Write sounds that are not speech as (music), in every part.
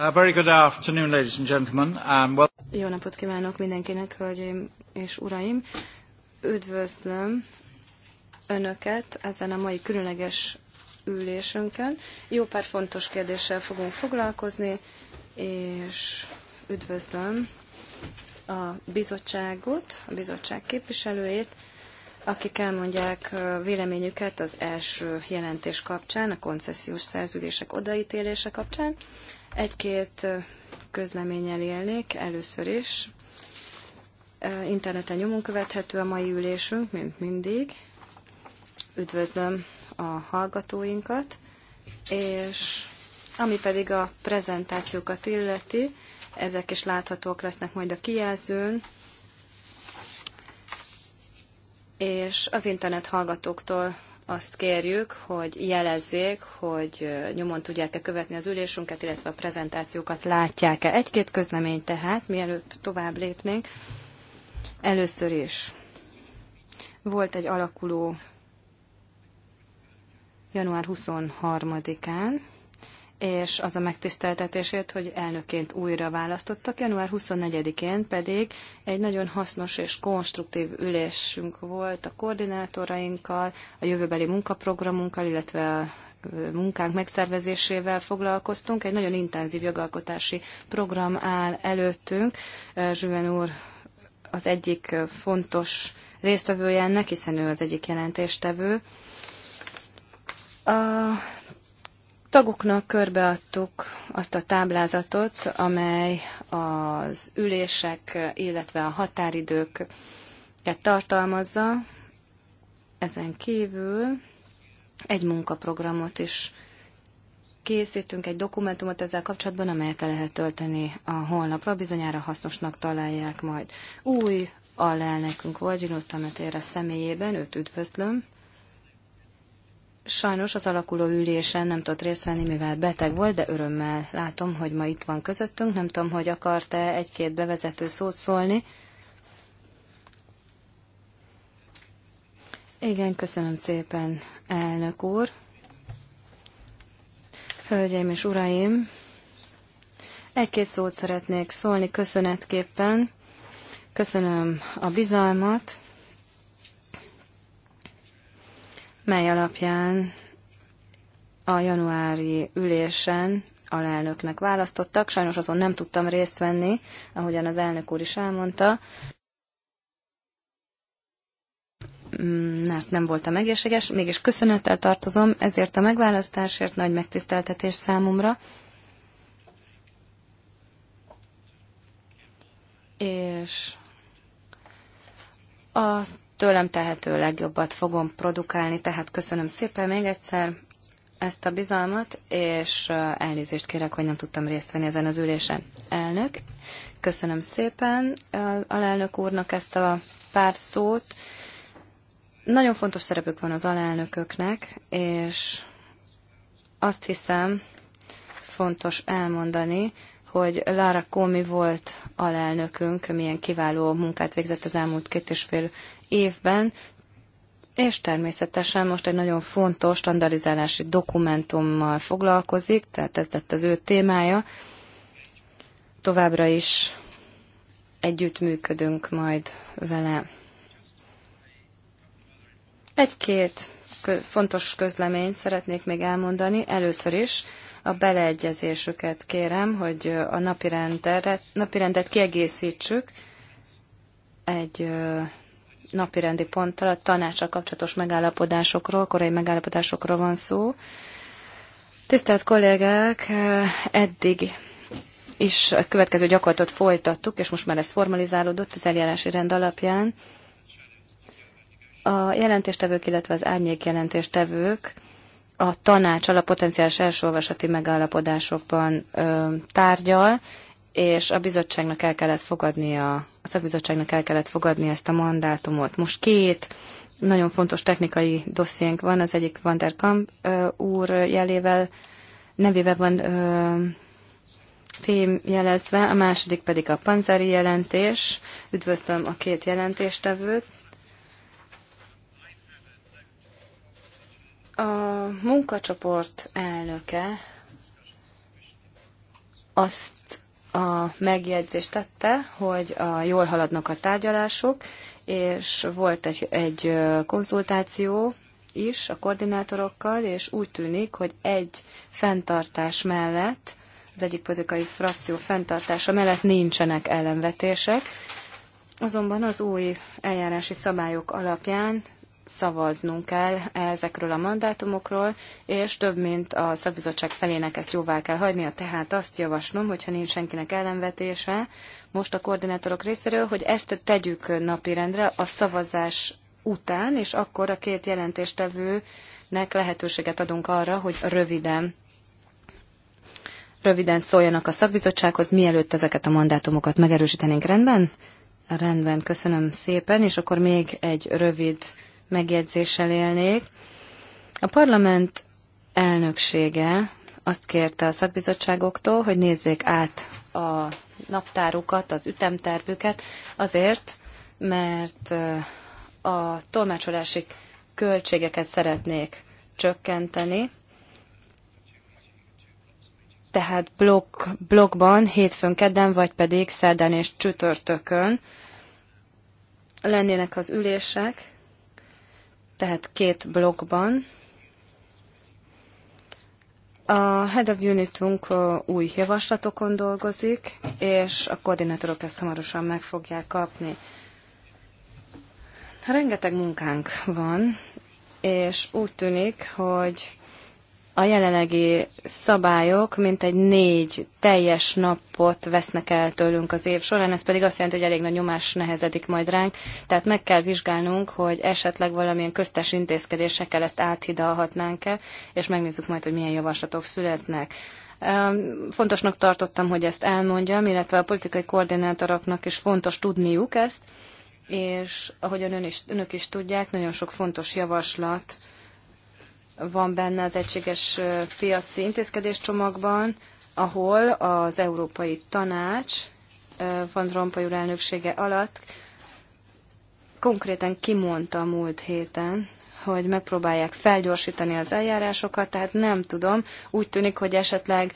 Uh, very good afternoon, ladies and gentlemen. well... Jó napot kívánok mindenkinek, hölgyeim és uraim! Üdvözlöm Önöket ezen a mai különleges ülésünkön. Jó pár fontos kérdéssel fogunk foglalkozni, és üdvözlöm a bizottságot, a bizottság képviselőjét, akik elmondják véleményüket az első jelentés kapcsán, a koncesziós szerződések odaítélése kapcsán. Egy-két közleményel élnék először is. Interneten nyomon követhető a mai ülésünk, mint mindig. Üdvözlöm a hallgatóinkat, és ami pedig a prezentációkat illeti, ezek is láthatók lesznek majd a kijelzőn, és az internet hallgatóktól azt kérjük, hogy jelezzék, hogy nyomon tudják-e követni az ülésünket, illetve a prezentációkat látják-e. Egy-két közlemény tehát, mielőtt tovább lépnénk. Először is volt egy alakuló január 23-án, és az a megtiszteltetésért, hogy elnökként újra választottak. Január 24-én pedig egy nagyon hasznos és konstruktív ülésünk volt a koordinátorainkkal, a jövőbeli munkaprogramunkkal, illetve a munkánk megszervezésével foglalkoztunk. Egy nagyon intenzív jogalkotási program áll előttünk. Zsüven úr az egyik fontos résztvevője ennek, hiszen ő az egyik jelentéstevő. A Tagoknak körbeadtuk azt a táblázatot, amely az ülések, illetve a határidőket tartalmazza. Ezen kívül egy munkaprogramot is készítünk, egy dokumentumot ezzel kapcsolatban, amelyet el lehet tölteni a honlapra, bizonyára hasznosnak találják majd. Új alelnökünk volt Zsinó Tametére személyében, őt üdvözlöm. Sajnos az alakuló ülésen nem tudott részt venni, mivel beteg volt, de örömmel látom, hogy ma itt van közöttünk. Nem tudom, hogy akart-e egy-két bevezető szót szólni. Igen, köszönöm szépen, elnök úr. Hölgyeim és uraim, egy-két szót szeretnék szólni köszönetképpen. Köszönöm a bizalmat, mely alapján a januári ülésen alelnöknek választottak. Sajnos azon nem tudtam részt venni, ahogyan az elnök úr is elmondta. Mm, hát nem voltam egészséges, mégis köszönettel tartozom ezért a megválasztásért, nagy megtiszteltetés számomra. És azt tőlem tehető legjobbat fogom produkálni, tehát köszönöm szépen még egyszer ezt a bizalmat, és elnézést kérek, hogy nem tudtam részt venni ezen az ülésen. Elnök, köszönöm szépen alelnök úrnak ezt a pár szót. Nagyon fontos szerepük van az alelnököknek, és azt hiszem fontos elmondani, hogy Lara Komi volt alelnökünk, milyen kiváló munkát végzett az elmúlt két és fél évben, és természetesen most egy nagyon fontos standardizálási dokumentummal foglalkozik, tehát ez lett az ő témája. Továbbra is együttműködünk majd vele. Egy-két fontos közleményt szeretnék még elmondani. Először is a beleegyezésüket kérem, hogy a napirendet, napirendet kiegészítsük egy napirendi ponttal, a tanácsal kapcsolatos megállapodásokról, korai megállapodásokról van szó. Tisztelt kollégák, eddig is a következő gyakorlatot folytattuk, és most már ez formalizálódott az eljárási rend alapján. A jelentéstevők, illetve az árnyék jelentéstevők a tanácsal a potenciális elsolvasati megállapodásokban ö, tárgyal, és a bizottságnak el kellett fogadnia, a szakbizottságnak el kellett fogadni ezt a mandátumot. Most két nagyon fontos technikai dossziénk van, az egyik Van der Kamp ö, úr jelével, nevével van ö, fémjelezve, a második pedig a panzeri jelentés. Üdvözlöm a két jelentéstevőt. A munkacsoport elnöke azt a megjegyzést tette, hogy a, jól haladnak a tárgyalások, és volt egy, egy konzultáció is a koordinátorokkal, és úgy tűnik, hogy egy fenntartás mellett, az egyik politikai frakció fenntartása mellett nincsenek ellenvetések, azonban az új eljárási szabályok alapján szavaznunk kell ezekről a mandátumokról, és több mint a szakbizottság felének ezt jóvá kell hagynia, tehát azt javaslom, hogyha nincs senkinek ellenvetése most a koordinátorok részéről, hogy ezt tegyük napirendre a szavazás után, és akkor a két jelentéstevőnek lehetőséget adunk arra, hogy röviden röviden szóljanak a szakbizottsághoz, mielőtt ezeket a mandátumokat megerősítenénk rendben? Rendben, köszönöm szépen, és akkor még egy rövid megjegyzéssel élnék. A parlament elnöksége azt kérte a szakbizottságoktól, hogy nézzék át a naptárukat, az ütemtervüket, azért, mert a tolmácsolási költségeket szeretnék csökkenteni. Tehát blokk, blokkban, hétfőn, kedden, vagy pedig szerdán és csütörtökön lennének az ülések, tehát két blokkban. A Head of Unitunk új javaslatokon dolgozik, és a koordinátorok ezt hamarosan meg fogják kapni. Rengeteg munkánk van, és úgy tűnik, hogy a jelenlegi szabályok mintegy négy teljes napot vesznek el tőlünk az év során, ez pedig azt jelenti, hogy elég nagy nyomás nehezedik majd ránk, tehát meg kell vizsgálnunk, hogy esetleg valamilyen köztes intézkedésekkel ezt áthidalhatnánk-e, és megnézzük majd, hogy milyen javaslatok születnek. Fontosnak tartottam, hogy ezt elmondjam, illetve a politikai koordinátoroknak is fontos tudniuk ezt, és ahogyan ön is, önök is tudják, nagyon sok fontos javaslat van benne az egységes piaci intézkedéscsomagban, ahol az Európai Tanács Van Rompuy úr elnöksége alatt konkrétan kimondta a múlt héten, hogy megpróbálják felgyorsítani az eljárásokat, tehát nem tudom, úgy tűnik, hogy esetleg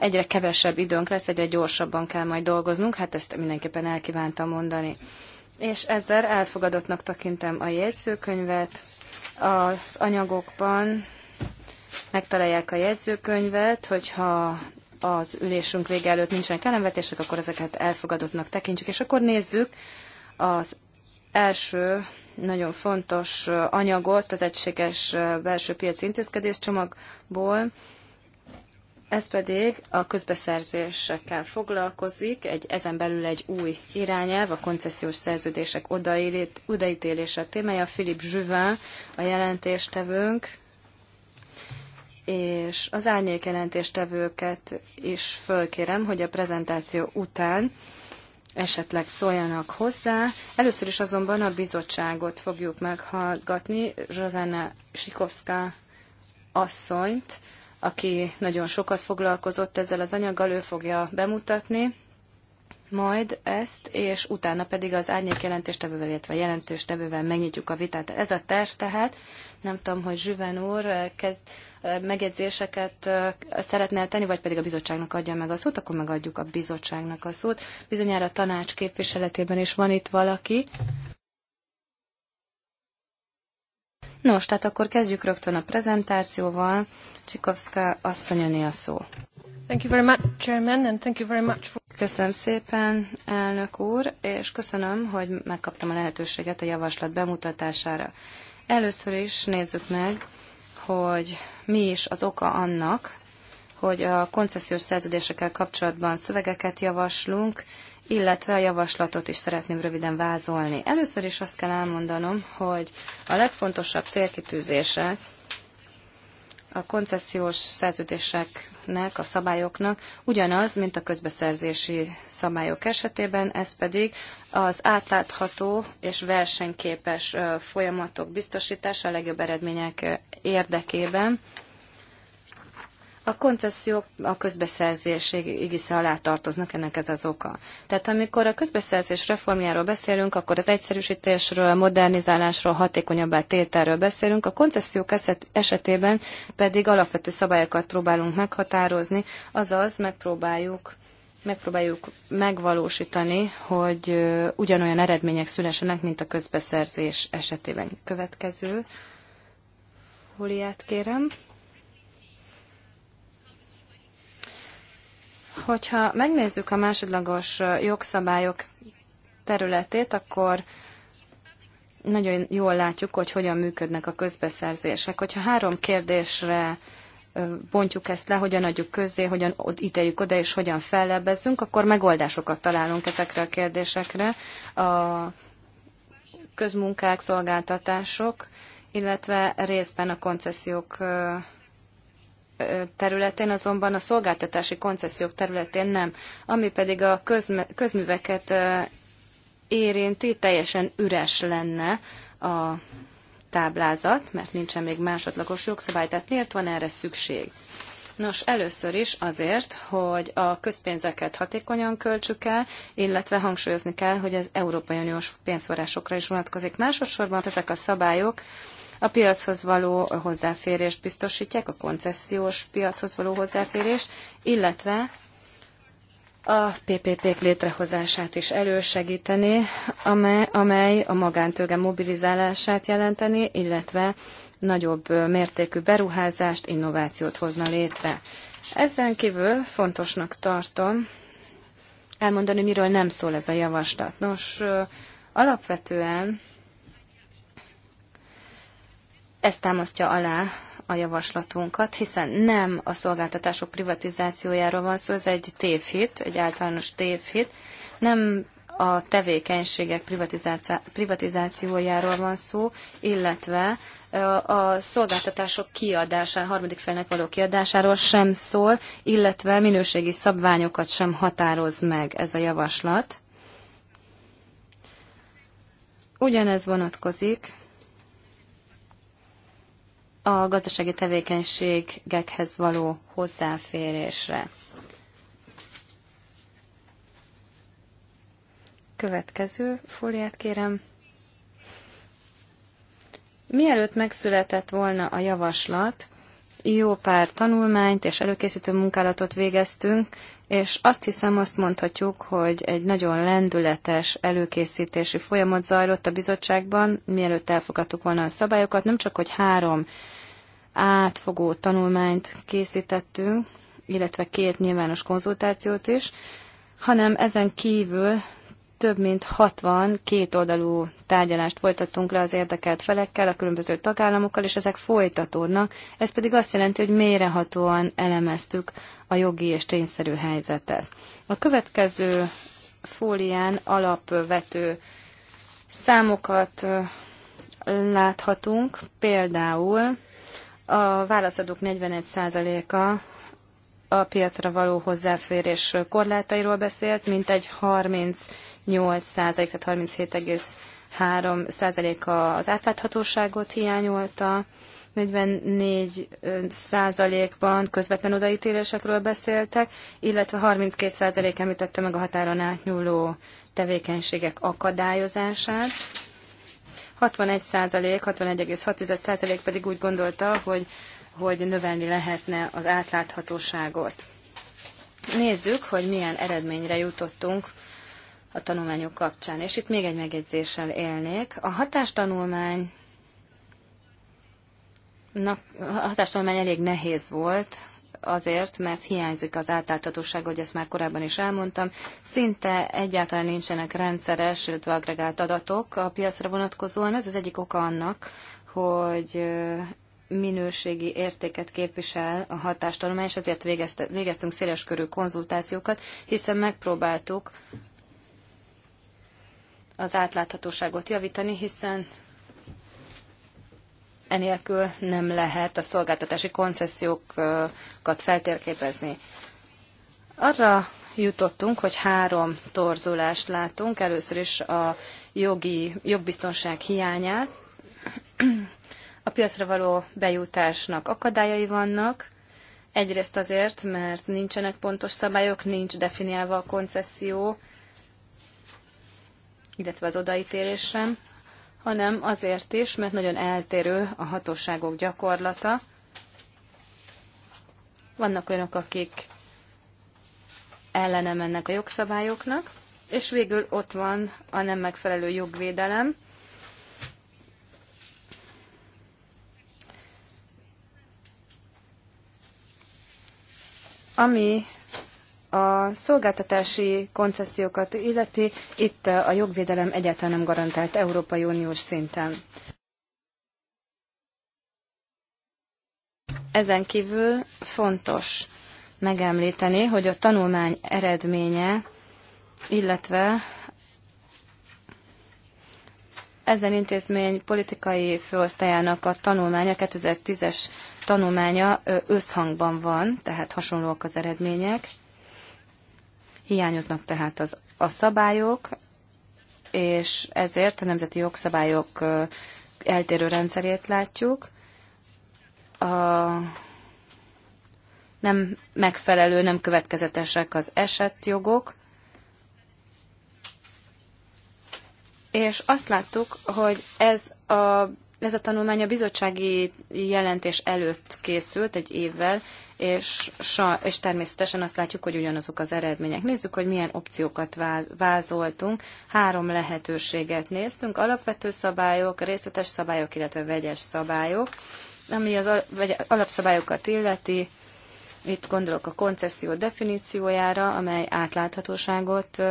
egyre kevesebb időnk lesz, egyre gyorsabban kell majd dolgoznunk, hát ezt mindenképpen elkívántam mondani. És ezzel elfogadottnak tekintem a jegyzőkönyvet az anyagokban megtalálják a jegyzőkönyvet, hogyha az ülésünk vége előtt nincsenek ellenvetések, akkor ezeket elfogadottnak tekintjük. És akkor nézzük az első nagyon fontos anyagot az egységes belső piaci csomagból. Ez pedig a közbeszerzésekkel foglalkozik, egy, ezen belül egy új irányelv, a koncesziós szerződések odaírít, odaítélése témája. Philip Juvin a jelentéstevőnk, és az árnyék jelentéstevőket is fölkérem, hogy a prezentáció után esetleg szóljanak hozzá. Először is azonban a bizottságot fogjuk meghallgatni, Zsozana Sikovska asszonyt, aki nagyon sokat foglalkozott ezzel az anyaggal, ő fogja bemutatni majd ezt, és utána pedig az árnyék jelentéstevővel, illetve jelentéstevővel megnyitjuk a vitát. Ez a terv tehát, nem tudom, hogy Zsüven úr eh, kezd, eh, megjegyzéseket eh, szeretne tenni, vagy pedig a bizottságnak adja meg a szót, akkor megadjuk a bizottságnak a szót. Bizonyára a tanács képviseletében is van itt valaki. Nos, tehát akkor kezdjük rögtön a prezentációval. Csikovszka asszonyoni a szó. Thank you very much, Chairman, and thank you very much for... Köszönöm szépen, elnök úr, és köszönöm, hogy megkaptam a lehetőséget a javaslat bemutatására. Először is nézzük meg, hogy mi is az oka annak, hogy a koncesziós szerződésekkel kapcsolatban szövegeket javaslunk, illetve a javaslatot is szeretném röviden vázolni. Először is azt kell elmondanom, hogy a legfontosabb célkitűzése a koncesziós szerződéseknek, a szabályoknak ugyanaz, mint a közbeszerzési szabályok esetében, ez pedig az átlátható és versenyképes folyamatok biztosítása a legjobb eredmények érdekében, a koncesziók a közbeszerzés égisze alá tartoznak, ennek ez az oka. Tehát amikor a közbeszerzés reformjáról beszélünk, akkor az egyszerűsítésről, modernizálásról, hatékonyabbá tételről beszélünk, a koncesziók esetében pedig alapvető szabályokat próbálunk meghatározni, azaz megpróbáljuk megpróbáljuk megvalósítani, hogy ugyanolyan eredmények szülessenek, mint a közbeszerzés esetében. Következő fóliát kérem. Hogyha megnézzük a másodlagos jogszabályok területét, akkor nagyon jól látjuk, hogy hogyan működnek a közbeszerzések. Hogyha három kérdésre bontjuk ezt le, hogyan adjuk közzé, hogyan ítéljük oda, és hogyan fellebezzünk, akkor megoldásokat találunk ezekre a kérdésekre. A közmunkák, szolgáltatások, illetve részben a koncesziók területén, azonban a szolgáltatási koncesziók területén nem, ami pedig a közme, közműveket érinti, teljesen üres lenne a táblázat, mert nincsen még másodlagos jogszabály, tehát miért van erre szükség? Nos, először is azért, hogy a közpénzeket hatékonyan költsük el, illetve hangsúlyozni kell, hogy ez Európai Uniós pénzforrásokra is vonatkozik. Másodszorban ezek a szabályok a piachoz való hozzáférést biztosítják, a koncesziós piachoz való hozzáférést, illetve a PPP-k létrehozását is elősegíteni, amely, amely a magántőge mobilizálását jelenteni, illetve nagyobb mértékű beruházást, innovációt hozna létre. Ezen kívül fontosnak tartom elmondani, miről nem szól ez a javaslat. Nos, alapvetően ez támasztja alá a javaslatunkat, hiszen nem a szolgáltatások privatizációjáról van szó, ez egy tévhit, egy általános tévhit, nem a tevékenységek privatizációjáról van szó, illetve a szolgáltatások kiadásáról, harmadik felnek való kiadásáról sem szól, illetve minőségi szabványokat sem határoz meg ez a javaslat. Ugyanez vonatkozik a gazdasági tevékenységekhez való hozzáférésre. Következő fóliát kérem. Mielőtt megszületett volna a javaslat, jó pár tanulmányt és előkészítő munkálatot végeztünk, és azt hiszem azt mondhatjuk, hogy egy nagyon lendületes előkészítési folyamat zajlott a bizottságban, mielőtt elfogadtuk volna a szabályokat, nem csak, hogy három átfogó tanulmányt készítettünk, illetve két nyilvános konzultációt is, hanem ezen kívül több mint 60 kétoldalú tárgyalást folytattunk le az érdekelt felekkel, a különböző tagállamokkal, és ezek folytatódnak. Ez pedig azt jelenti, hogy mérehatóan elemeztük a jogi és tényszerű helyzetet. A következő fólián alapvető számokat láthatunk, például a válaszadók 41%-a a piacra való hozzáférés korlátairól beszélt, mint egy 38 százalék, tehát 37,3 százaléka az átláthatóságot hiányolta, 44 százalékban közvetlen odaítélésekről beszéltek, illetve 32 százalék említette meg a határon átnyúló tevékenységek akadályozását. 61 százalék, 61,6 pedig úgy gondolta, hogy, hogy növelni lehetne az átláthatóságot. Nézzük, hogy milyen eredményre jutottunk a tanulmányok kapcsán. És itt még egy megjegyzéssel élnék. A hatástanulmány a hatástanulmány elég nehéz volt, azért, mert hiányzik az átláthatóság, hogy ezt már korábban is elmondtam. Szinte egyáltalán nincsenek rendszeres, illetve agregált adatok a piacra vonatkozóan. Ez az egyik oka annak, hogy minőségi értéket képvisel a hatástanulmány, és ezért végezte, végeztünk körű konzultációkat, hiszen megpróbáltuk az átláthatóságot javítani, hiszen enélkül nem lehet a szolgáltatási koncesziókat feltérképezni. Arra jutottunk, hogy három torzulást látunk. Először is a jogi, jogbiztonság hiányát. A piacra való bejutásnak akadályai vannak. Egyrészt azért, mert nincsenek pontos szabályok, nincs definiálva a koncesszió, illetve az odaítélés sem hanem azért is, mert nagyon eltérő a hatóságok gyakorlata. Vannak olyanok, akik ellene mennek a jogszabályoknak, és végül ott van a nem megfelelő jogvédelem. Ami a szolgáltatási koncesziókat illeti, itt a jogvédelem egyáltalán nem garantált Európai Uniós szinten. Ezen kívül fontos megemlíteni, hogy a tanulmány eredménye, illetve ezen intézmény politikai főosztályának a tanulmánya, 2010-es tanulmánya összhangban van, tehát hasonlóak az eredmények. Hiányoznak tehát az, a szabályok, és ezért a nemzeti jogszabályok eltérő rendszerét látjuk. A nem megfelelő, nem következetesek az esetjogok, és azt láttuk, hogy ez a, ez a tanulmány a bizottsági jelentés előtt készült egy évvel, és, és természetesen azt látjuk, hogy ugyanazok az eredmények. Nézzük, hogy milyen opciókat vázoltunk. Három lehetőséget néztünk, alapvető szabályok, részletes szabályok, illetve vegyes szabályok. Ami az alapszabályokat illeti, itt gondolok a koncesszió definíciójára, amely átláthatóságot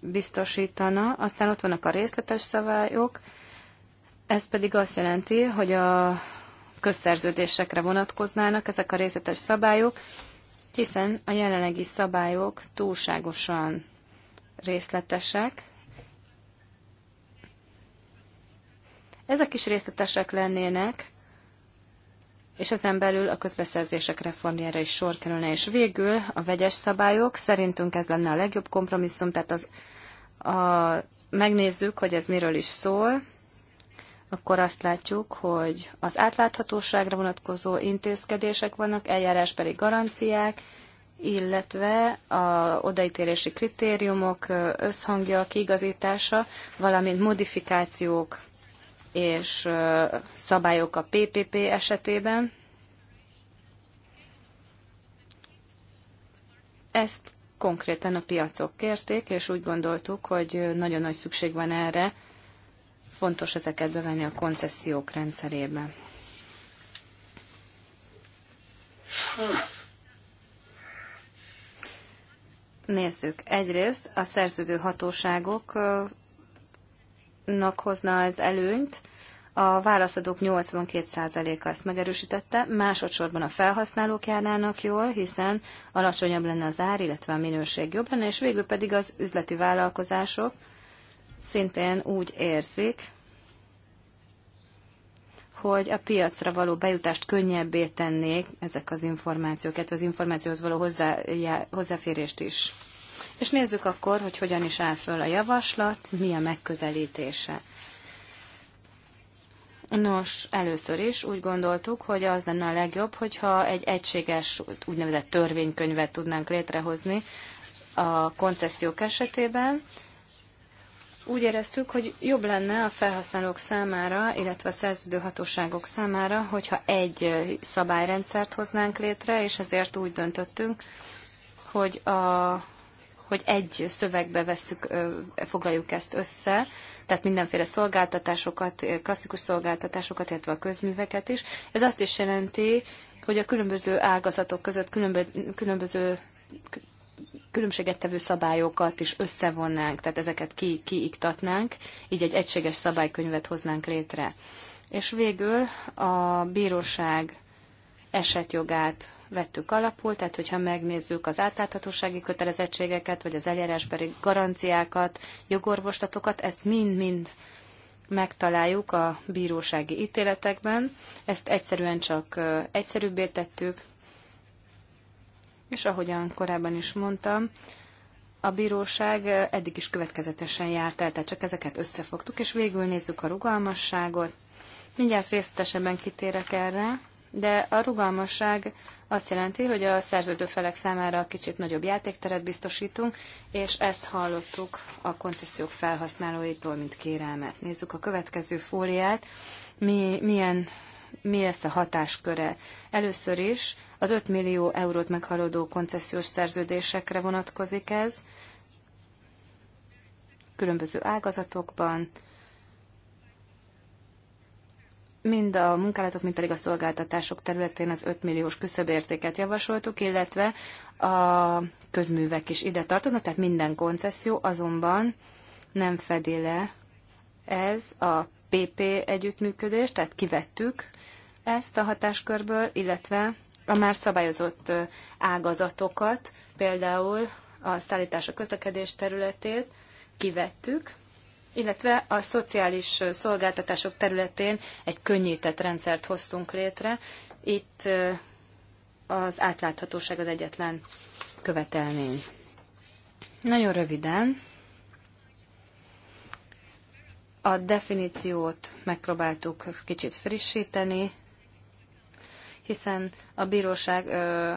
biztosítana. Aztán ott vannak a részletes szabályok, ez pedig azt jelenti, hogy a közszerződésekre vonatkoznának ezek a részletes szabályok, hiszen a jelenlegi szabályok túlságosan részletesek. Ezek is részletesek lennének, és ezen belül a közbeszerzések reformjára is sor kerülne. És végül a vegyes szabályok, szerintünk ez lenne a legjobb kompromisszum, tehát az, a, megnézzük, hogy ez miről is szól, akkor azt látjuk, hogy az átláthatóságra vonatkozó intézkedések vannak, eljárásbeli garanciák, illetve a odaítélési kritériumok összhangja, kiigazítása, valamint modifikációk és szabályok a PPP esetében. Ezt konkrétan a piacok kérték, és úgy gondoltuk, hogy nagyon nagy szükség van erre, Fontos ezeket bevenni a koncesziók rendszerébe. Nézzük. Egyrészt a szerződő hatóságoknak hozna ez előnyt, a válaszadók 82%-a ezt megerősítette, másodszorban a felhasználók járnának jól, hiszen alacsonyabb lenne az ár, illetve a minőség jobb lenne, és végül pedig az üzleti vállalkozások, szintén úgy érzik, hogy a piacra való bejutást könnyebbé tennék ezek az információk, illetve az információhoz való hozzá, hozzáférést is. És nézzük akkor, hogy hogyan is áll föl a javaslat, mi a megközelítése. Nos, először is úgy gondoltuk, hogy az lenne a legjobb, hogyha egy egységes úgynevezett törvénykönyvet tudnánk létrehozni a koncesziók esetében, úgy éreztük, hogy jobb lenne a felhasználók számára, illetve a szerződő hatóságok számára, hogyha egy szabályrendszert hoznánk létre, és ezért úgy döntöttünk, hogy, a, hogy egy szövegbe vesszük, foglaljuk ezt össze, tehát mindenféle szolgáltatásokat, klasszikus szolgáltatásokat, illetve a közműveket is. Ez azt is jelenti, hogy a különböző ágazatok között különböző különbséget tevő szabályokat is összevonnánk, tehát ezeket ki, kiiktatnánk, így egy egységes szabálykönyvet hoznánk létre. És végül a bíróság esetjogát vettük alapul, tehát hogyha megnézzük az átláthatósági kötelezettségeket, vagy az eljárásbeli garanciákat, jogorvoslatokat, ezt mind-mind megtaláljuk a bírósági ítéletekben. Ezt egyszerűen csak egyszerűbbé tettük, és ahogyan korábban is mondtam, a bíróság eddig is következetesen járt el, tehát csak ezeket összefogtuk, és végül nézzük a rugalmasságot. Mindjárt részletesebben kitérek erre, de a rugalmasság azt jelenti, hogy a szerződő felek számára kicsit nagyobb játékteret biztosítunk, és ezt hallottuk a koncesziók felhasználóitól, mint kérelmet. Nézzük a következő fóliát, mi, milyen mi lesz a hatásköre. Először is az 5 millió eurót meghaladó koncesziós szerződésekre vonatkozik ez, különböző ágazatokban, mind a munkálatok, mind pedig a szolgáltatások területén az 5 milliós küszöbértéket javasoltuk, illetve a közművek is ide tartoznak, tehát minden koncesszió azonban nem fedi le ez a PP együttműködést, tehát kivettük ezt a hatáskörből, illetve a már szabályozott ágazatokat, például a szállítás a közlekedés területét kivettük, illetve a szociális szolgáltatások területén egy könnyített rendszert hoztunk létre. Itt az átláthatóság az egyetlen követelmény. Nagyon röviden a definíciót megpróbáltuk kicsit frissíteni, hiszen a bíróság ö,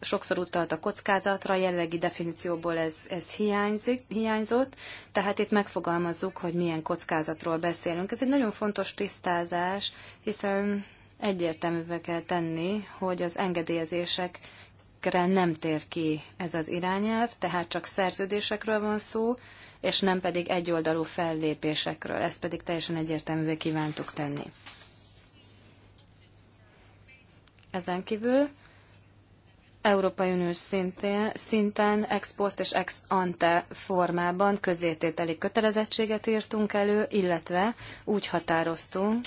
sokszor utalt a kockázatra, jelenlegi definícióból ez, ez hiányzik, hiányzott, tehát itt megfogalmazzuk, hogy milyen kockázatról beszélünk. Ez egy nagyon fontos tisztázás, hiszen egyértelművé kell tenni, hogy az engedélyezések ezekre nem tér ki ez az irányelv, tehát csak szerződésekről van szó, és nem pedig egyoldalú fellépésekről. Ezt pedig teljesen egyértelművé kívántuk tenni. Ezen kívül Európai Uniós szintén, szinten ex post és ex ante formában közétételi kötelezettséget írtunk elő, illetve úgy határoztunk,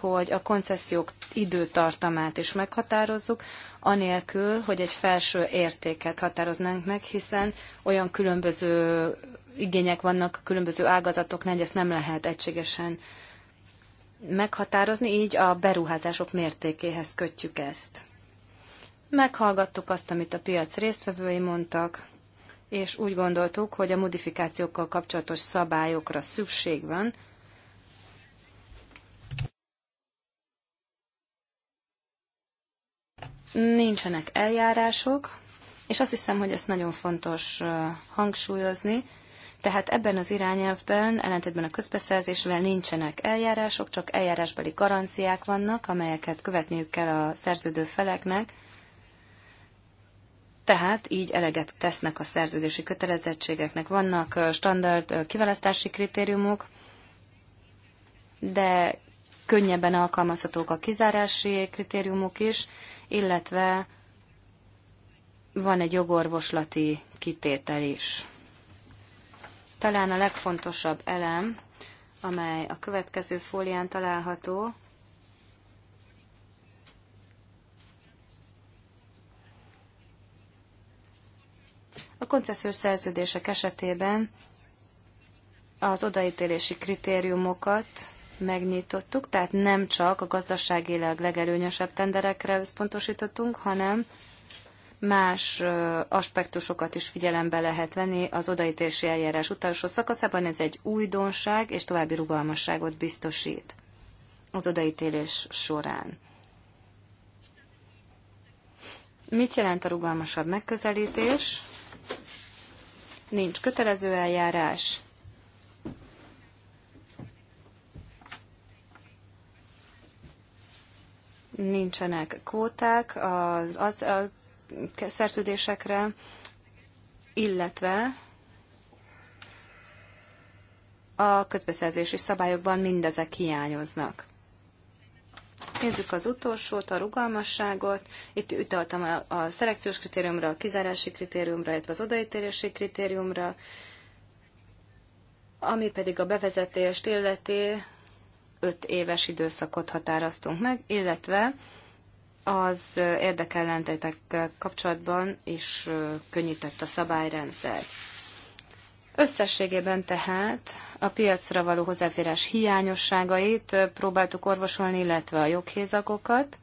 hogy a koncesziók időtartamát is meghatározzuk, anélkül, hogy egy felső értéket határoznánk meg, hiszen olyan különböző igények vannak a különböző ágazatoknál, hogy ezt nem lehet egységesen meghatározni, így a beruházások mértékéhez kötjük ezt. Meghallgattuk azt, amit a piac résztvevői mondtak, és úgy gondoltuk, hogy a modifikációkkal kapcsolatos szabályokra szükség van, nincsenek eljárások, és azt hiszem, hogy ezt nagyon fontos hangsúlyozni, tehát ebben az irányelvben, ellentétben a közbeszerzésvel nincsenek eljárások, csak eljárásbeli garanciák vannak, amelyeket követniük kell a szerződő feleknek, tehát így eleget tesznek a szerződési kötelezettségeknek. Vannak standard kiválasztási kritériumok, de könnyebben alkalmazhatók a kizárási kritériumok is, illetve van egy jogorvoslati kitétel is. Talán a legfontosabb elem, amely a következő fólián található, A koncesziós szerződések esetében az odaítélési kritériumokat megnyitottuk, tehát nem csak a gazdaságileg legelőnyösebb tenderekre összpontosítottunk, hanem más aspektusokat is figyelembe lehet venni az odaítési eljárás utolsó szakaszában. Ez egy újdonság és további rugalmasságot biztosít az odaítélés során. Mit jelent a rugalmasabb megközelítés? Nincs kötelező eljárás, nincsenek kvóták az, az a szerződésekre, illetve a közbeszerzési szabályokban mindezek hiányoznak. Nézzük az utolsót, a rugalmasságot. Itt utaltam a, a szelekciós kritériumra, a kizárási kritériumra, illetve az odaítélési kritériumra, ami pedig a bevezetést illeti, öt éves időszakot határoztunk meg, illetve az érdekellentétekkel kapcsolatban is könnyített a szabályrendszer. Összességében tehát a piacra való hozzáférés hiányosságait próbáltuk orvosolni, illetve a joghézagokat,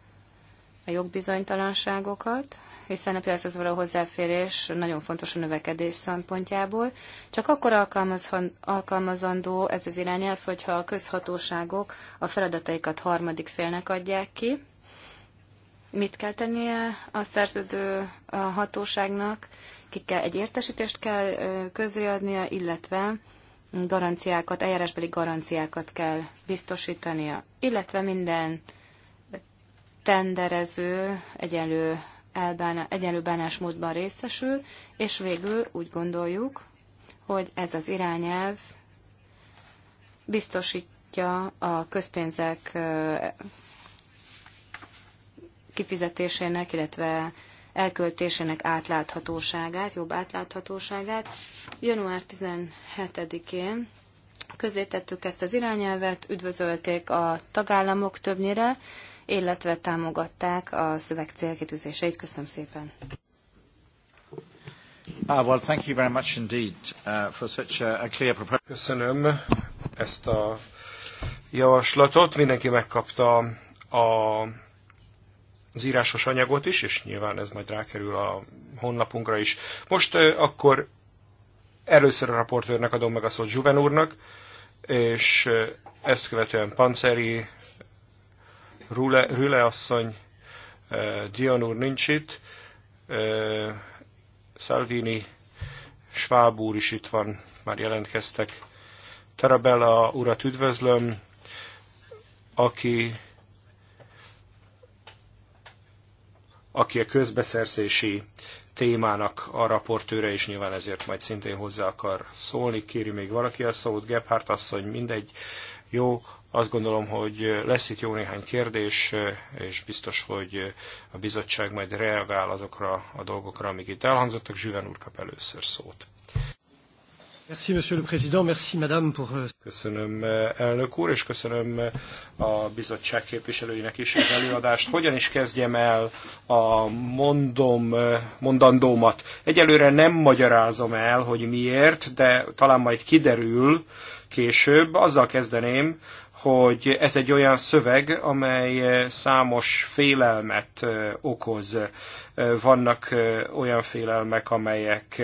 a jogbizonytalanságokat, hiszen a piachoz való hozzáférés nagyon fontos a növekedés szempontjából. Csak akkor alkalmazandó ez az irányelv, hogyha a közhatóságok a feladataikat harmadik félnek adják ki. Mit kell tennie a szerződő a hatóságnak? Ki kell, egy értesítést kell közreadnia, illetve garanciákat, eljárásbeli garanciákat kell biztosítania, illetve minden tenderező egyenlő elbána, egyenlő bánásmódban részesül, és végül úgy gondoljuk, hogy ez az irányelv biztosítja a közpénzek kifizetésének, illetve elköltésének átláthatóságát, jobb átláthatóságát. Január 17-én közé tettük ezt az irányelvet, üdvözölték a tagállamok többnyire, illetve támogatták a szöveg célkitűzéseit. Köszönöm szépen. Ah, well, thank you very much indeed uh, for such a, clear Köszönöm ezt a javaslatot. Mindenki megkapta a, az írásos anyagot is, és nyilván ez majd rákerül a honlapunkra is. Most akkor először a raportőrnek adom meg a szót Zsuven úrnak, és ezt követően Panceri Rüle, Rüle asszony, Dion úr nincs itt, Salvini, Schwab úr is itt van, már jelentkeztek. Tarabella urat üdvözlöm, aki, aki a közbeszerzési témának a raportőre, és nyilván ezért majd szintén hozzá akar szólni. Kéri még valaki a szót, Gebhardt asszony, mindegy. Jó, azt gondolom, hogy lesz itt jó néhány kérdés, és biztos, hogy a bizottság majd reagál azokra a dolgokra, amik itt elhangzottak. Zsüven úr kap először szót. Merci, Monsieur le Président, merci, Madame, pour... Euh, köszönöm, eh, elnök úr, és köszönöm eh, a bizottság képviselőinek is az előadást. Hogyan is kezdjem el a mondom, eh, mondandómat? Egyelőre nem magyarázom el, hogy miért, de talán majd kiderül később. Azzal kezdeném, hogy ez egy olyan szöveg, amely eh, számos félelmet eh, okoz. Eh, vannak olyan félelmek, amelyek,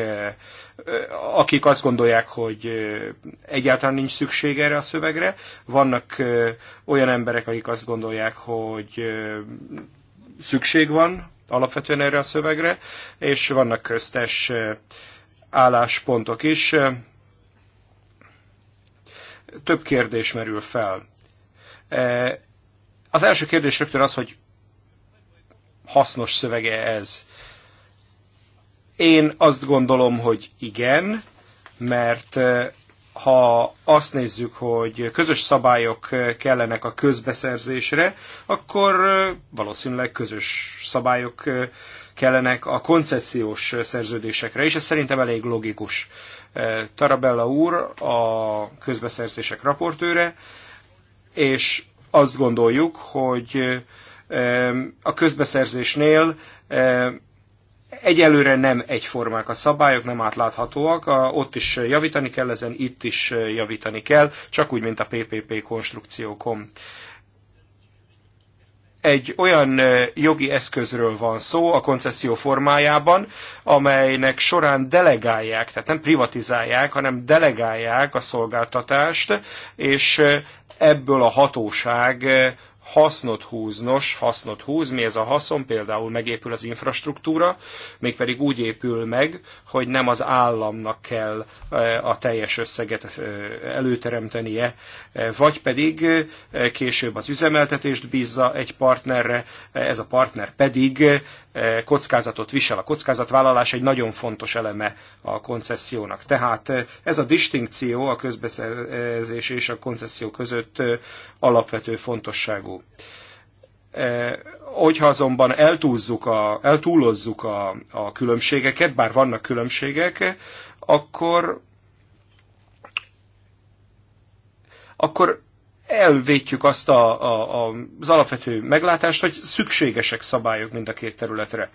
akik azt gondolják, hogy egyáltalán nincs szükség erre a szövegre. Vannak olyan emberek, akik azt gondolják, hogy szükség van alapvetően erre a szövegre, és vannak köztes álláspontok is több kérdés merül fel. E, az első kérdés rögtön az, hogy hasznos szövege ez. Én azt gondolom, hogy igen, mert e, ha azt nézzük, hogy közös szabályok kellenek a közbeszerzésre, akkor e, valószínűleg közös szabályok kellenek a koncepciós szerződésekre, és ez szerintem elég logikus. Tarabella úr a közbeszerzések raportőre, és azt gondoljuk, hogy a közbeszerzésnél egyelőre nem egyformák a szabályok, nem átláthatóak, ott is javítani kell ezen, itt is javítani kell, csak úgy, mint a PPP konstrukciókon egy olyan jogi eszközről van szó a koncesszió formájában, amelynek során delegálják, tehát nem privatizálják, hanem delegálják a szolgáltatást, és ebből a hatóság hasznot húz. Nos, hasznot húz. Mi ez a haszon? Például megépül az infrastruktúra, mégpedig úgy épül meg, hogy nem az államnak kell e, a teljes összeget e, előteremtenie, e, vagy pedig később az üzemeltetést bízza egy partnerre, ez a partner pedig E, kockázatot visel. A kockázatvállalás egy nagyon fontos eleme a koncessziónak. Tehát e, ez a distinkció a közbeszerzés és a koncesszió között e, alapvető fontosságú. Hogyha azonban a, eltúlozzuk a, a különbségeket, bár vannak különbségek, akkor akkor elvétjük azt a, a, a, az alapvető meglátást, hogy szükségesek szabályok mind a két területre.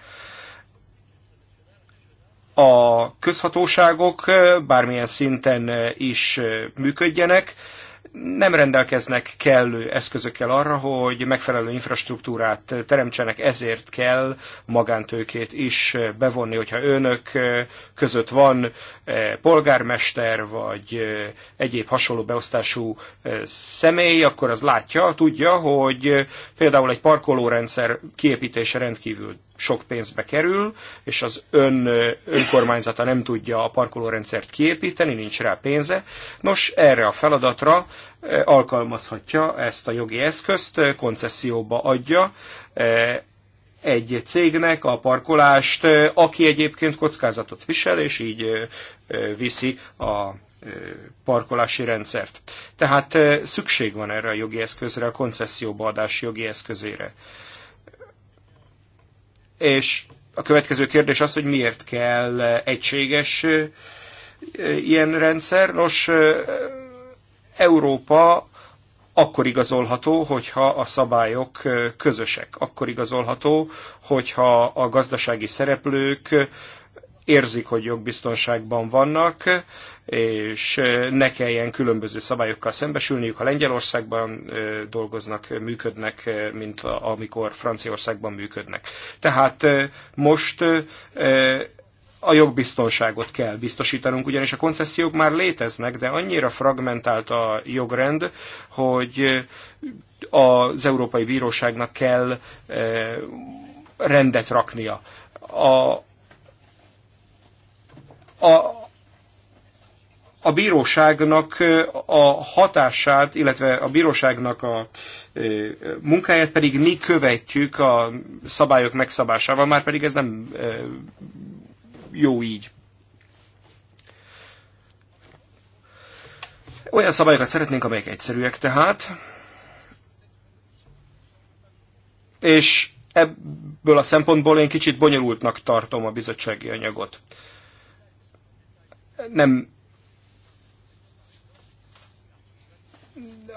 A közhatóságok eh, bármilyen szinten eh, is eh, működjenek, nem rendelkeznek kellő eszközökkel arra, hogy megfelelő infrastruktúrát teremtsenek, ezért kell magántőkét is bevonni, hogyha önök között van eh, polgármester vagy eh, egyéb hasonló beosztású eh, személy, akkor az látja, tudja, hogy például egy parkolórendszer kiépítése rendkívül sok pénzbe kerül, és az ön, önkormányzata nem tudja a parkolórendszert kiépíteni, nincs rá pénze. Nos, erre a feladatra alkalmazhatja ezt a jogi eszközt, koncesszióba adja egy cégnek a parkolást, aki egyébként kockázatot visel, és így viszi a parkolási rendszert. Tehát szükség van erre a jogi eszközre, a koncesszióba adás jogi eszközére. És a következő kérdés az, hogy miért kell egységes ilyen rendszer. Nos, Európa akkor igazolható, hogyha a szabályok közösek. Akkor igazolható, hogyha a gazdasági szereplők érzik, hogy jogbiztonságban vannak, és ne kelljen különböző szabályokkal szembesülniük, ha Lengyelországban dolgoznak, működnek, mint amikor Franciaországban működnek. Tehát most a jogbiztonságot kell biztosítanunk, ugyanis a koncesziók már léteznek, de annyira fragmentált a jogrend, hogy az Európai Bíróságnak kell rendet raknia. A, a, a bíróságnak a hatását, illetve a bíróságnak a e, munkáját pedig mi követjük a szabályok megszabásával, már pedig ez nem e, jó így. Olyan szabályokat szeretnénk, amelyek egyszerűek tehát, és ebből a szempontból én kicsit bonyolultnak tartom a bizottsági anyagot nem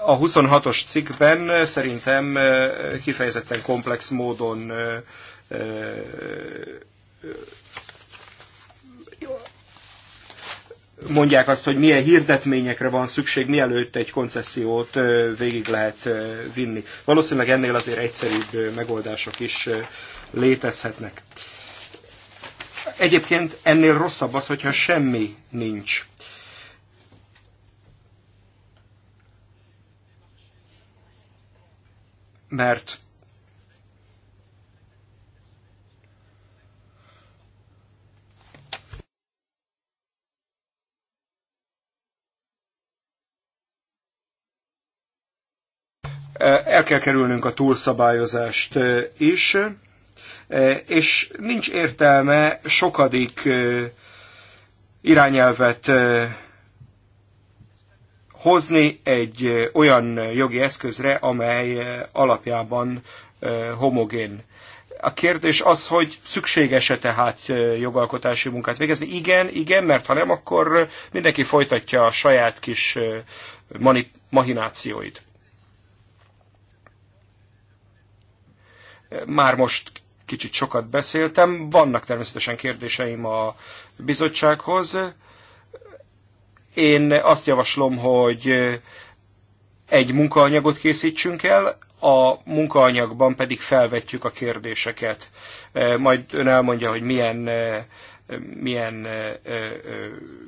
a 26-os cikkben eh, szerintem eh, kifejezetten komplex módon eh, mondják azt, hogy milyen hirdetményekre van szükség, mielőtt egy koncesziót végig lehet vinni. Valószínűleg ennél azért egyszerűbb megoldások is létezhetnek. Egyébként ennél rosszabb az, hogyha semmi nincs. Mert el kell kerülnünk a túlszabályozást is. E, és nincs értelme sokadik e, irányelvet e, hozni egy olyan jogi eszközre, amely alapjában homogén. A kérdés az, hogy szükséges-e tehát jogalkotási munkát végezni. Igen, igen, mert ha nem, akkor mindenki folytatja a saját kis mani- mahinációit. Már most kicsit sokat beszéltem. Vannak természetesen kérdéseim a bizottsághoz. Én azt javaslom, hogy egy munkaanyagot készítsünk el, a munkaanyagban pedig felvetjük a kérdéseket. Majd ön elmondja, hogy milyen, milyen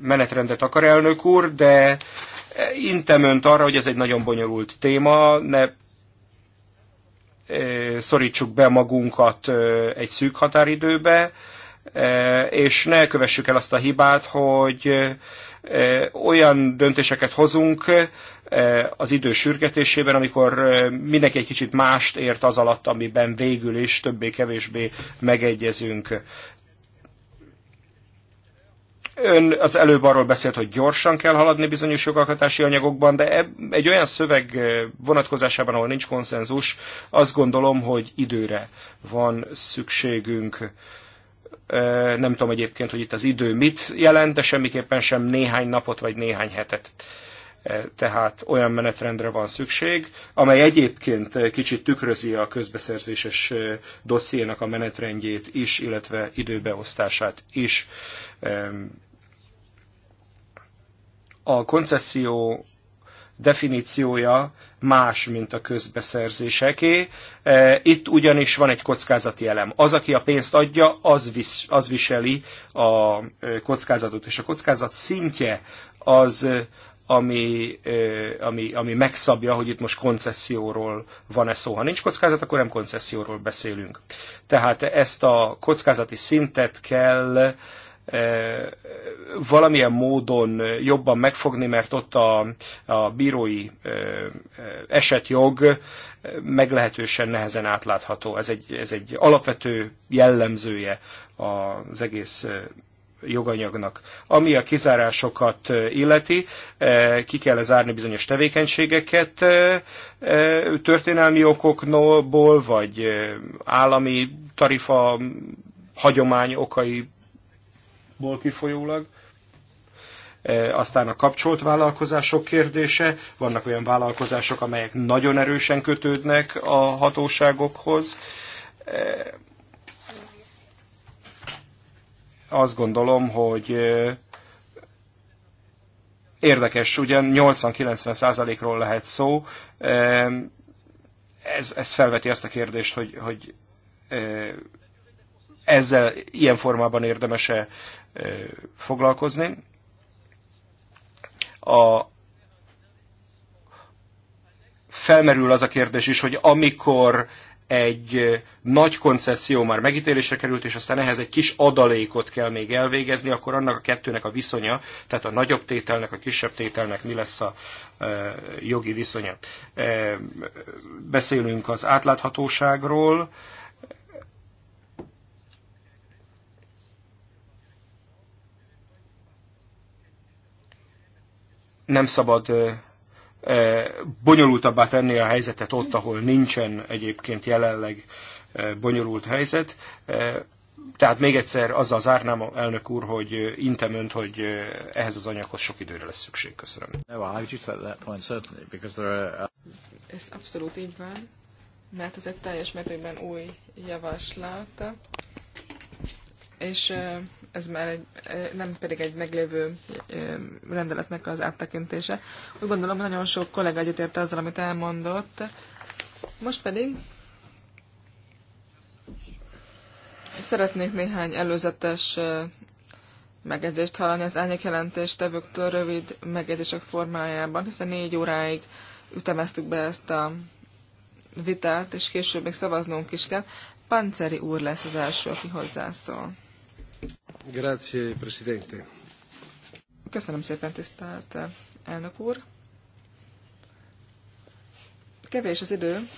menetrendet akar elnök úr, de intem önt arra, hogy ez egy nagyon bonyolult téma, ne szorítsuk be magunkat egy szűk határidőbe, és ne kövessük el azt a hibát, hogy olyan döntéseket hozunk az idő sürgetésében, amikor mindenki egy kicsit mást ért az alatt, amiben végül is többé-kevésbé megegyezünk. Ön az előbb arról beszélt, hogy gyorsan kell haladni bizonyos jogalkotási anyagokban, de egy olyan szöveg vonatkozásában, ahol nincs konszenzus, azt gondolom, hogy időre van szükségünk. Nem tudom egyébként, hogy itt az idő mit jelent, de semmiképpen sem néhány napot vagy néhány hetet tehát olyan menetrendre van szükség, amely egyébként kicsit tükrözi a közbeszerzéses dossziénak a menetrendjét is, illetve időbeosztását is a koncesszió definíciója más, mint a közbeszerzéseké. E, itt ugyanis van egy kockázati elem. Az, aki a pénzt adja, az, vis, az viseli a e, kockázatot, és a kockázat szintje az, e, ami, ami, ami megszabja, hogy itt most koncesszióról van-e szó. Ha nincs kockázat, akkor nem koncesszióról beszélünk. Tehát ezt a kockázati szintet kell valamilyen módon jobban megfogni, mert ott a, a bírói esetjog meglehetősen nehezen átlátható. Ez egy, ez egy alapvető jellemzője az egész joganyagnak. Ami a kizárásokat illeti, ki kell zárni bizonyos tevékenységeket történelmi okokból, vagy állami tarifa hagyomány okai ból kifolyólag. E, aztán a kapcsolt vállalkozások kérdése. Vannak olyan vállalkozások, amelyek nagyon erősen kötődnek a hatóságokhoz. E, azt gondolom, hogy e, érdekes, ugyan 80-90 százalékról lehet szó. Ez, ez felveti azt a kérdést, hogy, hogy ezzel ilyen formában érdemese e, foglalkozni. A, felmerül az a kérdés is, hogy amikor egy nagy koncesszió már megítélésre került, és aztán ehhez egy kis adalékot kell még elvégezni, akkor annak a kettőnek a viszonya, tehát a nagyobb tételnek, a kisebb tételnek mi lesz a e, jogi viszonya. E, beszélünk az átláthatóságról, nem szabad bonyolultabbá tenni a helyzetet ott, ahol nincsen egyébként jelenleg bonyolult helyzet. Tehát még egyszer azzal zárnám, elnök úr, hogy intem önt, hogy ehhez az anyaghoz sok időre lesz szükség. Köszönöm. Uh, ez abszolút így van, mert ez egy teljes mértékben új javaslat és ez már egy, nem pedig egy meglévő rendeletnek az áttekintése. Úgy gondolom, nagyon sok kollega egyetérte azzal, amit elmondott. Most pedig szeretnék néhány előzetes megjegyzést hallani az jelentést tevőktől rövid megjegyzések formájában, hiszen négy óráig ütemeztük be ezt a vitát, és később még szavaznunk is kell. Panceri úr lesz az első, aki hozzászól. Grazie, Presidente. Köszönöm szépen, tisztelt elnök úr. Kevés az idő,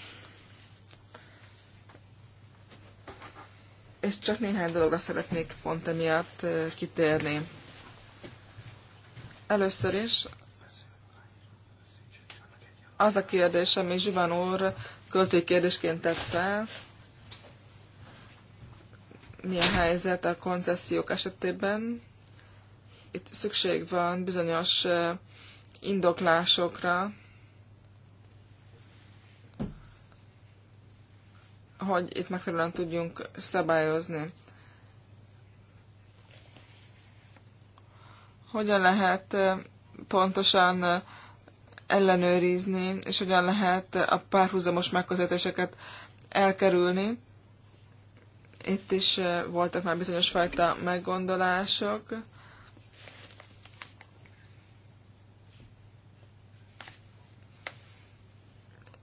és csak néhány dologra szeretnék pont emiatt kitérni. Először is az a kérdés, ami Zsivan úr költői kérdésként tett fel, mi a helyzet a koncesziók esetében. Itt szükség van bizonyos indoklásokra, hogy itt megfelelően tudjunk szabályozni. Hogyan lehet pontosan ellenőrizni, és hogyan lehet a párhuzamos megközelítéseket elkerülni. Itt is voltak már bizonyos fajta meggondolások.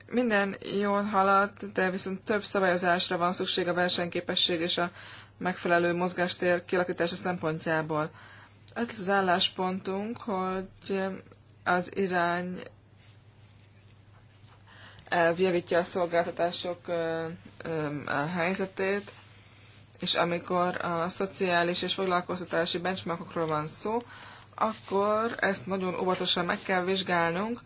Minden jól halad, de viszont több szabályozásra van szükség a versenyképesség és a megfelelő mozgástér kialakítása szempontjából. Ez az álláspontunk, hogy az irány elvjavítja a szolgáltatások helyzetét, és amikor a szociális és foglalkoztatási benchmarkokról van szó, akkor ezt nagyon óvatosan meg kell vizsgálnunk.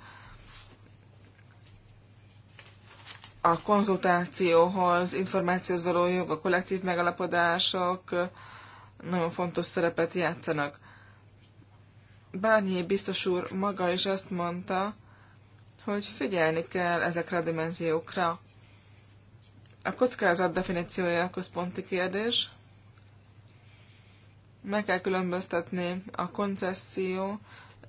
A konzultációhoz, információhoz való jog, a kollektív megalapodások nagyon fontos szerepet játszanak. Bárnyi biztos úr maga is azt mondta, hogy figyelni kell ezekre a dimenziókra. A kockázat definíciója a központi kérdés. Meg kell különböztetni a koncesszió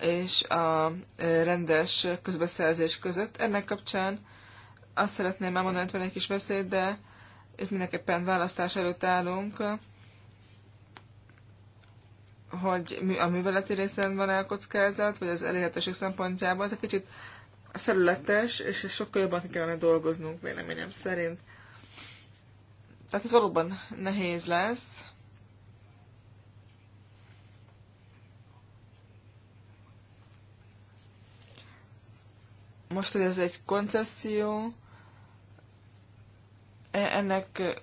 és a rendes közbeszerzés között. Ennek kapcsán azt szeretném elmondani, hogy van egy kis beszéd, de itt mindenképpen választás előtt állunk, hogy a műveleti részen van-e a kockázat, vagy az elérhetőség szempontjából. Ez egy kicsit felületes, és sokkal jobban kellene dolgoznunk véleményem szerint. Tehát ez valóban nehéz lesz. Most, hogy ez egy koncesszió, e- ennek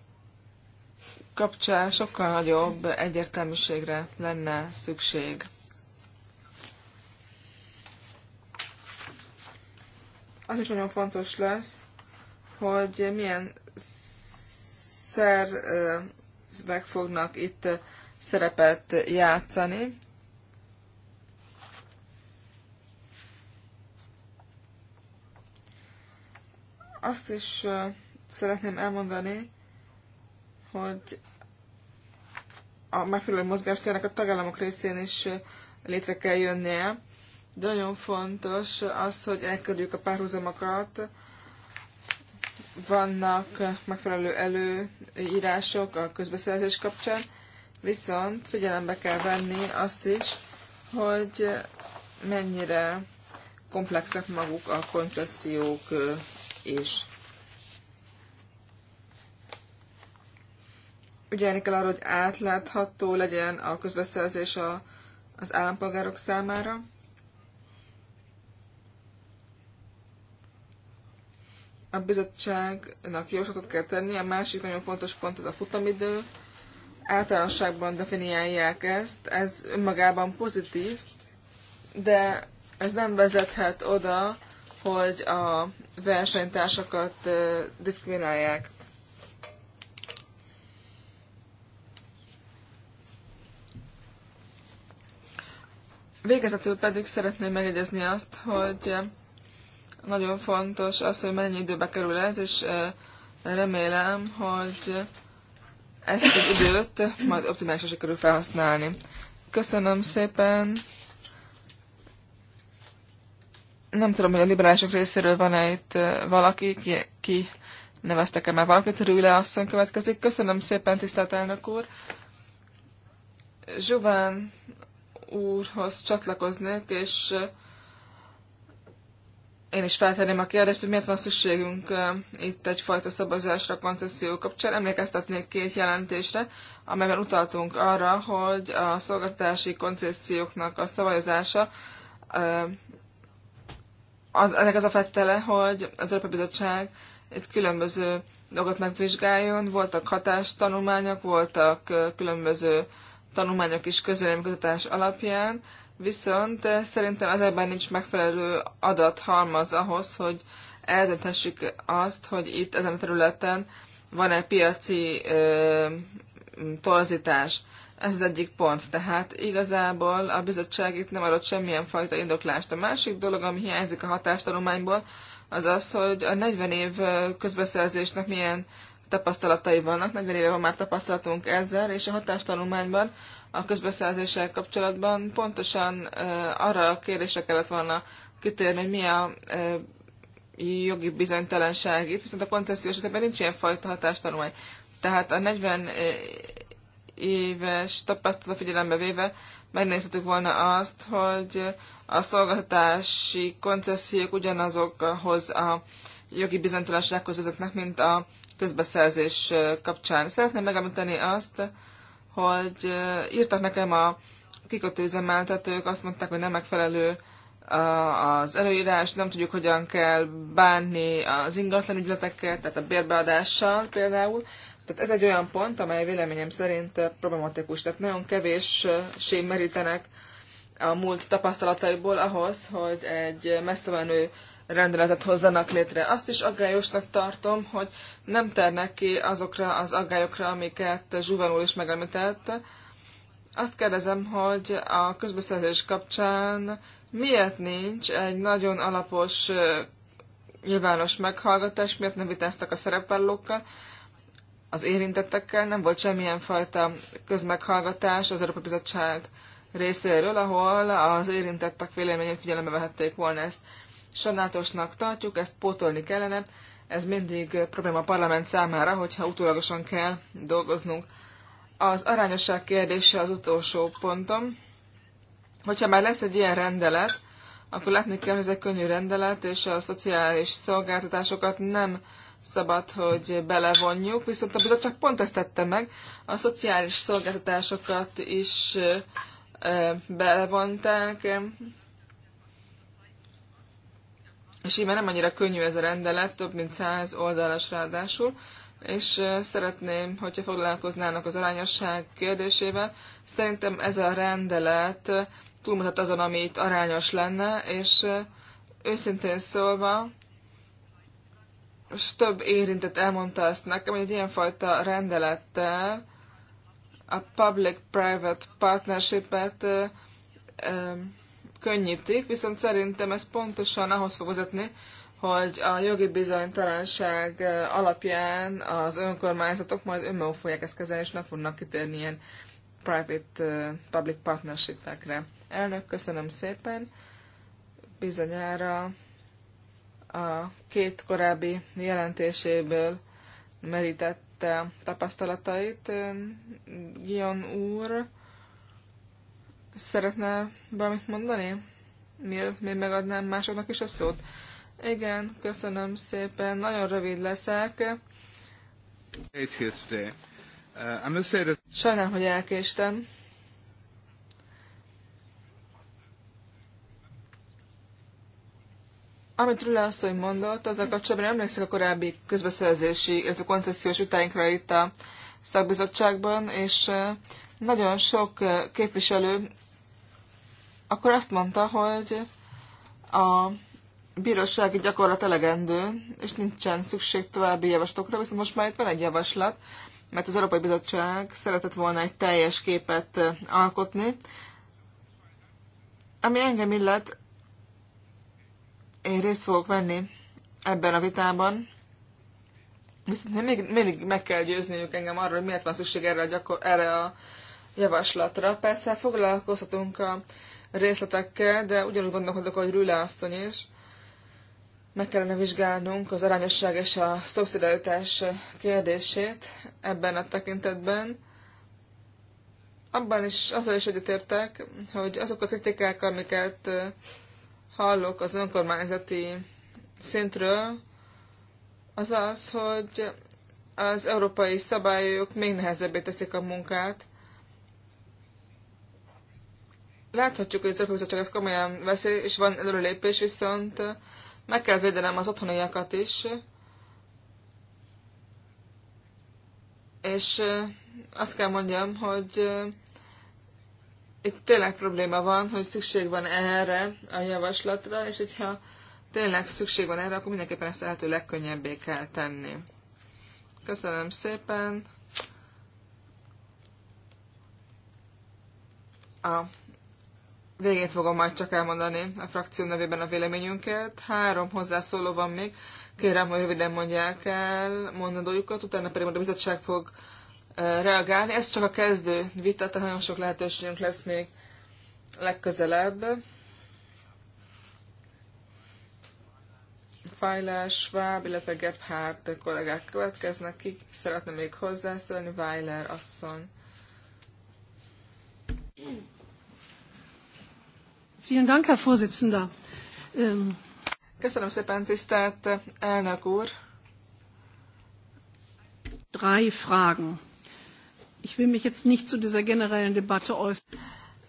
kapcsán sokkal nagyobb egyértelműségre lenne szükség. Az is nagyon fontos lesz, hogy milyen szervek fognak itt szerepet játszani. Azt is szeretném elmondani, hogy a megfelelő mozgástérnek a tagállamok részén is létre kell jönnie, de nagyon fontos az, hogy elkerüljük a párhuzamokat vannak megfelelő előírások a közbeszerzés kapcsán, viszont figyelembe kell venni azt is, hogy mennyire komplexek maguk a koncesziók is. Ügyelni kell arra, hogy átlátható legyen a közbeszerzés a, az állampolgárok számára. a bizottságnak javaslatot kell tenni. A másik nagyon fontos pont az a futamidő. Általánosságban definiálják ezt, ez önmagában pozitív, de ez nem vezethet oda, hogy a versenytársakat diszkriminálják. Végezetül pedig szeretném megjegyezni azt, hogy nagyon fontos az, hogy mennyi időbe kerül ez, és remélem, hogy ezt az időt majd optimálisan sikerül felhasználni. Köszönöm szépen! Nem tudom, hogy a liberálisok részéről van-e itt valaki, ki, ki neveztek-e már valakit, Rüle asszony következik. Köszönöm szépen, tisztelt elnök úr! Zsuván úrhoz csatlakoznék, és én is feltenném a kérdést, hogy miért van szükségünk itt egyfajta szabazásra a koncesszió kapcsán. Emlékeztetnék két jelentésre, amelyben utaltunk arra, hogy a szolgáltatási koncesszióknak a szabályozása az, ennek az a fettele, hogy az Európai Bizottság itt különböző dolgot megvizsgáljon. Voltak hatástanulmányok, voltak különböző tanulmányok is közvéleménykutatás alapján, viszont eh, szerintem ezekben nincs megfelelő adathalmaz ahhoz, hogy eldönthessük azt, hogy itt ezen a területen van-e piaci ö, torzítás. Ez az egyik pont. Tehát igazából a bizottság itt nem adott semmilyen fajta indoklást. A másik dolog, ami hiányzik a hatástanulmányból, az az, hogy a 40 év közbeszerzésnek milyen tapasztalatai vannak. 40 éve van már tapasztalatunk ezzel, és a hatástanulmányban a közbeszerzéssel kapcsolatban. Pontosan arra a kérdésre kellett volna kitérni, hogy mi a jogi bizonytalanság itt, viszont a koncesziós esetben nincs ilyen fajta hatástanulmány. Tehát a 40 éves tapasztalat figyelembe véve megnézhetük volna azt, hogy a szolgáltatási koncesziók ugyanazokhoz a jogi bizonytalansághoz vezetnek, mint a közbeszerzés kapcsán. Szeretném megemlíteni azt, hogy írtak nekem a kikötőzemeltetők, azt mondták, hogy nem megfelelő az előírás, nem tudjuk, hogyan kell bánni az ingatlan ügyletekkel, tehát a bérbeadással például. Tehát ez egy olyan pont, amely véleményem szerint problematikus, tehát nagyon kevés merítenek a múlt tapasztalataiból ahhoz, hogy egy messzevenő rendeletet hozzanak létre. Azt is aggályosnak tartom, hogy nem ternek ki azokra az aggályokra, amiket Zsuvan úr is megemlített. Azt kérdezem, hogy a közbeszerzés kapcsán miért nincs egy nagyon alapos nyilvános meghallgatás, miért nem vitáztak a szerepellókkal, az érintettekkel, nem volt semmilyen fajta közmeghallgatás az Európai Bizottság részéről, ahol az érintettek véleményét figyelembe vehették volna ezt sajnálatosnak tartjuk, ezt pótolni kellene. Ez mindig probléma a parlament számára, hogyha utólagosan kell dolgoznunk. Az arányosság kérdése az utolsó pontom. Hogyha már lesz egy ilyen rendelet, akkor látni kell, hogy ez egy könnyű rendelet, és a szociális szolgáltatásokat nem szabad, hogy belevonjuk, viszont a bizottság pont ezt tette meg, a szociális szolgáltatásokat is belevonták, és így már nem annyira könnyű ez a rendelet, több mint száz oldalas ráadásul, és szeretném, hogyha foglalkoznának az arányosság kérdésével. Szerintem ez a rendelet túlmutat azon, amit arányos lenne, és őszintén szólva, és több érintett elmondta azt nekem, hogy egy ilyenfajta rendelettel a public-private partnership-et könnyítik, viszont szerintem ez pontosan ahhoz fog vezetni, hogy a jogi bizonytalanság alapján az önkormányzatok majd önmaguk fogják ezt kezelni, és nem fognak kitérni ilyen private-public partnership-ekre. Elnök, köszönöm szépen. Bizonyára a két korábbi jelentéséből merítette tapasztalatait Gion úr Szeretne valamit mondani? Miért még megadnám másoknak is a szót? Igen, köszönöm szépen. Nagyon rövid leszek. Uh, Sajnálom, hogy elkéstem. Amit Rüle asszony mondott, a kapcsolatban emlékszik a korábbi közbeszerzési, illetve koncesziós utáinkra itt a szakbizottságban, és uh, nagyon sok uh, képviselő akkor azt mondta, hogy a bírósági gyakorlat elegendő, és nincsen szükség további javaslatokra, viszont most már itt van egy javaslat, mert az Európai Bizottság szeretett volna egy teljes képet alkotni, ami engem illet, én részt fogok venni ebben a vitában, viszont még, mindig meg kell győzniük engem arról, hogy miért van szükség erre a, gyakor- erre a javaslatra. Persze foglalkozhatunk a részletekkel, de ugyanúgy gondolkodok, hogy Rüle asszony is. Meg kellene vizsgálnunk az arányosság és a szubszidiaritás kérdését ebben a tekintetben. Abban is, azzal is egyetértek, hogy azok a kritikák, amiket hallok az önkormányzati szintről, az az, hogy az európai szabályok még nehezebbé teszik a munkát, Láthatjuk, hogy a Európai Bizottság ezt komolyan veszi, és van előrelépés, viszont meg kell védenem az otthoniakat is, és azt kell mondjam, hogy itt tényleg probléma van, hogy szükség van erre a javaslatra, és hogyha tényleg szükség van erre, akkor mindenképpen ezt lehető legkönnyebbé kell tenni. Köszönöm szépen! A végén fogom majd csak elmondani a frakció nevében a véleményünket. Három hozzászóló van még. Kérem, hogy röviden mondják el mondandójukat, utána pedig a bizottság fog reagálni. Ez csak a kezdő vita, tehát nagyon sok lehetőségünk lesz még legközelebb. Weiler, Schwab, illetve Gebhardt kollégák következnek, ki szeretne még hozzászólni, Weiler asszony. Ähm, Köszönöm szépen, tisztelt elnök úr. Drei Fragen. Ich will mich jetzt nicht zu dieser generellen Debatte äußern.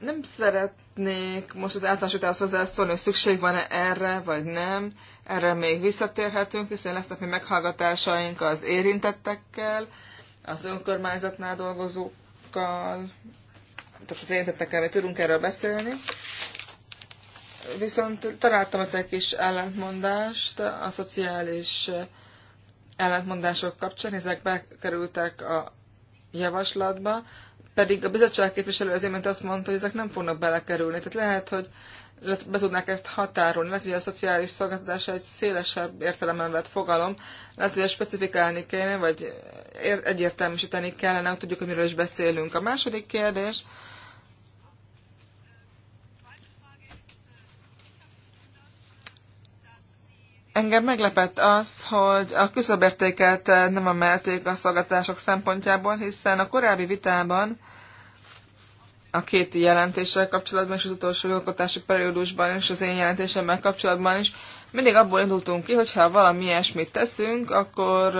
Nem szeretnék most az általános vitához hozzászólni, hogy szükség van-e erre, vagy nem. Erre még visszatérhetünk, hiszen lesznek mi meghallgatásaink az érintettekkel, az önkormányzatnál dolgozókkal, tehát az érintettekkel mi tudunk erről beszélni. Viszont találtam egy kis ellentmondást a szociális ellentmondások kapcsán, ezek bekerültek a javaslatba, pedig a bizottság képviselő azért, imént azt mondta, hogy ezek nem fognak belekerülni. Tehát lehet, hogy be tudnák ezt határolni. Lehet, hogy a szociális szolgáltatás egy szélesebb értelemben vett fogalom. Lehet, hogy specifikálni kéne, vagy egyértelműsíteni kellene, hogy tudjuk, hogy miről is beszélünk. A második kérdés, Engem meglepett az, hogy a küszöbértéket nem emelték a szolgatások szempontjából, hiszen a korábbi vitában a két jelentéssel kapcsolatban és az utolsó jogkotási periódusban és az én jelentésemmel kapcsolatban is mindig abból indultunk ki, hogyha valami ilyesmit teszünk, akkor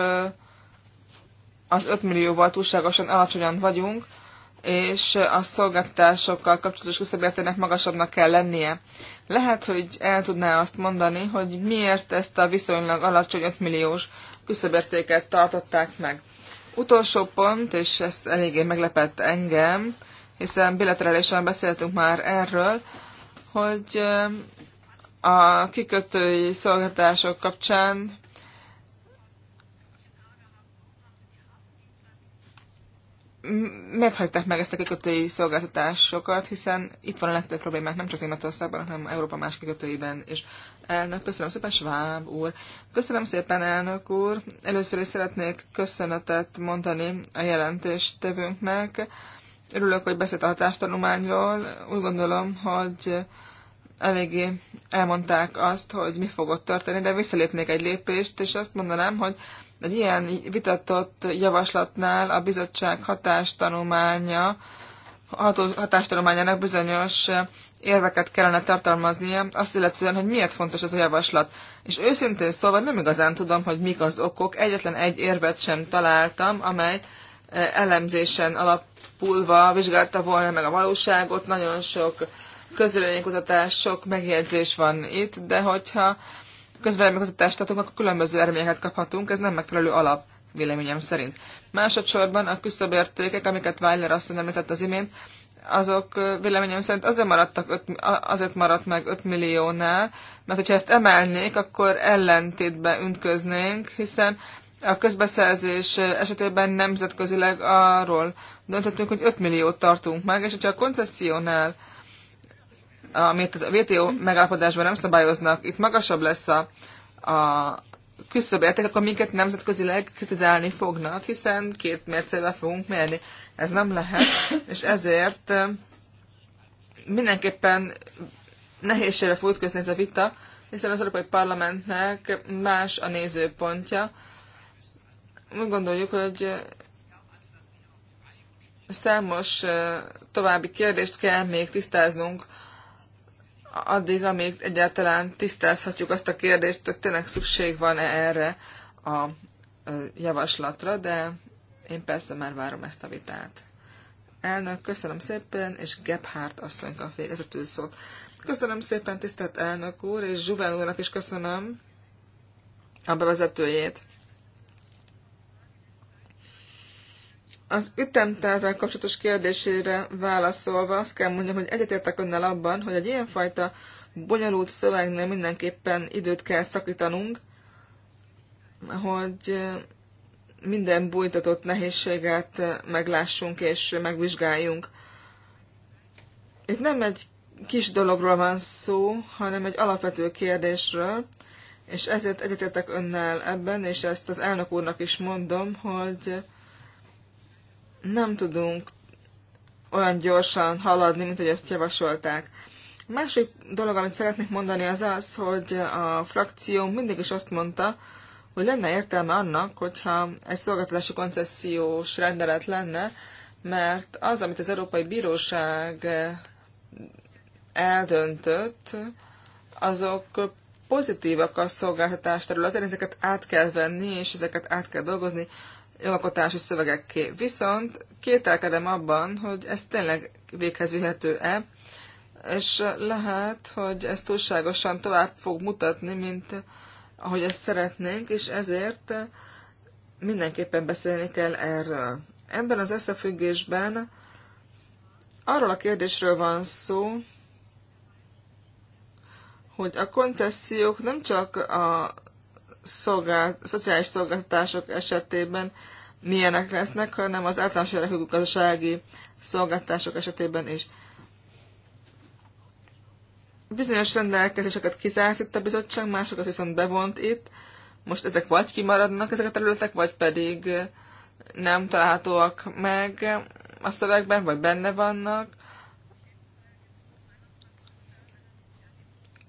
az 5 millióval túlságosan alacsonyan vagyunk, és a szolgáltatásokkal kapcsolatos küszöbértének magasabbnak kell lennie. Lehet, hogy el tudná azt mondani, hogy miért ezt a viszonylag alacsony 5 milliós küszöbértéket tartották meg. Utolsó pont, és ez eléggé meglepett engem, hiszen bilaterálisan beszéltünk már erről, hogy a kikötői szolgáltatások kapcsán miért hagyták meg ezt a kikötői szolgáltatásokat, hiszen itt van a legtöbb problémák, nem csak Németországban, hanem Európa más kikötőiben is. Elnök, köszönöm szépen, Schwab úr. Köszönöm szépen, elnök úr. Először is szeretnék köszönetet mondani a jelentéstevőnknek. Örülök, hogy beszélt a hatástanulmányról. Úgy gondolom, hogy eléggé elmondták azt, hogy mi fogott történni, de visszalépnék egy lépést, és azt mondanám, hogy egy ilyen vitatott javaslatnál a bizottság hatástanulmánya, hatástanulmányának bizonyos érveket kellene tartalmaznia, azt illetően, hogy miért fontos ez a javaslat. És őszintén szóval nem igazán tudom, hogy mik az okok, egyetlen egy érvet sem találtam, amely eh, elemzésen alapulva vizsgálta volna meg a valóságot, nagyon sok közölénykutatás, sok megjegyzés van itt, de hogyha közvéleménykutatást adunk, akkor különböző eredményeket kaphatunk, ez nem megfelelő alap véleményem szerint. Másodszorban a küszöbértékek, amiket Weiler asszony említett az imént, azok véleményem szerint azért, maradtak 5, azért maradt meg 5 milliónál, mert hogyha ezt emelnék, akkor ellentétbe ütköznénk, hiszen a közbeszerzés esetében nemzetközileg arról döntöttünk, hogy 5 milliót tartunk meg, és hogyha a koncesszionál amit a VTO megállapodásban nem szabályoznak, itt magasabb lesz a, a küszöbb érték, akkor minket nemzetközileg kritizálni fognak, hiszen két mércével fogunk mérni. Ez nem lehet, és ezért mindenképpen nehézségre fog ütközni ez a vita, hiszen az Európai Parlamentnek más a nézőpontja. Úgy gondoljuk, hogy számos további kérdést kell még tisztáznunk addig, amíg egyáltalán tisztázhatjuk azt a kérdést, hogy tényleg szükség van-e erre a javaslatra, de én persze már várom ezt a vitát. Elnök, köszönöm szépen, és Gebhardt asszony a végezetül szót. Köszönöm szépen, tisztelt elnök úr, és Zsuvel úrnak is köszönöm a bevezetőjét. Az ütemtervvel kapcsolatos kérdésére válaszolva azt kell mondjam, hogy egyetértek önnel abban, hogy egy ilyenfajta bonyolult szövegnél mindenképpen időt kell szakítanunk, hogy minden bújtatott nehézséget meglássunk és megvizsgáljunk. Itt nem egy kis dologról van szó, hanem egy alapvető kérdésről, és ezért egyetértek önnel ebben, és ezt az elnök úrnak is mondom, hogy nem tudunk olyan gyorsan haladni, mint hogy ezt javasolták. A másik dolog, amit szeretnék mondani, az az, hogy a frakció mindig is azt mondta, hogy lenne értelme annak, hogyha egy szolgáltatási koncesziós rendelet lenne, mert az, amit az Európai Bíróság eldöntött, azok pozitívak a szolgáltatás területén, ezeket át kell venni, és ezeket át kell dolgozni jogalkotási szövegekké. Viszont kételkedem abban, hogy ez tényleg véghez vihető-e, és lehet, hogy ez túlságosan tovább fog mutatni, mint ahogy ezt szeretnénk, és ezért mindenképpen beszélni kell erről. Ebben az összefüggésben arról a kérdésről van szó, hogy a koncesziók nem csak a szolgált, szociális szolgáltatások esetében milyenek lesznek, hanem az általános érdekű gazdasági szolgáltatások esetében is. Bizonyos rendelkezéseket kizárt itt a bizottság, másokat viszont bevont itt. Most ezek vagy kimaradnak ezek a területek, vagy pedig nem találhatóak meg a szövegben, vagy benne vannak.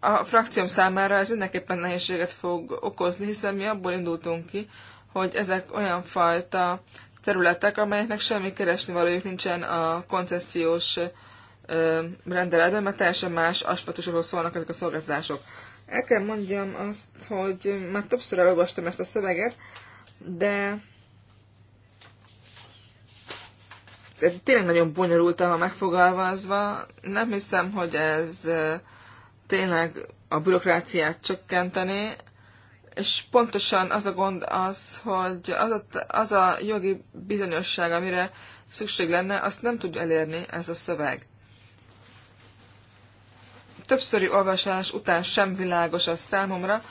a frakcióm számára ez mindenképpen nehézséget fog okozni, hiszen mi abból indultunk ki, hogy ezek olyan fajta területek, amelyeknek semmi keresni valójuk nincsen a koncesziós rendeletben, mert teljesen más aspektusokról szólnak ezek a szolgáltatások. El kell mondjam azt, hogy már többször elolvastam ezt a szöveget, de tényleg nagyon ha megfogalmazva. Nem hiszem, hogy ez tényleg a bürokráciát csökkenteni, és pontosan az a gond az, hogy az a, az a jogi bizonyosság, amire szükség lenne, azt nem tud elérni ez a szöveg. Többszöri olvasás után sem világos az számomra,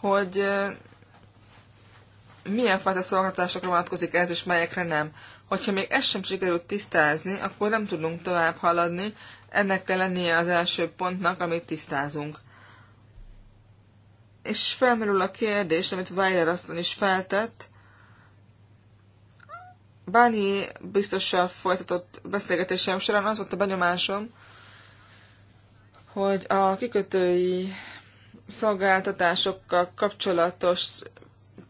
hogy milyen fajta szolgáltatásokra vonatkozik ez, és melyekre nem. Hogyha még ezt sem sikerült tisztázni, akkor nem tudunk tovább haladni, ennek kell lennie az első pontnak, amit tisztázunk. És felmerül a kérdés, amit Weiler aztán is feltett. Bányi biztossal folytatott beszélgetésem során az volt a benyomásom, hogy a kikötői szolgáltatásokkal kapcsolatos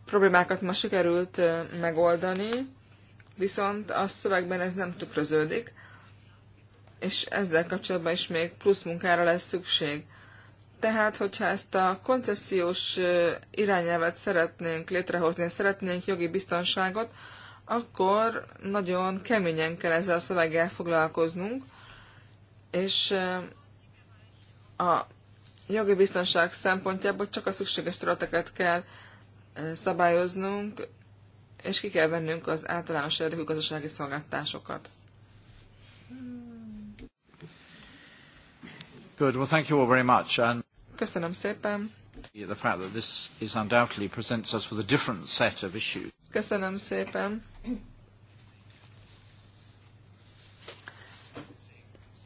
problémákat ma sikerült megoldani, viszont a szövegben ez nem tükröződik és ezzel kapcsolatban is még plusz munkára lesz szükség. Tehát, hogyha ezt a koncesziós irányelvet szeretnénk létrehozni, és szeretnénk jogi biztonságot, akkor nagyon keményen kell ezzel a szöveggel foglalkoznunk, és a jogi biztonság szempontjából csak a szükséges területeket kell szabályoznunk, és ki kell vennünk az általános érdekű gazdasági szolgáltásokat. Good. Well, thank you all very much. And Köszönöm szépen. The fact that this is undoubtedly presents us with a different set of issues. Köszönöm szépen.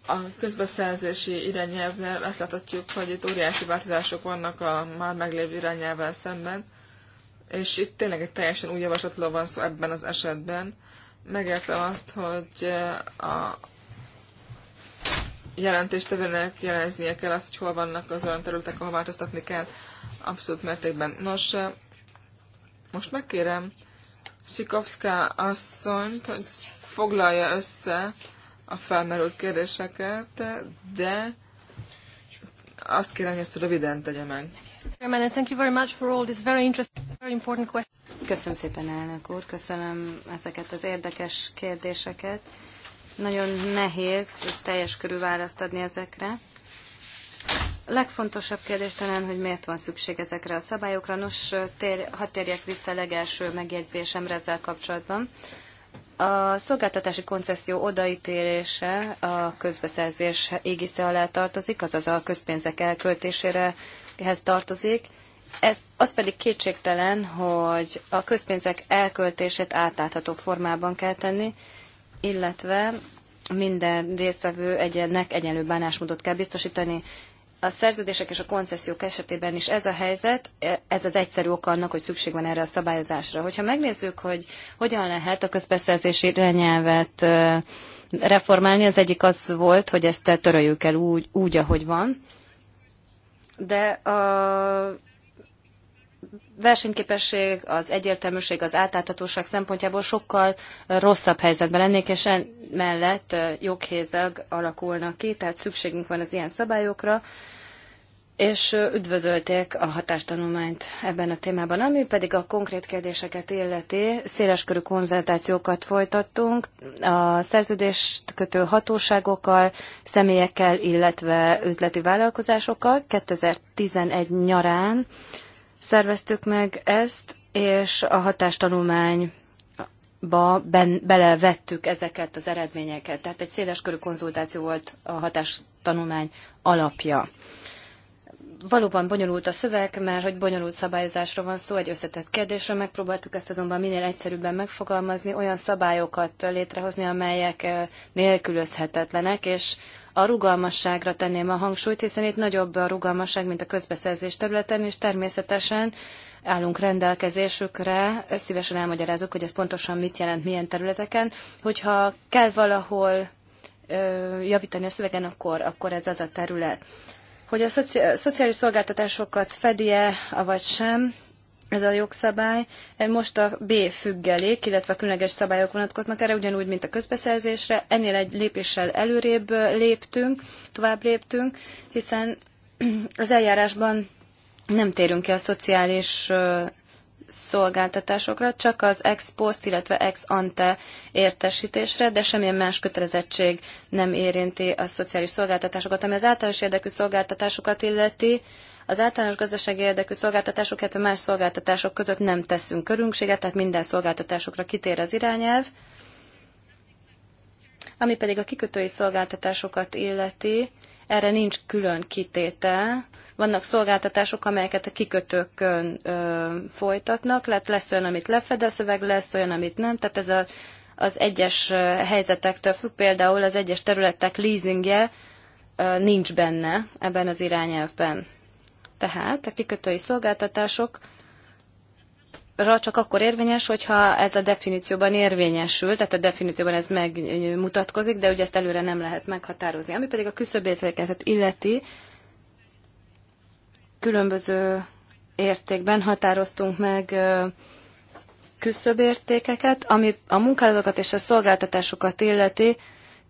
A közbeszerzési irányelvnél azt láthatjuk, hogy itt óriási változások vannak a már meglévő irányelvvel szemben, és itt tényleg egy teljesen új javaslatról van szó ebben az esetben. Megértem azt, hogy a jelentéstevőnek jeleznie kell azt, hogy hol vannak az olyan területek, ahol változtatni kell abszolút mértékben. Nos, eh, most megkérem Szikovszka asszonyt, hogy foglalja össze a felmerült kérdéseket, de azt kérem, hogy ezt röviden tegye meg. Köszönöm szépen, elnök úr, köszönöm ezeket az érdekes kérdéseket. Nagyon nehéz teljes körű választ adni ezekre. A legfontosabb kérdés talán, hogy miért van szükség ezekre a szabályokra. Nos, tér, ha térjek vissza a legelső megjegyzésemre ezzel kapcsolatban. A szolgáltatási koncesszió odaítélése a közbeszerzés égisze alá tartozik, azaz a közpénzek elköltésérehez tartozik. Ez, az pedig kétségtelen, hogy a közpénzek elköltését átlátható formában kell tenni, illetve minden résztvevő egyennek egyenlő bánásmódot kell biztosítani. A szerződések és a koncesziók esetében is ez a helyzet, ez az egyszerű oka annak, hogy szükség van erre a szabályozásra. Hogyha megnézzük, hogy hogyan lehet a közbeszerzési irányelvet reformálni, az egyik az volt, hogy ezt töröljük el úgy, úgy ahogy van, de a versenyképesség, az egyértelműség, az átláthatóság szempontjából sokkal rosszabb helyzetben lennék, és mellett joghézag alakulnak ki, tehát szükségünk van az ilyen szabályokra, és üdvözölték a hatástanulmányt ebben a témában, ami pedig a konkrét kérdéseket illeti. Széleskörű konzultációkat folytattunk a szerződést kötő hatóságokkal, személyekkel, illetve üzleti vállalkozásokkal 2011 nyarán szerveztük meg ezt, és a hatástanulmány ba ben, belevettük ezeket az eredményeket. Tehát egy széleskörű konzultáció volt a hatástanulmány alapja. Valóban bonyolult a szöveg, mert hogy bonyolult szabályozásról van szó, egy összetett kérdésről megpróbáltuk ezt azonban minél egyszerűbben megfogalmazni, olyan szabályokat létrehozni, amelyek eh, nélkülözhetetlenek, és a rugalmasságra tenném a hangsúlyt, hiszen itt nagyobb a rugalmasság, mint a közbeszerzés területen, és természetesen állunk rendelkezésükre, szívesen elmagyarázok, hogy ez pontosan mit jelent, milyen területeken. Hogyha kell valahol ö, javítani a szövegen, akkor, akkor ez az a terület. Hogy a szoci- szociális szolgáltatásokat fedje, avagy sem, ez a jogszabály. Most a B függelék, illetve különleges szabályok vonatkoznak erre, ugyanúgy, mint a közbeszerzésre. Ennél egy lépéssel előrébb léptünk, tovább léptünk, hiszen (clears throat) az eljárásban nem térünk ki a szociális szolgáltatásokra, csak az ex post, illetve ex ante értesítésre, de semmilyen más kötelezettség nem érinti a szociális szolgáltatásokat. Ami az általános érdekű szolgáltatásokat illeti, az általános gazdasági érdekű szolgáltatások, illetve más szolgáltatások között nem teszünk körünkséget, tehát minden szolgáltatásokra kitér az irányelv. Ami pedig a kikötői szolgáltatásokat illeti, erre nincs külön kitétel. Vannak szolgáltatások, amelyeket a kikötőkön ö, folytatnak, lehet lesz olyan, amit lefed a szöveg, lesz olyan, amit nem, tehát ez a, az egyes helyzetektől függ, például az egyes területek leasingje ö, nincs benne ebben az irányelvben. Tehát a kikötői szolgáltatások csak akkor érvényes, hogyha ez a definícióban érvényesül, tehát a definícióban ez megmutatkozik, de ugye ezt előre nem lehet meghatározni. Ami pedig a küszöbértékezet illeti, különböző értékben határoztunk meg küszöbértékeket, ami a munkálatokat és a szolgáltatásokat illeti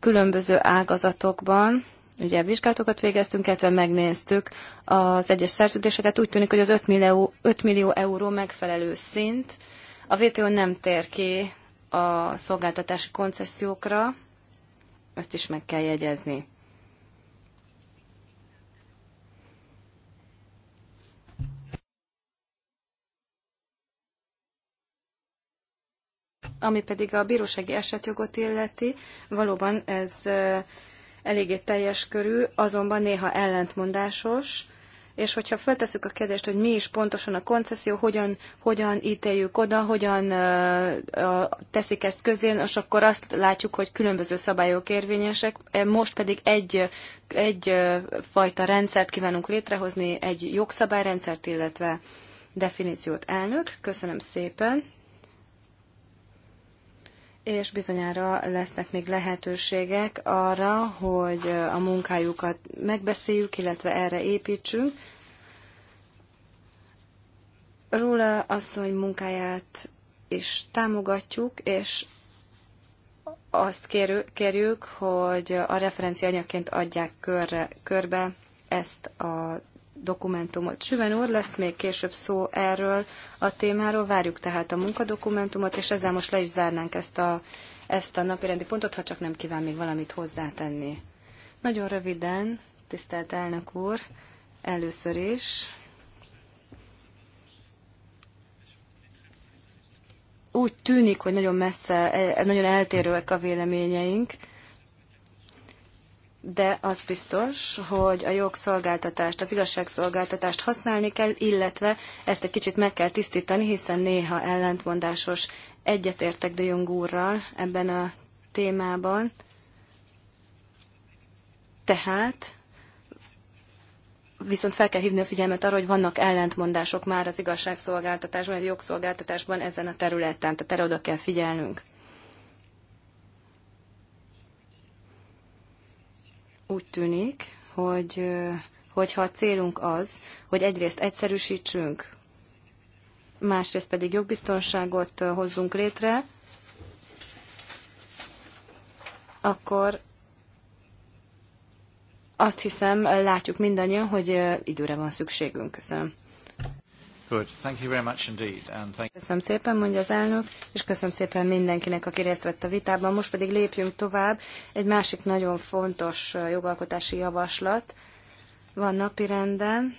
különböző ágazatokban, ugye vizsgálatokat végeztünk, illetve megnéztük az egyes szerződéseket. Úgy tűnik, hogy az 5 millió, 5 millió euró megfelelő szint. A VTO nem tér ki a szolgáltatási koncesziókra, ezt is meg kell jegyezni. Ami pedig a bírósági esetjogot illeti, valóban ez eléggé teljes körű, azonban néha ellentmondásos, és hogyha feltesszük a kérdést, hogy mi is pontosan a koncesszió, hogyan, hogyan ítéljük oda, hogyan uh, teszik ezt közén, és akkor azt látjuk, hogy különböző szabályok érvényesek, e, most pedig egy, egy uh, fajta rendszert kívánunk létrehozni, egy jogszabályrendszert, illetve definíciót. Elnök, köszönöm szépen és bizonyára lesznek még lehetőségek arra, hogy a munkájukat megbeszéljük, illetve erre építsünk. Róla asszony munkáját is támogatjuk, és azt kérjük, hogy a referenciaanyagként adják körre, körbe ezt a munkadokumentumot. Süven úr, lesz még később szó erről a témáról, várjuk tehát a munkadokumentumot, és ezzel most le is zárnánk ezt a, ezt a napirendi pontot, ha csak nem kíván még valamit hozzátenni. Nagyon röviden, tisztelt elnök úr, először is úgy tűnik, hogy nagyon messze, eh, nagyon eltérőek a véleményeink, de az biztos, hogy a jogszolgáltatást, az igazságszolgáltatást használni kell, illetve ezt egy kicsit meg kell tisztítani, hiszen néha ellentmondásos egyetértek de Jong úrral ebben a témában. Tehát viszont fel kell hívni a figyelmet arra, hogy vannak ellentmondások már az igazságszolgáltatásban, vagy a jogszolgáltatásban ezen a területen, tehát erre oda kell figyelnünk. Úgy tűnik, hogy hogyha a célunk az, hogy egyrészt egyszerűsítsünk, másrészt pedig jogbiztonságot hozzunk létre, akkor azt hiszem, látjuk mindannyian, hogy időre van szükségünk. Köszönöm. Good. Thank you very much indeed. And thank köszönöm szépen, mondja az elnök, és köszönöm szépen mindenkinek, aki részt vett a vitában. Most pedig lépjünk tovább. Egy másik nagyon fontos jogalkotási javaslat van napirenden.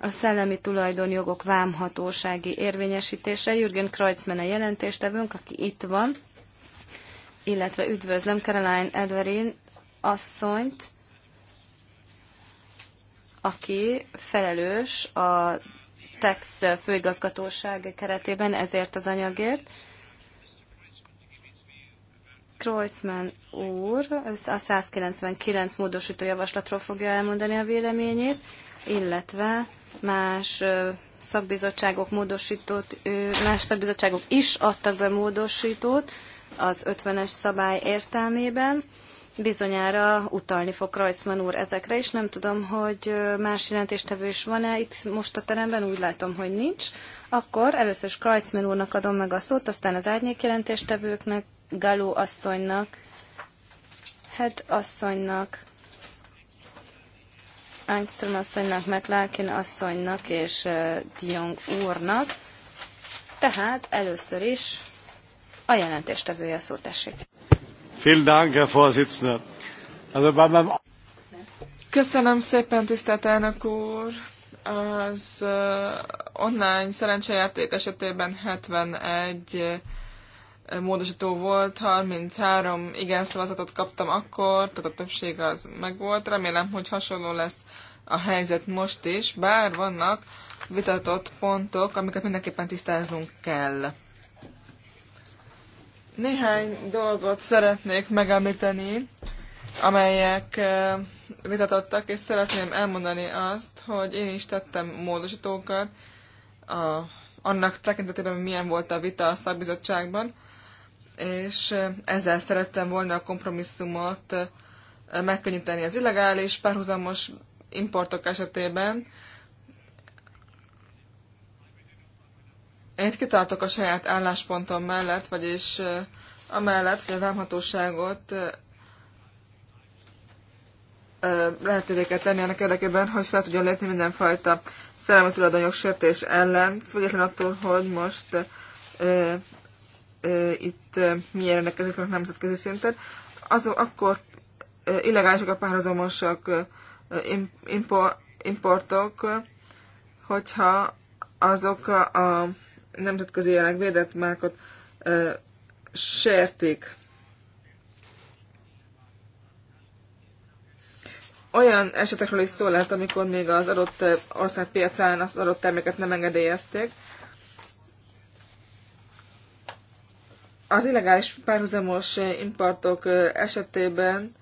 A szellemi tulajdonjogok vámhatósági érvényesítése. Jürgen Kreuzmann a jelentéstevőnk, aki itt van, illetve üdvözlöm Caroline Edverin asszonyt, aki felelős a TEX főigazgatóság keretében ezért az anyagért. Kreuzmann úr a 199 módosító javaslatról fogja elmondani a véleményét, illetve más szakbizottságok módosított, más szakbizottságok is adtak be módosítót az 50-es szabály értelmében bizonyára utalni fog Krajcman úr ezekre, és nem tudom, hogy más jelentéstevő is van-e itt most a teremben, úgy látom, hogy nincs. Akkor először is Krajcman úrnak adom meg a szót, aztán az árnyék jelentéstevőknek, Galú asszonynak, Hed hát asszonynak, Angström asszonynak, McLarkin asszonynak és Diong úrnak. Tehát először is a jelentéstevője szót tessék. Köszönöm szépen, tisztelt elnök úr! Az online szerencsejáték esetében 71 módosító volt, 33 igen szavazatot kaptam akkor, tehát a többség az megvolt. Remélem, hogy hasonló lesz a helyzet most is, bár vannak vitatott pontok, amiket mindenképpen tisztáznunk kell. Néhány dolgot szeretnék megemlíteni, amelyek eh, vitatottak, és szeretném elmondani azt, hogy én is tettem módosítókat a, annak tekintetében, milyen volt a vita a szakbizottságban, és eh, ezzel szerettem volna a kompromisszumot eh, megkönnyíteni az illegális, párhuzamos importok esetében, Én kitartok a saját álláspontom mellett, vagyis amellett, hogy a vámhatóságot lehetővé kell tenni ennek érdekében, hogy fel tudjon lépni mindenfajta szellemi tulajdonjog sértés ellen, függetlenül attól, hogy most ö, ö, itt milyen ezek a nemzetközi szinten. Azok akkor ö, illegálisak a párhuzamosak impor, importok, hogyha azok a, a nemzetközi jelenleg védett márkot ö, sértik. Olyan esetekről is szó lehet, amikor még az adott ország piacán az adott terméket nem engedélyezték. Az illegális párhuzamos importok esetében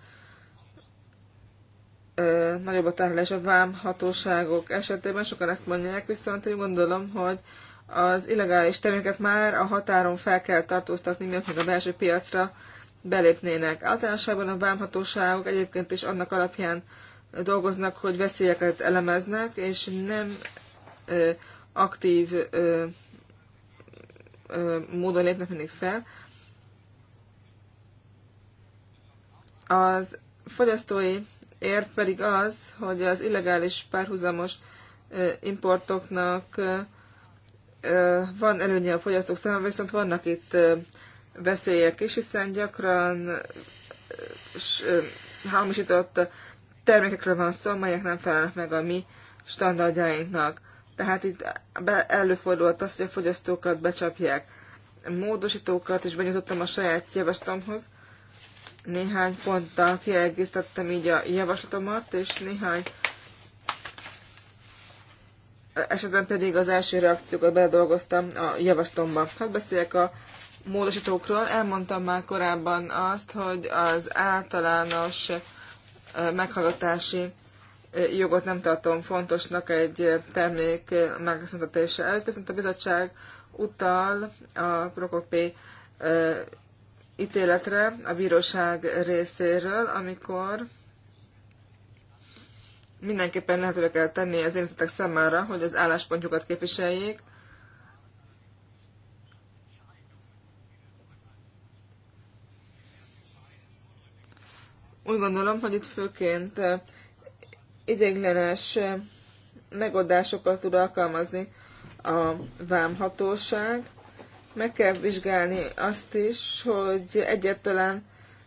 nagyobb a terhelés a vámhatóságok esetében, sokan ezt mondják, viszont én gondolom, hogy az illegális terméket már a határon fel kell tartóztatni, miatt még a belső piacra belépnének. Általánosságban a vámhatóságok egyébként is annak alapján dolgoznak, hogy veszélyeket elemeznek, és nem ö, aktív ö, ö, módon lépnek mindig fel. Az fogyasztói ér pedig az, hogy az illegális párhuzamos ö, importoknak ö, van előnye a fogyasztók számára, viszont vannak itt veszélyek is, hiszen gyakran hamisított termékekről van szó, amelyek nem felelnek meg a mi standardjainknak. Tehát itt előfordulhat az, hogy a fogyasztókat becsapják. Módosítókat is benyújtottam a saját javaslatomhoz. Néhány ponttal kiegészítettem így a javaslatomat, és néhány esetben pedig az első reakciókat beledolgoztam a javaslomba. Hát beszéljek a módosítókról. Elmondtam már korábban azt, hogy az általános meghallgatási jogot nem tartom fontosnak egy termék megszüntetése előtt, viszont a bizottság utal a Prokopé ítéletre a bíróság részéről, amikor mindenképpen lehetővé kell tenni az érintettek számára, hogy az álláspontjukat képviseljék. Úgy gondolom, hogy itt főként eh, ideiglenes eh, megoldásokat tud alkalmazni a vámhatóság. Meg kell vizsgálni azt is, hogy egyetlen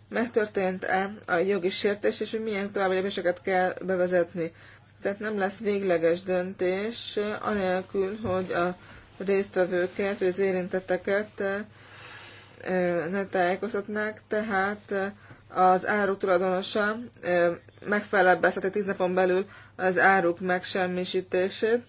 megtörtént-e a jogi sértés, és hogy milyen további lépéseket kell bevezetni. Tehát nem lesz végleges döntés, anélkül, hogy a résztvevőket, vagy az érintetteket ne tájékoztatnák, tehát az áruk tulajdonosa megfelebbezheti 10 napon belül az áruk megsemmisítését,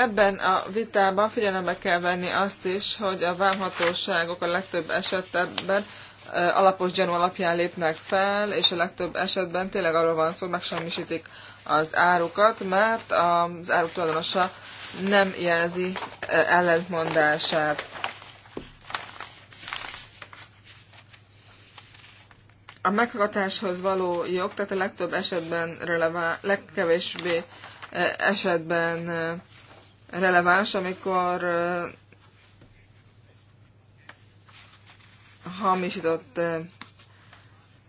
Ebben a vitában figyelembe kell venni azt is, hogy a vámhatóságok a legtöbb esetben eh, alapos gyanú alapján lépnek fel, és a legtöbb esetben tényleg arról van szó, megsemmisítik az árukat, mert az áruk tulajdonosa nem jelzi eh, ellentmondását. A meghallgatáshoz való jog, tehát a legtöbb esetben releváns, legkevésbé eh, esetben releváns, amikor hamisított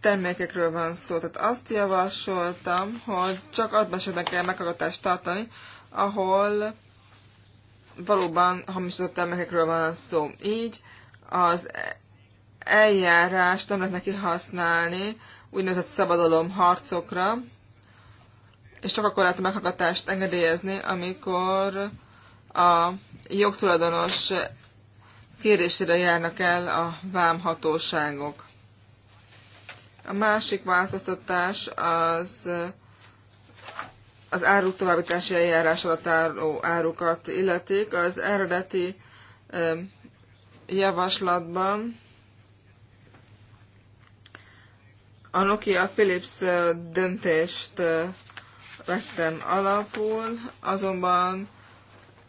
termékekről van szó. Tehát azt javasoltam, hogy csak adban esetben kell meghallgatást tartani, ahol valóban hamisított termékekről van szó. Így az eljárást nem neki használni úgynevezett szabadalom harcokra, és csak akkor lehet a meghallgatást engedélyezni, amikor a jogtulajdonos kérésére járnak el a vámhatóságok. A másik változtatás az az áruk továbbítási eljárás alatt álló árukat illetik. Az eredeti javaslatban a Nokia Philips döntést vettem alapul, azonban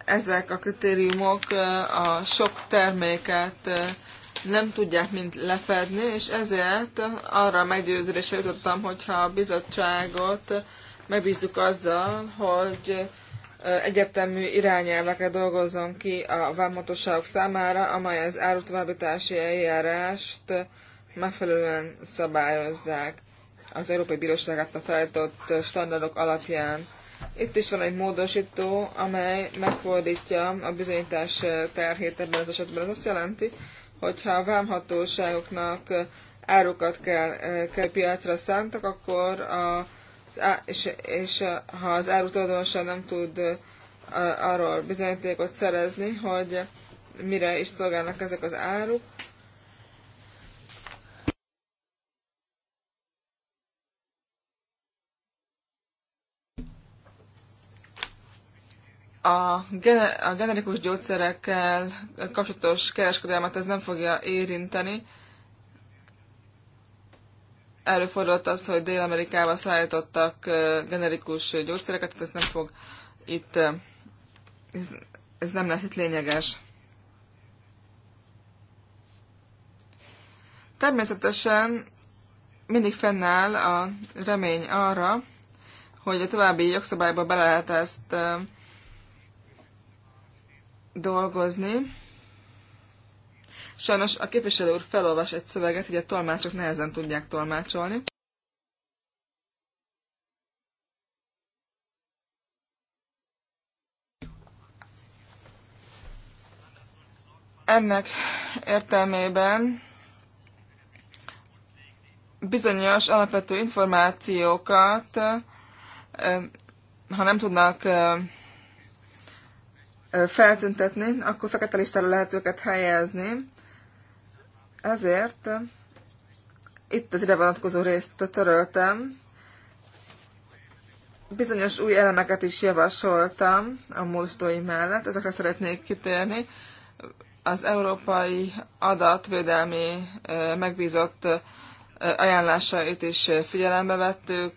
ezek a kritériumok a sok terméket nem tudják mind lefedni, és ezért arra a meggyőződésre jutottam, hogyha a bizottságot megbízzuk azzal, hogy egyértelmű irányelveket dolgozzon ki a vámhatóságok számára, amely az árutovábbítási eljárást megfelelően szabályozzák az Európai Bíróság által feltott standardok alapján. Itt is van egy módosító, amely megfordítja a bizonyítás terhét ebben az esetben. Ez azt jelenti, hogyha a vámhatóságoknak eh, árukat kell, eh, kell piacra szántak, akkor a, és, és eh, ha az áru nem tud arról bizonyítékot szerezni, hogy mire is szolgálnak ezek az áruk, a, gener- a generikus gyógyszerekkel kapcsolatos kereskedelmet ez nem fogja érinteni. Előfordult az, hogy Dél-Amerikába szállítottak generikus gyógyszereket, tehát ez nem fog itt, ez, ez nem lesz itt lényeges. Természetesen mindig fennáll a remény arra, hogy a további jogszabályba bele lehet ezt dolgozni. Sajnos a képviselő úr felolvas egy szöveget, hogy a tolmácsok nehezen tudják tolmácsolni. Ennek értelmében bizonyos alapvető információkat, ha nem tudnak feltüntetni, akkor fekete listára lehet őket helyezni. Ezért itt az ide vonatkozó részt töröltem. Bizonyos új elemeket is javasoltam a módosítói mellett, ezekre szeretnék kitérni. Az Európai Adatvédelmi megbízott ajánlásait is figyelembe vettük.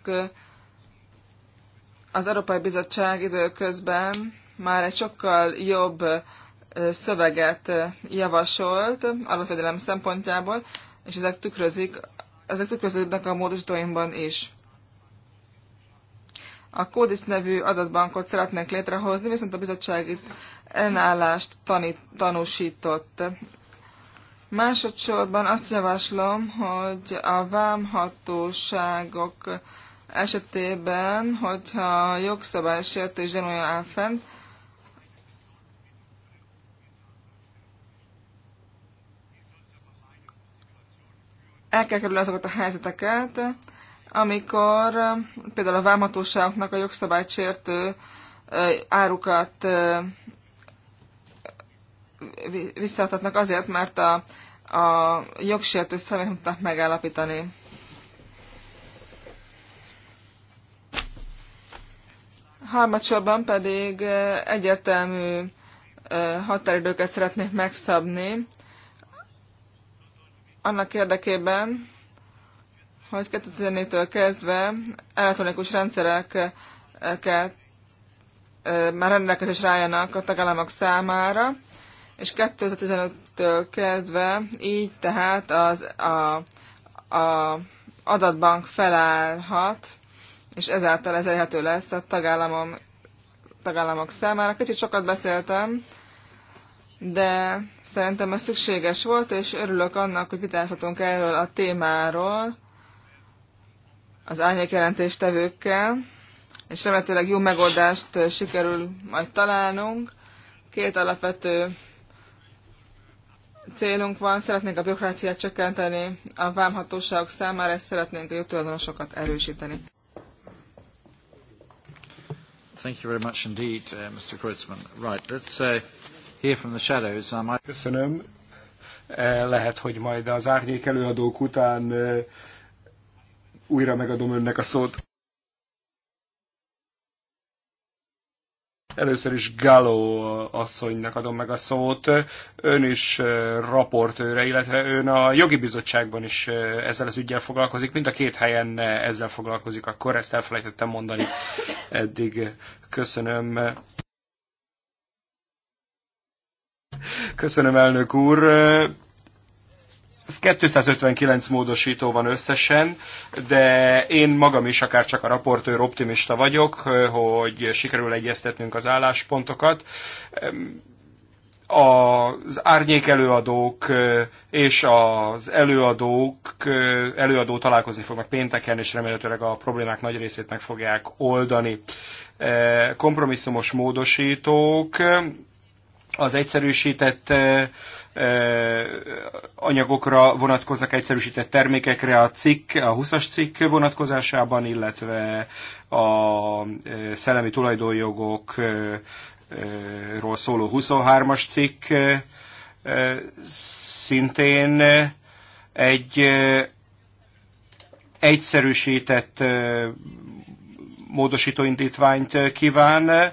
Az Európai Bizottság időközben már egy sokkal jobb szöveget javasolt alapvédelem szempontjából, és ezek tükrözik, ezek tükröződnek a módosítóimban is. A Kódis nevű adatbankot szeretnénk létrehozni, viszont a bizottság itt ellenállást tanít, tanúsított. Másodszorban azt javaslom, hogy a vámhatóságok esetében, hogyha jogszabálysértés gyanúja áll fent, El kell kerülni azokat a helyzeteket, amikor például a vámhatóságoknak a jogszabályt sértő árukat visszaadhatnak azért, mert a, a jogsértő személyek nem megállapítani. Harmadsorban pedig egyértelmű határidőket szeretnék megszabni annak érdekében, hogy 2014-től kezdve elektronikus rendszereket eh, eh, már rendelkezésre álljanak a tagállamok számára, és 2015-től kezdve így tehát az a, a adatbank felállhat, és ezáltal ez elérhető lesz a tagállamom, tagállamok számára. Kicsit sokat beszéltem de szerintem ez szükséges volt, és örülök annak, hogy vitázhatunk erről a témáról az árnyékjelentéstevőkkel, és remélhetőleg jó megoldást sikerül majd találnunk. Két alapvető célunk van, szeretnénk a bürokráciát csökkenteni, a vámhatóságok számára és szeretnénk a jogtulajdonosokat erősíteni. Thank you very much indeed, uh, Mr. Kreutzmann. Right, let's say uh from the shadows. I might... Köszönöm. E, lehet, hogy majd az árnyék előadók után e, újra megadom önnek a szót. Először is Galo asszonynak adom meg a szót. Ön is e, raportőre, illetve ön a jogi bizottságban is ezzel az ügyel foglalkozik. Mind a két helyen ezzel foglalkozik, akkor ezt elfelejtettem mondani. Eddig köszönöm Köszönöm, elnök úr. Ez 259 módosító van összesen, de én magam is, akár csak a raportőr optimista vagyok, hogy sikerül egyeztetnünk az álláspontokat az árnyék előadók és az előadók előadó találkozni fognak pénteken, és remélhetőleg a problémák nagy részét meg fogják oldani. Kompromisszumos módosítók az egyszerűsített anyagokra vonatkoznak, egyszerűsített termékekre a cikk, a 20-as cikk vonatkozásában, illetve a szellemi tulajdonjogokról szóló 23-as cikk szintén egy egyszerűsített módosítóindítványt kíván,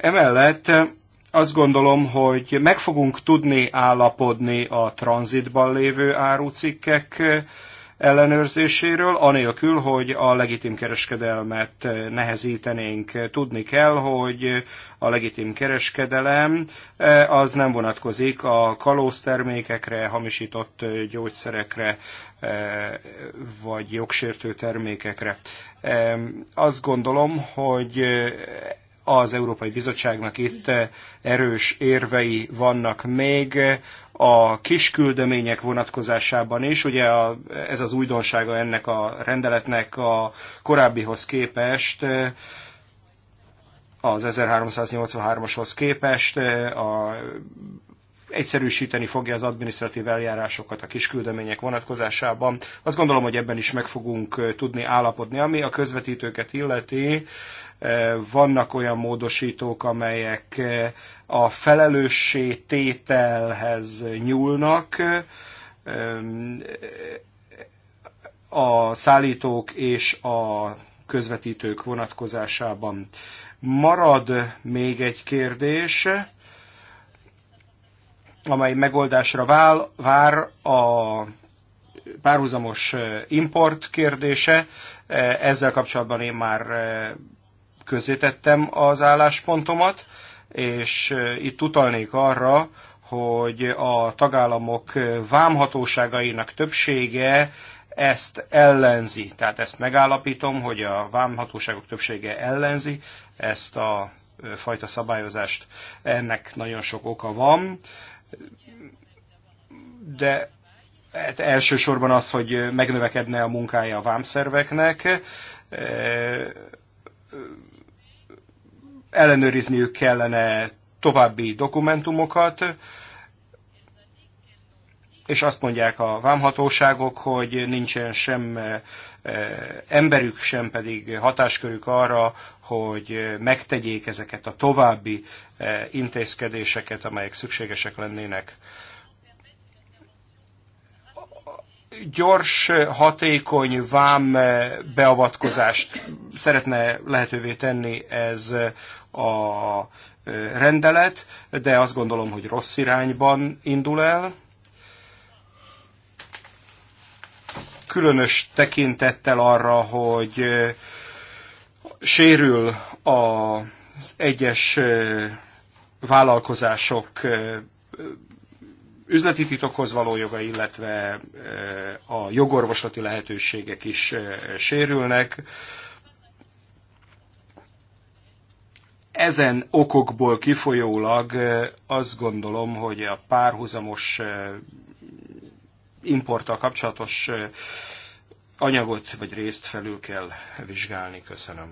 Emellett eh, azt gondolom, hogy meg fogunk tudni állapodni a tranzitban lévő árucikkek eh, ellenőrzéséről, anélkül, hogy a legitim kereskedelmet eh, nehezítenénk. Tudni kell, hogy a legitim kereskedelem az nem vonatkozik a termékekre, hamisított gyógyszerekre, vagy jogsértő termékekre. Azt gondolom, hogy az Európai Bizottságnak itt eh, erős érvei vannak még a kisküldemények vonatkozásában is. Ugye a, ez az újdonsága ennek a rendeletnek a korábbihoz képest eh, az 1383-ashoz képest eh, a egyszerűsíteni fogja az adminisztratív eljárásokat a kisküldemények vonatkozásában. Azt gondolom, hogy ebben is meg fogunk tudni állapodni. Ami a közvetítőket illeti, vannak olyan módosítók, amelyek a felelőssé tételhez nyúlnak, a szállítók és a közvetítők vonatkozásában. Marad még egy kérdés, amely megoldásra vál, vár a párhuzamos import kérdése. Ezzel kapcsolatban én már közzétettem az álláspontomat, és itt utalnék arra, hogy a tagállamok vámhatóságainak többsége ezt ellenzi. Tehát ezt megállapítom, hogy a vámhatóságok többsége ellenzi ezt a fajta szabályozást. Ennek nagyon sok oka van de hát elsősorban az, hogy megnövekedne a munkája a vámszerveknek, e, ellenőrizniük kellene további dokumentumokat, és azt mondják a vámhatóságok, hogy nincsen sem eh, emberük, sem pedig hatáskörük arra, hogy megtegyék ezeket a további eh, intézkedéseket, amelyek szükségesek lennének. Gyors, hatékony vám eh, beavatkozást szeretne lehetővé tenni ez a rendelet, de azt gondolom, hogy rossz irányban indul el különös tekintettel arra, hogy sérül az egyes vállalkozások üzleti titokhoz való joga, illetve a jogorvoslati lehetőségek is sérülnek. Ezen okokból kifolyólag azt gondolom, hogy a párhuzamos importtal kapcsolatos anyagot vagy részt felül kell vizsgálni. Köszönöm.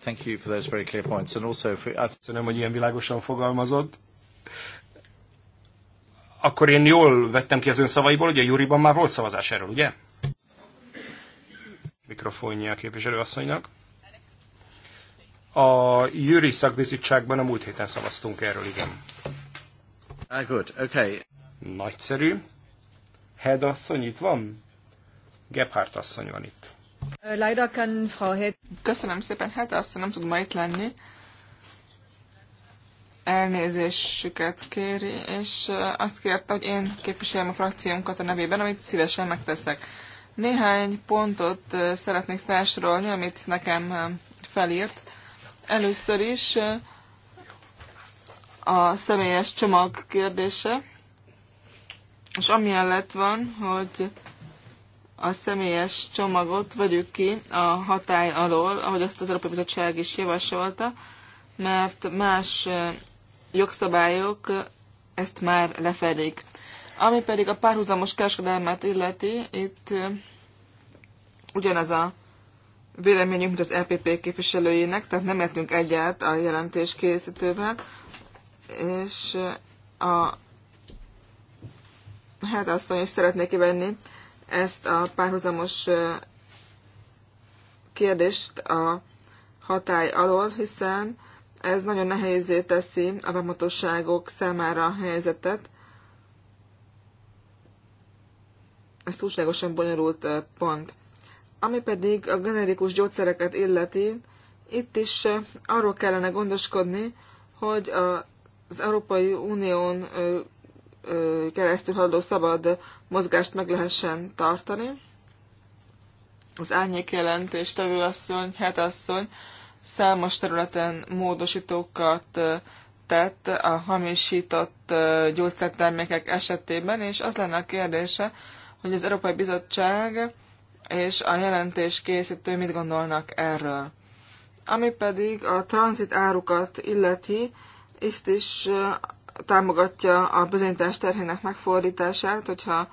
Thank you for those very clear points. And also for... Köszönöm, hogy ilyen világosan fogalmazott. Akkor én jól vettem ki az ön szavaiból, hogy a Juriban már volt szavazás erről, ugye? Mikrofonja a képviselőasszonynak. A Jüri szakbizottságban a múlt héten szavaztunk erről, igen. Ah, good. Okay. Nagyszerű. Head asszony itt van? Gebhardt asszony van itt. Leider kann Frau Head... Köszönöm szépen, Head asszony nem tud ma itt lenni. Elnézésüket kéri, és azt kérte, hogy én képviseljem a frakciónkat a nevében, amit szívesen megteszek. Néhány pontot szeretnék felsorolni, amit nekem felírt. Először is a személyes csomag kérdése. És amiellett van, hogy a személyes csomagot vegyük ki a hatály alól, ahogy azt az Európai Bizottság is javasolta, mert más jogszabályok ezt már lefedik. Ami pedig a párhuzamos kereskedelmet illeti, itt ugyanaz a véleményünk, mint az EPP képviselőjének, tehát nem értünk egyet a jelentés készítővel, és a hát mondja, hogy szeretné kivenni ezt a párhuzamos kérdést a hatály alól, hiszen ez nagyon nehézé teszi a vámatosságok számára a helyzetet. Ez túlságosan bonyolult pont. Ami pedig a generikus gyógyszereket illeti, itt is arról kellene gondoskodni, hogy az Európai Unión keresztül haladó szabad mozgást meg lehessen tartani. Az árnyék jelentés tevőasszony, hetasszony számos területen módosítókat tett a hamisított gyógyszertermékek esetében, és az lenne a kérdése, hogy az Európai Bizottság és a jelentés készítő mit gondolnak erről. Ami pedig a tranzit árukat illeti, itt is támogatja a bizonyítás terhének megfordítását, hogyha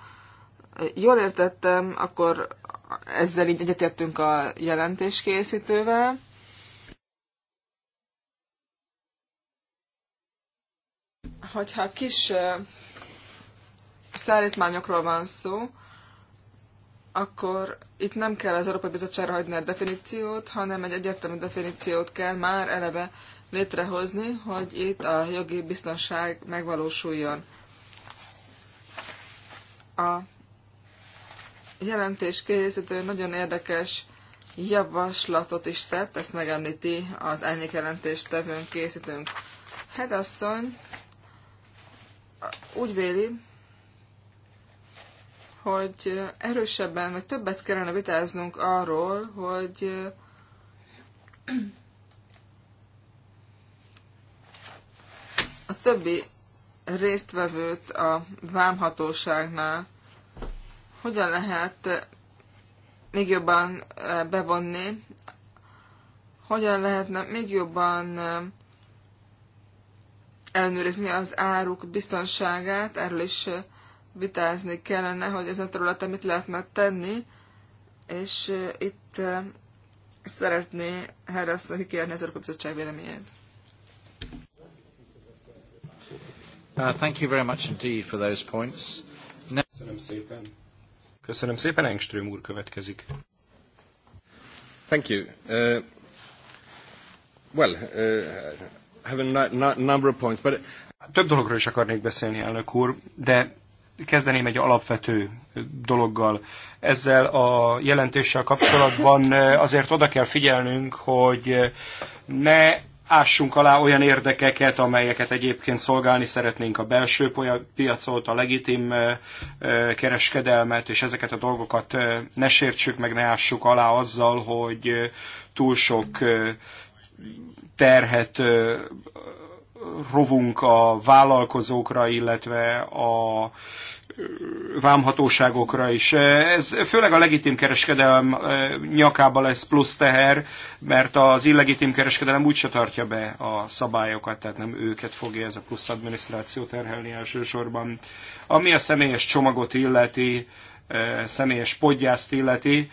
jól értettem, akkor ezzel így egyetértünk a jelentéskészítővel. Hogyha kis szállítmányokról van szó, akkor itt nem kell az Európai Bizottságra hagyni a definíciót, hanem egy egyértelmű definíciót kell már eleve létrehozni, hogy itt a jogi biztonság megvalósuljon. A jelentés készítő nagyon érdekes javaslatot is tett, ezt megemlíti az ennyi jelentést tevőnk készítőnk. Hedasszony hát úgy véli, hogy erősebben, vagy többet kellene vitáznunk arról, hogy a többi résztvevőt a vámhatóságnál hogyan lehet még jobban eh, bevonni, hogyan lehetne még jobban eh, ellenőrizni az áruk biztonságát, erről is eh, vitázni kellene, hogy ez a területen mit lehetne tenni, és itt szeretné Herrasz kérni az Európai Bizottság véleményét. Uh, thank you very much indeed for those points. Now... Köszönöm szépen. Köszönöm szépen, Engström úr következik. Thank you. Uh, well, uh, have a number of points, but... Több dologról is akarnék beszélni, elnök úr, de kezdeném egy alapvető dologgal. Ezzel a jelentéssel kapcsolatban uh, azért oda kell figyelnünk, hogy uh, ne ássunk alá olyan érdekeket, amelyeket egyébként szolgálni szeretnénk a belső piacot, a legitim kereskedelmet, és ezeket a dolgokat ne sértsük meg, ne ássuk alá azzal, hogy túl sok terhet rovunk a vállalkozókra, illetve a vámhatóságokra is. Ez főleg a legitim kereskedelem eh, nyakába lesz plusz teher, mert az illegitim kereskedelem úgyse tartja be a szabályokat, tehát nem őket fogja ez a plusz adminisztráció terhelni elsősorban. Ami a személyes csomagot illeti, személyes podgyászt illeti,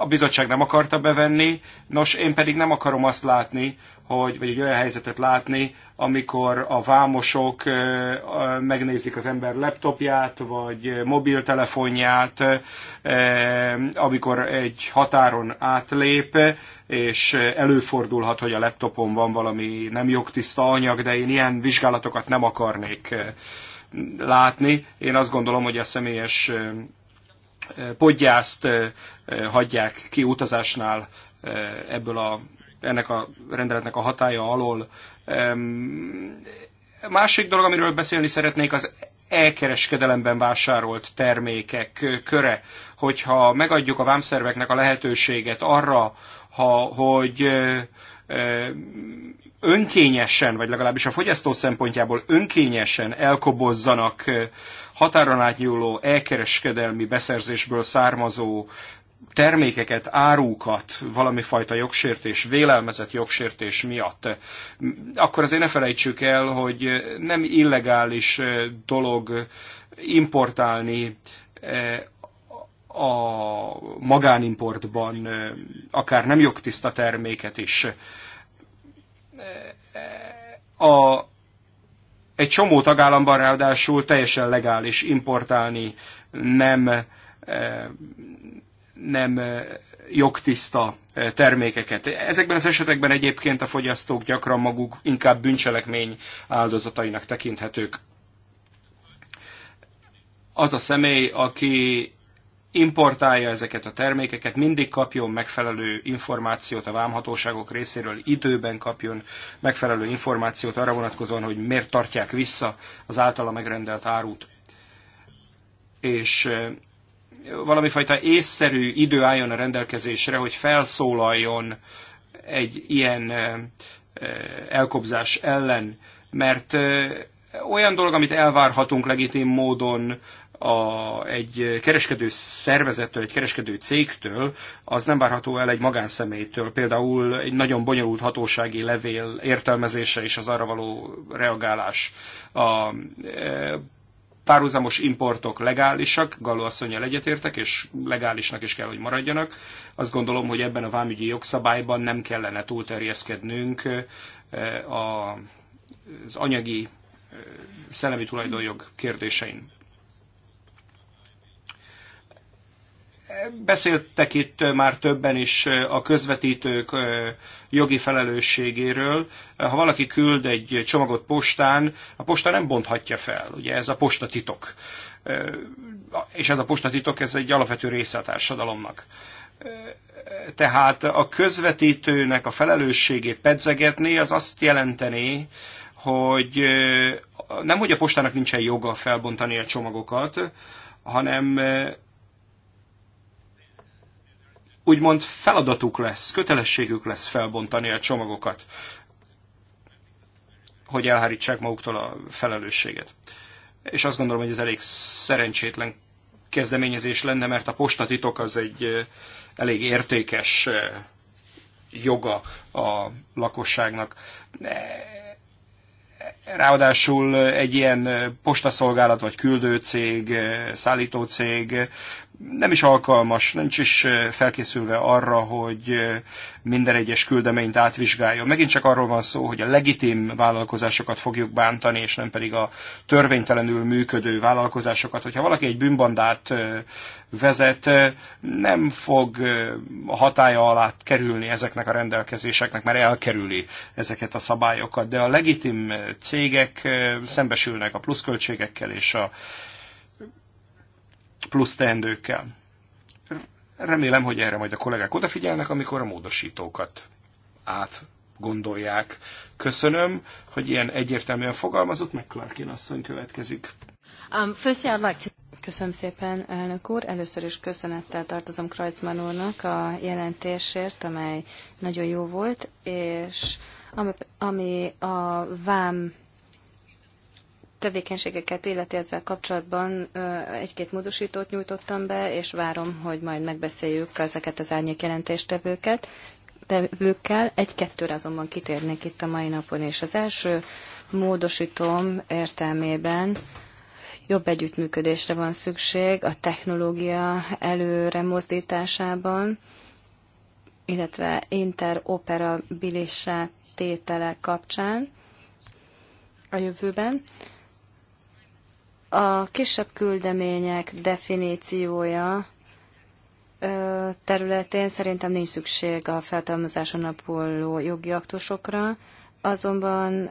a bizottság nem akarta bevenni, nos, én pedig nem akarom azt látni, hogy, vagy egy olyan helyzetet látni, amikor a vámosok megnézik az ember laptopját, vagy mobiltelefonját, amikor egy határon átlép, és előfordulhat, hogy a laptopon van valami nem jogtiszta anyag, de én ilyen vizsgálatokat nem akarnék látni. Én azt gondolom, hogy a személyes podgyászt hagyják ki utazásnál ebből a, ennek a rendeletnek a hatája alól. Másik dolog, amiről beszélni szeretnék, az elkereskedelemben vásárolt termékek köre. Hogyha megadjuk a vámszerveknek a lehetőséget arra, ha, hogy önkényesen, vagy legalábbis a fogyasztó szempontjából önkényesen elkobozzanak határon átnyúló elkereskedelmi beszerzésből származó termékeket, árukat valami fajta jogsértés, vélelmezett jogsértés miatt, akkor azért ne felejtsük el, hogy nem illegális dolog importálni a magánimportban akár nem jogtiszta terméket is a, egy csomó tagállamban ráadásul teljesen legális importálni nem, e, nem e, jogtiszta e, termékeket. Ezekben az esetekben egyébként a fogyasztók gyakran maguk inkább bűncselekmény áldozatainak tekinthetők. Az a személy, aki importálja ezeket a termékeket, mindig kapjon megfelelő információt a vámhatóságok részéről, időben kapjon megfelelő információt arra vonatkozóan, hogy miért tartják vissza az általa megrendelt árut. És valami fajta észszerű idő álljon a rendelkezésre, hogy felszólaljon egy ilyen elkobzás ellen, mert olyan dolog, amit elvárhatunk legitim módon a, egy kereskedő szervezettől, egy kereskedő cégtől, az nem várható el egy magánszemélytől. Például egy nagyon bonyolult hatósági levél értelmezése és az arra való reagálás. A e, párhuzamos importok legálisak, Galló asszonyjal egyetértek, és legálisnak is kell, hogy maradjanak. Azt gondolom, hogy ebben a vámügyi jogszabályban nem kellene túlterjeszkednünk e, a, az anyagi e, szellemi tulajdonjog kérdésein. Beszéltek itt már többen is a közvetítők jogi felelősségéről. Ha valaki küld egy csomagot postán, a posta nem bonthatja fel, ugye ez a postatitok. És ez a postatitok, ez egy alapvető része a társadalomnak tehát a közvetítőnek a felelősségét pedzegetni, az azt jelenteni, hogy nem, hogy a postának nincsen joga felbontani a csomagokat, hanem úgymond feladatuk lesz, kötelességük lesz felbontani a csomagokat, hogy elhárítsák maguktól a felelősséget. És azt gondolom, hogy ez elég szerencsétlen kezdeményezés lenne, mert a postatitok az egy elég értékes joga a lakosságnak. Ráadásul egy ilyen postaszolgálat vagy küldőcég, szállítócég nem is alkalmas, nincs is felkészülve arra, hogy minden egyes küldeményt átvizsgáljon. Megint csak arról van szó, hogy a legitim vállalkozásokat fogjuk bántani, és nem pedig a törvénytelenül működő vállalkozásokat. Hogyha valaki egy bűnbandát vezet, nem fog a hatája alá kerülni ezeknek a rendelkezéseknek, mert elkerüli ezeket a szabályokat. De a legitim cég cégek szembesülnek a pluszköltségekkel és a plusz teendőkkel. Remélem, hogy erre majd a kollégák odafigyelnek, amikor a módosítókat gondolják. Köszönöm, hogy ilyen egyértelműen fogalmazott, meg Clarkin asszony következik. Um, firstly, I'd like to... Köszönöm szépen, elnök úr. Először is köszönettel tartozom Krajcman úrnak a jelentésért, amely nagyon jó volt, és ami, ami a vám tevékenységeket illeti ezzel kapcsolatban egy-két módosítót nyújtottam be, és várom, hogy majd megbeszéljük ezeket az árnyék jelentéstevőket. Tevőkkel egy-kettőre azonban kitérnék itt a mai napon, és az első módosítom értelmében jobb együttműködésre van szükség a technológia előre mozdításában, illetve interoperabilissá tétele kapcsán a jövőben. A kisebb küldemények definíciója területén szerintem nincs szükség a feltalmazáson alapuló jogi aktusokra, azonban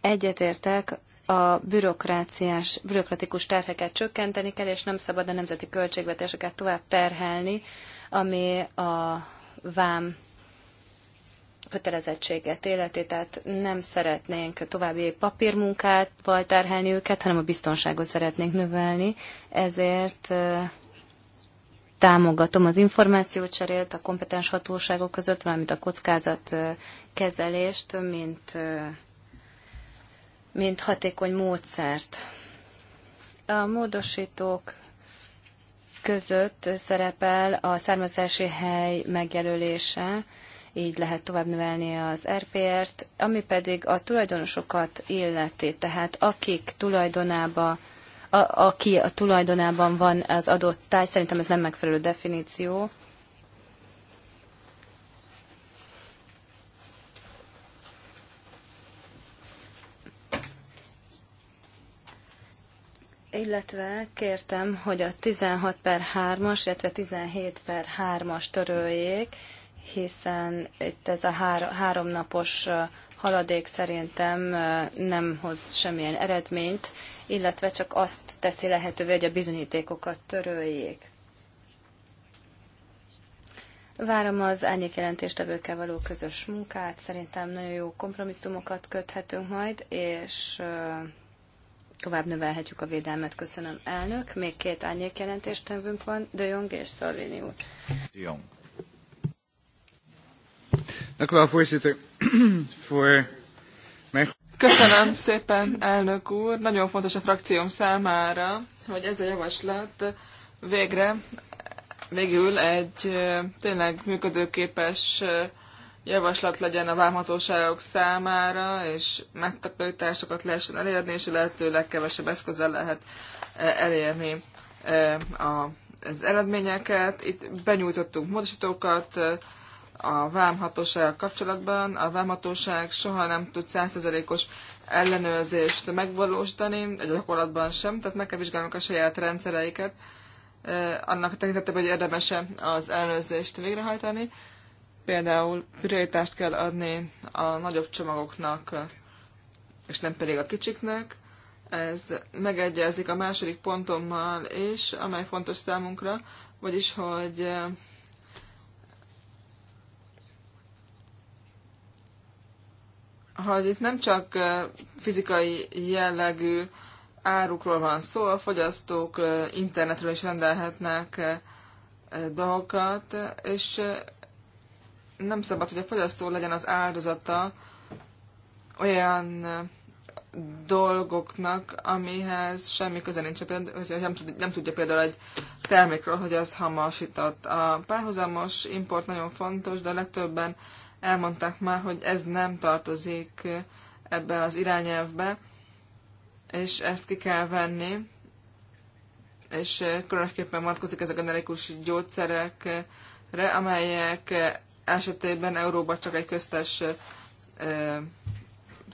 egyetértek a bürokráciás, bürokratikus terheket csökkenteni kell, és nem szabad a nemzeti költségvetéseket tovább terhelni, ami a vám kötelezettséget életét, tehát nem szeretnénk további papírmunkát terhelni őket, hanem a biztonságot szeretnénk növelni, ezért támogatom az információcserélt a kompetens hatóságok között, valamint a kockázat kezelést, mint, mint hatékony módszert. A módosítók között szerepel a származási hely megjelölése, így lehet tovább növelni az RPR-t, ami pedig a tulajdonosokat illeti, tehát akik tulajdonába a, aki a tulajdonában van az adott táj, szerintem ez nem megfelelő definíció. Illetve kértem, hogy a 16 per 3-as, illetve 17 per 3-as töröljék, hiszen itt ez a háromnapos haladék szerintem nem hoz semmilyen eredményt, illetve csak azt teszi lehetővé, hogy a bizonyítékokat töröljék. Várom az árnyék jelentéstevőkkel való közös munkát, szerintem nagyon jó kompromisszumokat köthetünk majd, és tovább növelhetjük a védelmet. Köszönöm, elnök. Még két árnyék jelentéstevőnk van, De Jong és Szalvini úr. De (clears throat) Köszönöm szépen, elnök úr. Nagyon fontos a frakcióm számára, hogy ez a javaslat végre, végül egy tényleg működőképes javaslat legyen a vámhatóságok számára, és megtakarításokat lehessen elérni, és lehetőleg kevesebb eszközzel lehet elérni az eredményeket. Itt benyújtottunk módosítókat, a vámhatóság kapcsolatban. A vámhatóság soha nem tud százszerzelékos ellenőrzést megvalósítani, egy gyakorlatban sem, tehát meg kell vizsgálnunk a saját rendszereiket, eh, annak tekintetében, hogy érdemes az ellenőrzést végrehajtani. Például prioritást kell adni a nagyobb csomagoknak, eh, és nem pedig a kicsiknek. Ez megegyezik a második pontommal is, amely fontos számunkra, vagyis, hogy eh, hogy itt nem csak fizikai jellegű árukról van szó, a fogyasztók internetről is rendelhetnek dolgokat, és nem szabad, hogy a fogyasztó legyen az áldozata olyan dolgoknak, amihez semmi köze nincs, hogyha nem, nem tudja például egy termékről, hogy az hamasított. A párhuzamos import nagyon fontos, de legtöbben elmondták már, hogy ez nem tartozik ebbe az irányelvbe, és ezt ki kell venni, és különösképpen vonatkozik ez a generikus gyógyszerekre, amelyek esetében Európa csak egy köztes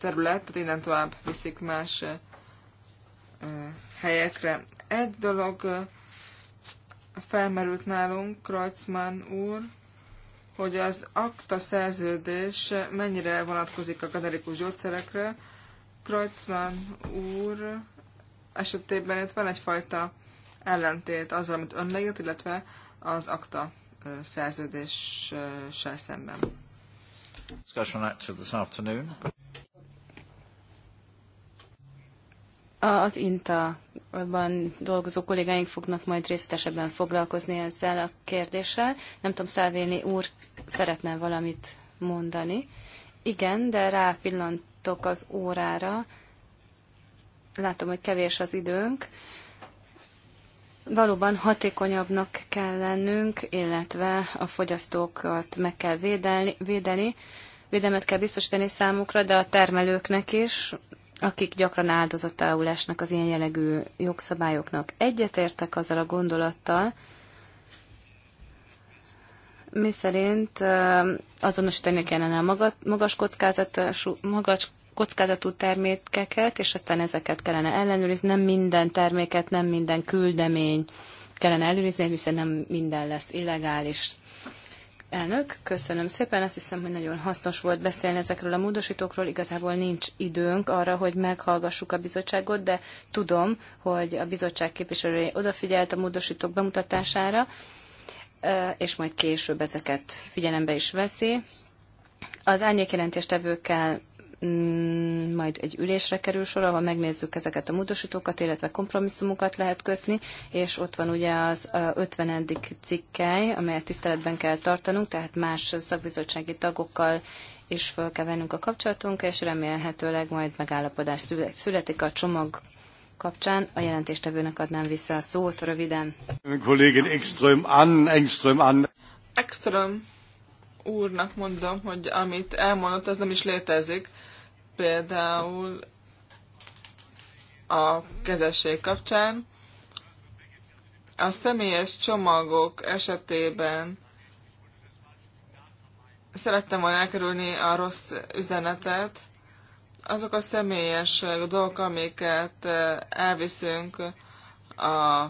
terület, tehát innen tovább viszik más helyekre. Egy dolog felmerült nálunk, Kreutzmann úr, hogy az akta szerződés mennyire vonatkozik a generikus gyógyszerekre. Kreutzmann úr esetében itt van egyfajta ellentét azzal, amit ön leírt, illetve az akta szerződéssel szemben. Discussion active this afternoon. Az INTA-ban dolgozó kollégáink fognak majd részletesebben foglalkozni ezzel a kérdéssel. Nem tudom, Szávéni úr szeretne valamit mondani. Igen, de rápillantok az órára. Látom, hogy kevés az időnk. Valóban hatékonyabbnak kell lennünk, illetve a fogyasztókat meg kell védelni, védeni. Védelmet kell biztosítani számukra, de a termelőknek is, akik gyakran áldozatául esnek az ilyen jellegű jogszabályoknak. Egyetértek azzal a gondolattal, mi szerint azonosítani kellene a magas, kockázatú, magas kockázatú termékeket, és aztán ezeket kellene ellenőrizni. Nem minden terméket, nem minden küldemény kellene ellenőrizni, hiszen nem minden lesz illegális. Elnök, köszönöm szépen. Azt hiszem, hogy nagyon hasznos volt beszélni ezekről a módosítókról. Igazából nincs időnk arra, hogy meghallgassuk a bizottságot, de tudom, hogy a bizottság képviselője odafigyelt a módosítók bemutatására, és majd később ezeket figyelembe is veszi. Az árnyékjelentéstevőkkel Mm, majd egy ülésre kerül sor, ahol megnézzük ezeket a módosítókat, illetve kompromisszumokat lehet kötni, és ott van ugye az 50. cikkely, amelyet tiszteletben kell tartanunk, tehát más szakbizottsági tagokkal is fel kell vennünk a kapcsolatunk, és remélhetőleg majd megállapodás születik a csomag kapcsán. A jelentéstevőnek adnám vissza a szót röviden. Kollégin Engström an, Engström an. Extrém úrnak mondom, hogy amit elmondott, az nem is létezik például a kezesség kapcsán. A személyes csomagok esetében szerettem volna elkerülni a rossz üzenetet. Azok a személyes dolgok, amiket eh, elviszünk a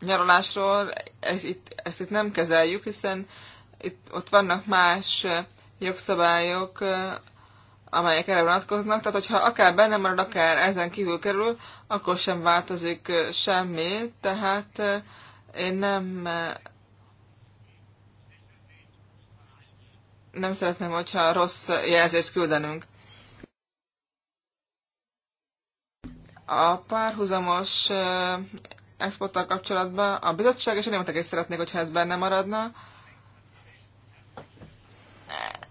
nyaralásról, ezt itt, ezt itt nem kezeljük, hiszen itt, ott vannak más eh, jogszabályok, eh, amelyek erre vonatkoznak, tehát hogyha akár benne marad, akár ezen kívül kerül, akkor sem változik semmi, tehát én nem nem szeretném, hogyha rossz jelzést küldenünk. A párhuzamos exporttal kapcsolatban a bizottság és a németek is szeretnék, hogyha ez benne maradna.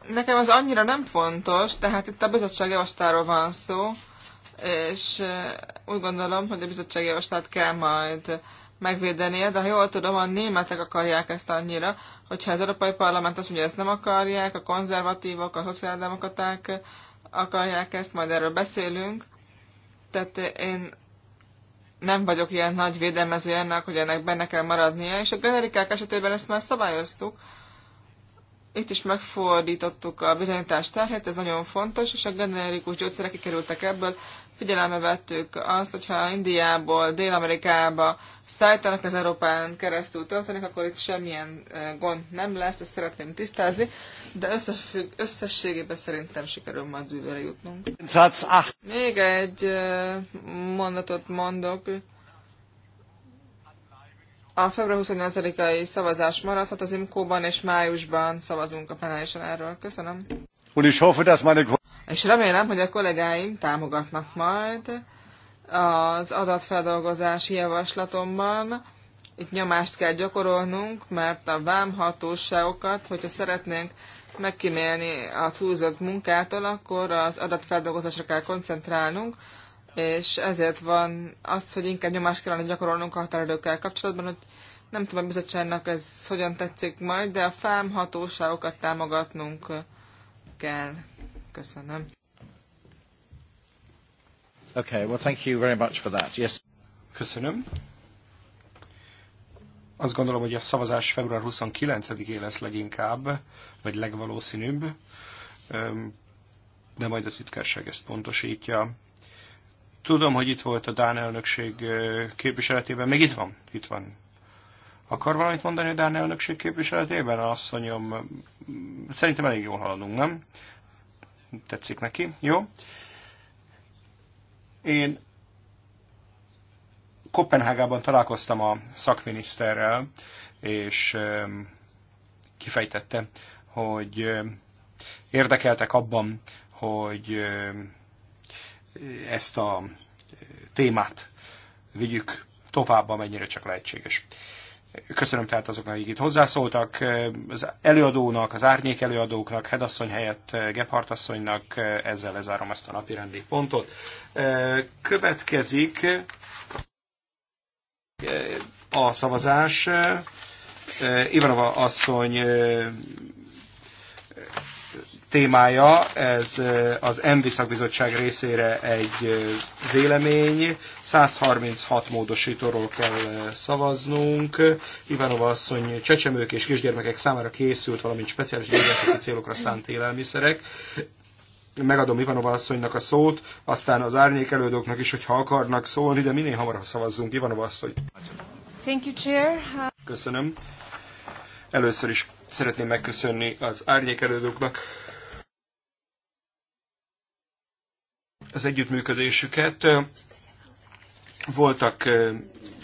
Nekem az annyira nem fontos, tehát itt a bizottság javaslatáról van szó, és eh, úgy gondolom, hogy a bizottság javaslatát kell majd megvédenie, de ha jól tudom, a németek akarják ezt annyira, hogyha az Európai Parlament azt mondja, ezt nem akarják, a konzervatívok, a szociáldemokraták akarják ezt, majd erről beszélünk. Tehát én nem vagyok ilyen nagy védelmező ennek, hogy ennek benne kell maradnia, és a generikák esetében ezt már szabályoztuk, itt is megfordítottuk a bizonyítás terhét, ez nagyon fontos, és a generikus gyógyszerek kikerültek ebből. Figyelembe vettük azt, hogyha Indiából Dél-Amerikába szállítanak, az Európán keresztül történik, akkor itt semmilyen e, gond nem lesz, ezt szeretném tisztázni, de összefügg, összességében szerintem sikerül majd jutnunk. Még egy e, mondatot mondok, a február 28-ai szavazás maradhat az IMKO-ban, és májusban szavazunk a plenárisan erről. Köszönöm. hoffe, dass meine... És remélem, hogy a kollégáim támogatnak majd az adatfeldolgozási javaslatomban. Itt nyomást kell gyakorolnunk, mert a vámhatóságokat, hogyha szeretnénk megkímélni a túlzott munkától, akkor az adatfeldolgozásra kell koncentrálnunk, és ezért van az, hogy inkább nyomást kellene gyakorolnunk a határidőkkel kapcsolatban, hogy nem tudom, a bizottságnak ez hogyan tetszik majd, de a fám hatóságokat támogatnunk kell. Köszönöm. Okay, well thank you very much for that. Yes. Köszönöm. Azt gondolom, hogy a szavazás február 29-én lesz leginkább, vagy legvalószínűbb, de majd a titkárság ezt pontosítja. Tudom, hogy itt volt a Dán elnökség képviseletében. Még itt van? Itt van. Akar valamit mondani a Dán elnökség képviseletében? Asszonyom, szerintem elég jól haladunk, nem? Tetszik neki. Jó. Én Kopenhágában találkoztam a szakminiszterrel, és kifejtette, hogy érdekeltek abban, hogy ezt a témát vigyük tovább, amennyire csak lehetséges. Köszönöm tehát azoknak, akik itt hozzászóltak, az előadónak, az árnyék előadóknak, Hedasszony helyett Gephardt asszonynak, ezzel lezárom ezt a napi rendi pontot. Következik a szavazás. Ivanova asszony témája, ez az MV szakbizottság részére egy vélemény. 136 módosítóról kell szavaznunk. Ivanova asszony csecsemők és kisgyermekek számára készült, valamint speciális gyermekeki célokra szánt élelmiszerek. Megadom Ivanova asszonynak a szót, aztán az árnyékelődőknek is, hogyha akarnak szólni, de minél hamarabb szavazzunk. Ivanova asszony. Thank you, Chair. Köszönöm. Először is szeretném megköszönni az árnyékelődőknek. az együttműködésüket. Voltak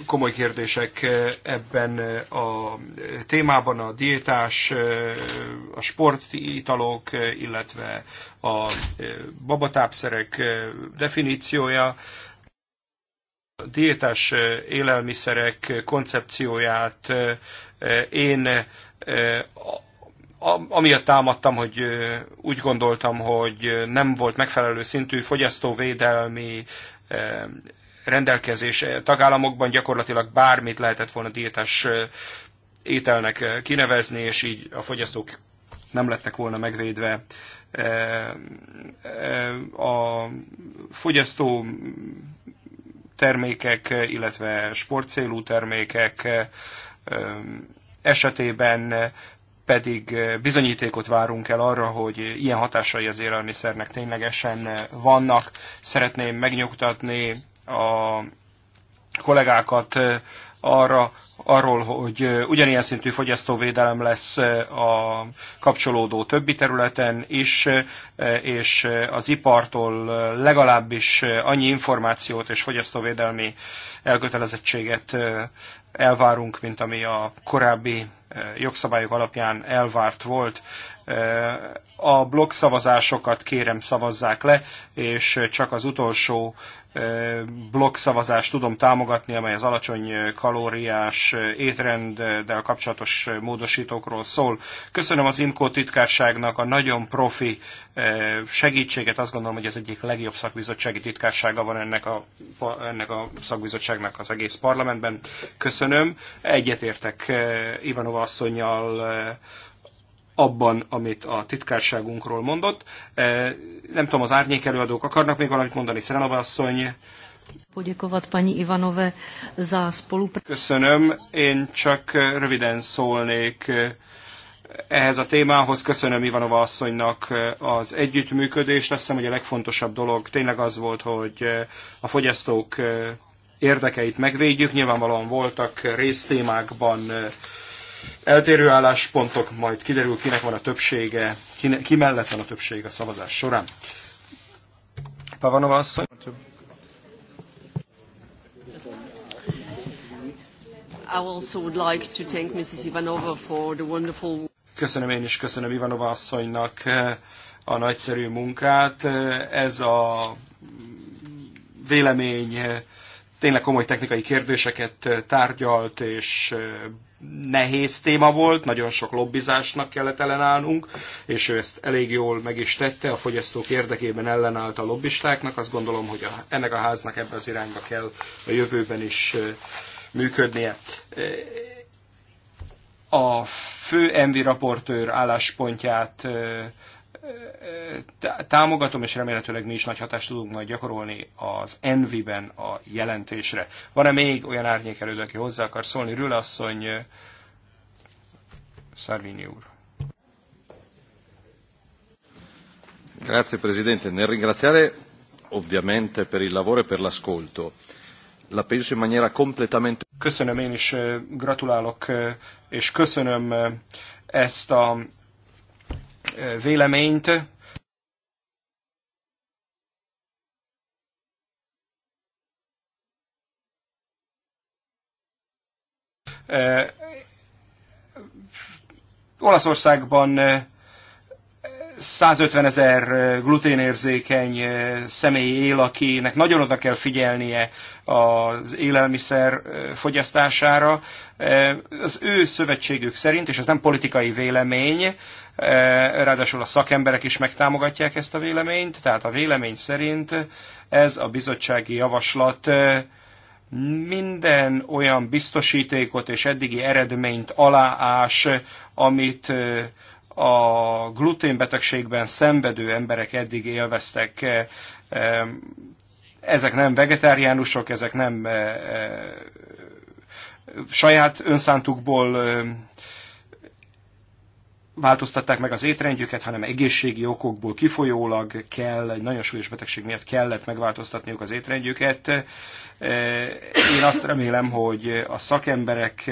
komoly kérdések ebben a témában, a diétás, a sportitalok, illetve a babatápszerek definíciója, a diétás élelmiszerek koncepcióját én amiatt támadtam, hogy úgy gondoltam, hogy nem volt megfelelő szintű fogyasztóvédelmi rendelkezés tagállamokban, gyakorlatilag bármit lehetett volna diétás ételnek kinevezni, és így a fogyasztók nem lettek volna megvédve. A fogyasztó termékek, illetve sportcélú termékek esetében pedig eh, bizonyítékot várunk el arra, hogy ilyen hatásai az élelmiszernek ténylegesen eh, vannak. Szeretném megnyugtatni a kollégákat eh, arra, arról, hogy ugyanilyen szintű fogyasztóvédelem lesz a kapcsolódó többi területen is, és az ipartól legalábbis annyi információt és fogyasztóvédelmi elkötelezettséget elvárunk, mint ami a korábbi jogszabályok alapján elvárt volt. A blog szavazásokat kérem szavazzák le, és csak az utolsó blog szavazást tudom támogatni, amely az alacsony kalóriás étrenddel kapcsolatos módosítókról szól. Köszönöm az Inkó titkárságnak a nagyon profi segítséget. Azt gondolom, hogy ez egyik legjobb szakbizottsági titkársága van ennek a, ennek a szakbizottságnak az egész parlamentben. Köszönöm. Egyetértek Ivanova asszonynal abban, amit a titkárságunkról mondott. E, nem tudom, az árnyék előadók akarnak még valamit mondani, Szerenova asszony. Poděkovat paní Ivanove, za spolupráci. Köszönöm, én csak röviden szólnék ehhez a témához. Köszönöm Ivanova asszonynak az együttműködést. Azt hiszem, hogy a legfontosabb dolog tényleg az volt, hogy a fogyasztók érdekeit megvédjük. Nyilvánvalóan voltak résztémákban eltérő álláspontok, majd kiderül, kinek van a többsége, ki, ki mellett van a többség a szavazás során. Pavanova asszony. I also would like to thank Mrs. Ivanova for the wonderful... Köszönöm én is, köszönöm Ivanova asszonynak eh, a nagyszerű munkát. Eh, ez a vélemény eh, tényleg komoly technikai kérdéseket tárgyalt, és nehéz téma volt, nagyon sok lobbizásnak kellett ellenállnunk, és ő ezt elég jól meg is tette, a fogyasztók érdekében ellenállt a lobbistáknak, azt gondolom, hogy a, ennek a háznak ebbe az irányba kell a jövőben is működnie. A fő envi raportőr álláspontját támogatom, és remélhetőleg mi is nagy hatást tudunk majd gyakorolni az Envi-ben a jelentésre. Van-e még olyan árnyékelődő, aki hozzá akar szólni? Rüle asszony, Szarvini úr. Grazie Presidente, nel ringraziare ovviamente per il lavoro e per l'ascolto. La penso in maniera completamente... Köszönöm, én is eh, gratulálok, eh, és köszönöm eh, ezt a véleményt. Eh, Olaszországban eh, 150 ezer gluténérzékeny személy él, akinek nagyon oda kell figyelnie az élelmiszer fogyasztására. Az ő szövetségük szerint, és ez nem politikai vélemény, ráadásul a szakemberek is megtámogatják ezt a véleményt, tehát a vélemény szerint ez a bizottsági javaslat minden olyan biztosítékot és eddigi eredményt aláás, amit a gluténbetegségben szenvedő emberek eddig élveztek. Eh, eh, ezek nem vegetáriánusok, ezek nem eh, saját önszántukból változtatták meg az étrendjüket, hanem egészségi okokból kifolyólag kell, egy nagyon súlyos betegség miatt kellett megváltoztatniuk az étrendjüket. Én azt remélem, hogy a szakemberek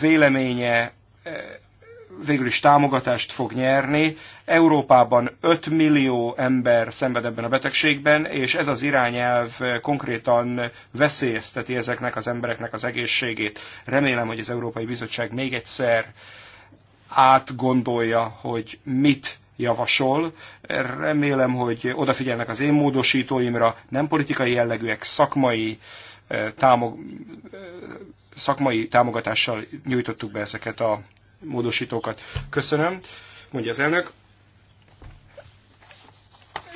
véleménye végül is támogatást fog nyerni. Európában 5 millió ember szenved ebben a betegségben, és ez az irányelv konkrétan veszélyezteti ezeknek az embereknek az egészségét. Remélem, hogy az Európai Bizottság még egyszer átgondolja, hogy mit javasol. Remélem, hogy odafigyelnek az én módosítóimra, nem politikai jellegűek, szakmai, eh, támog, eh, szakmai támogatással nyújtottuk be ezeket a módosítókat. Köszönöm, mondja az elnök.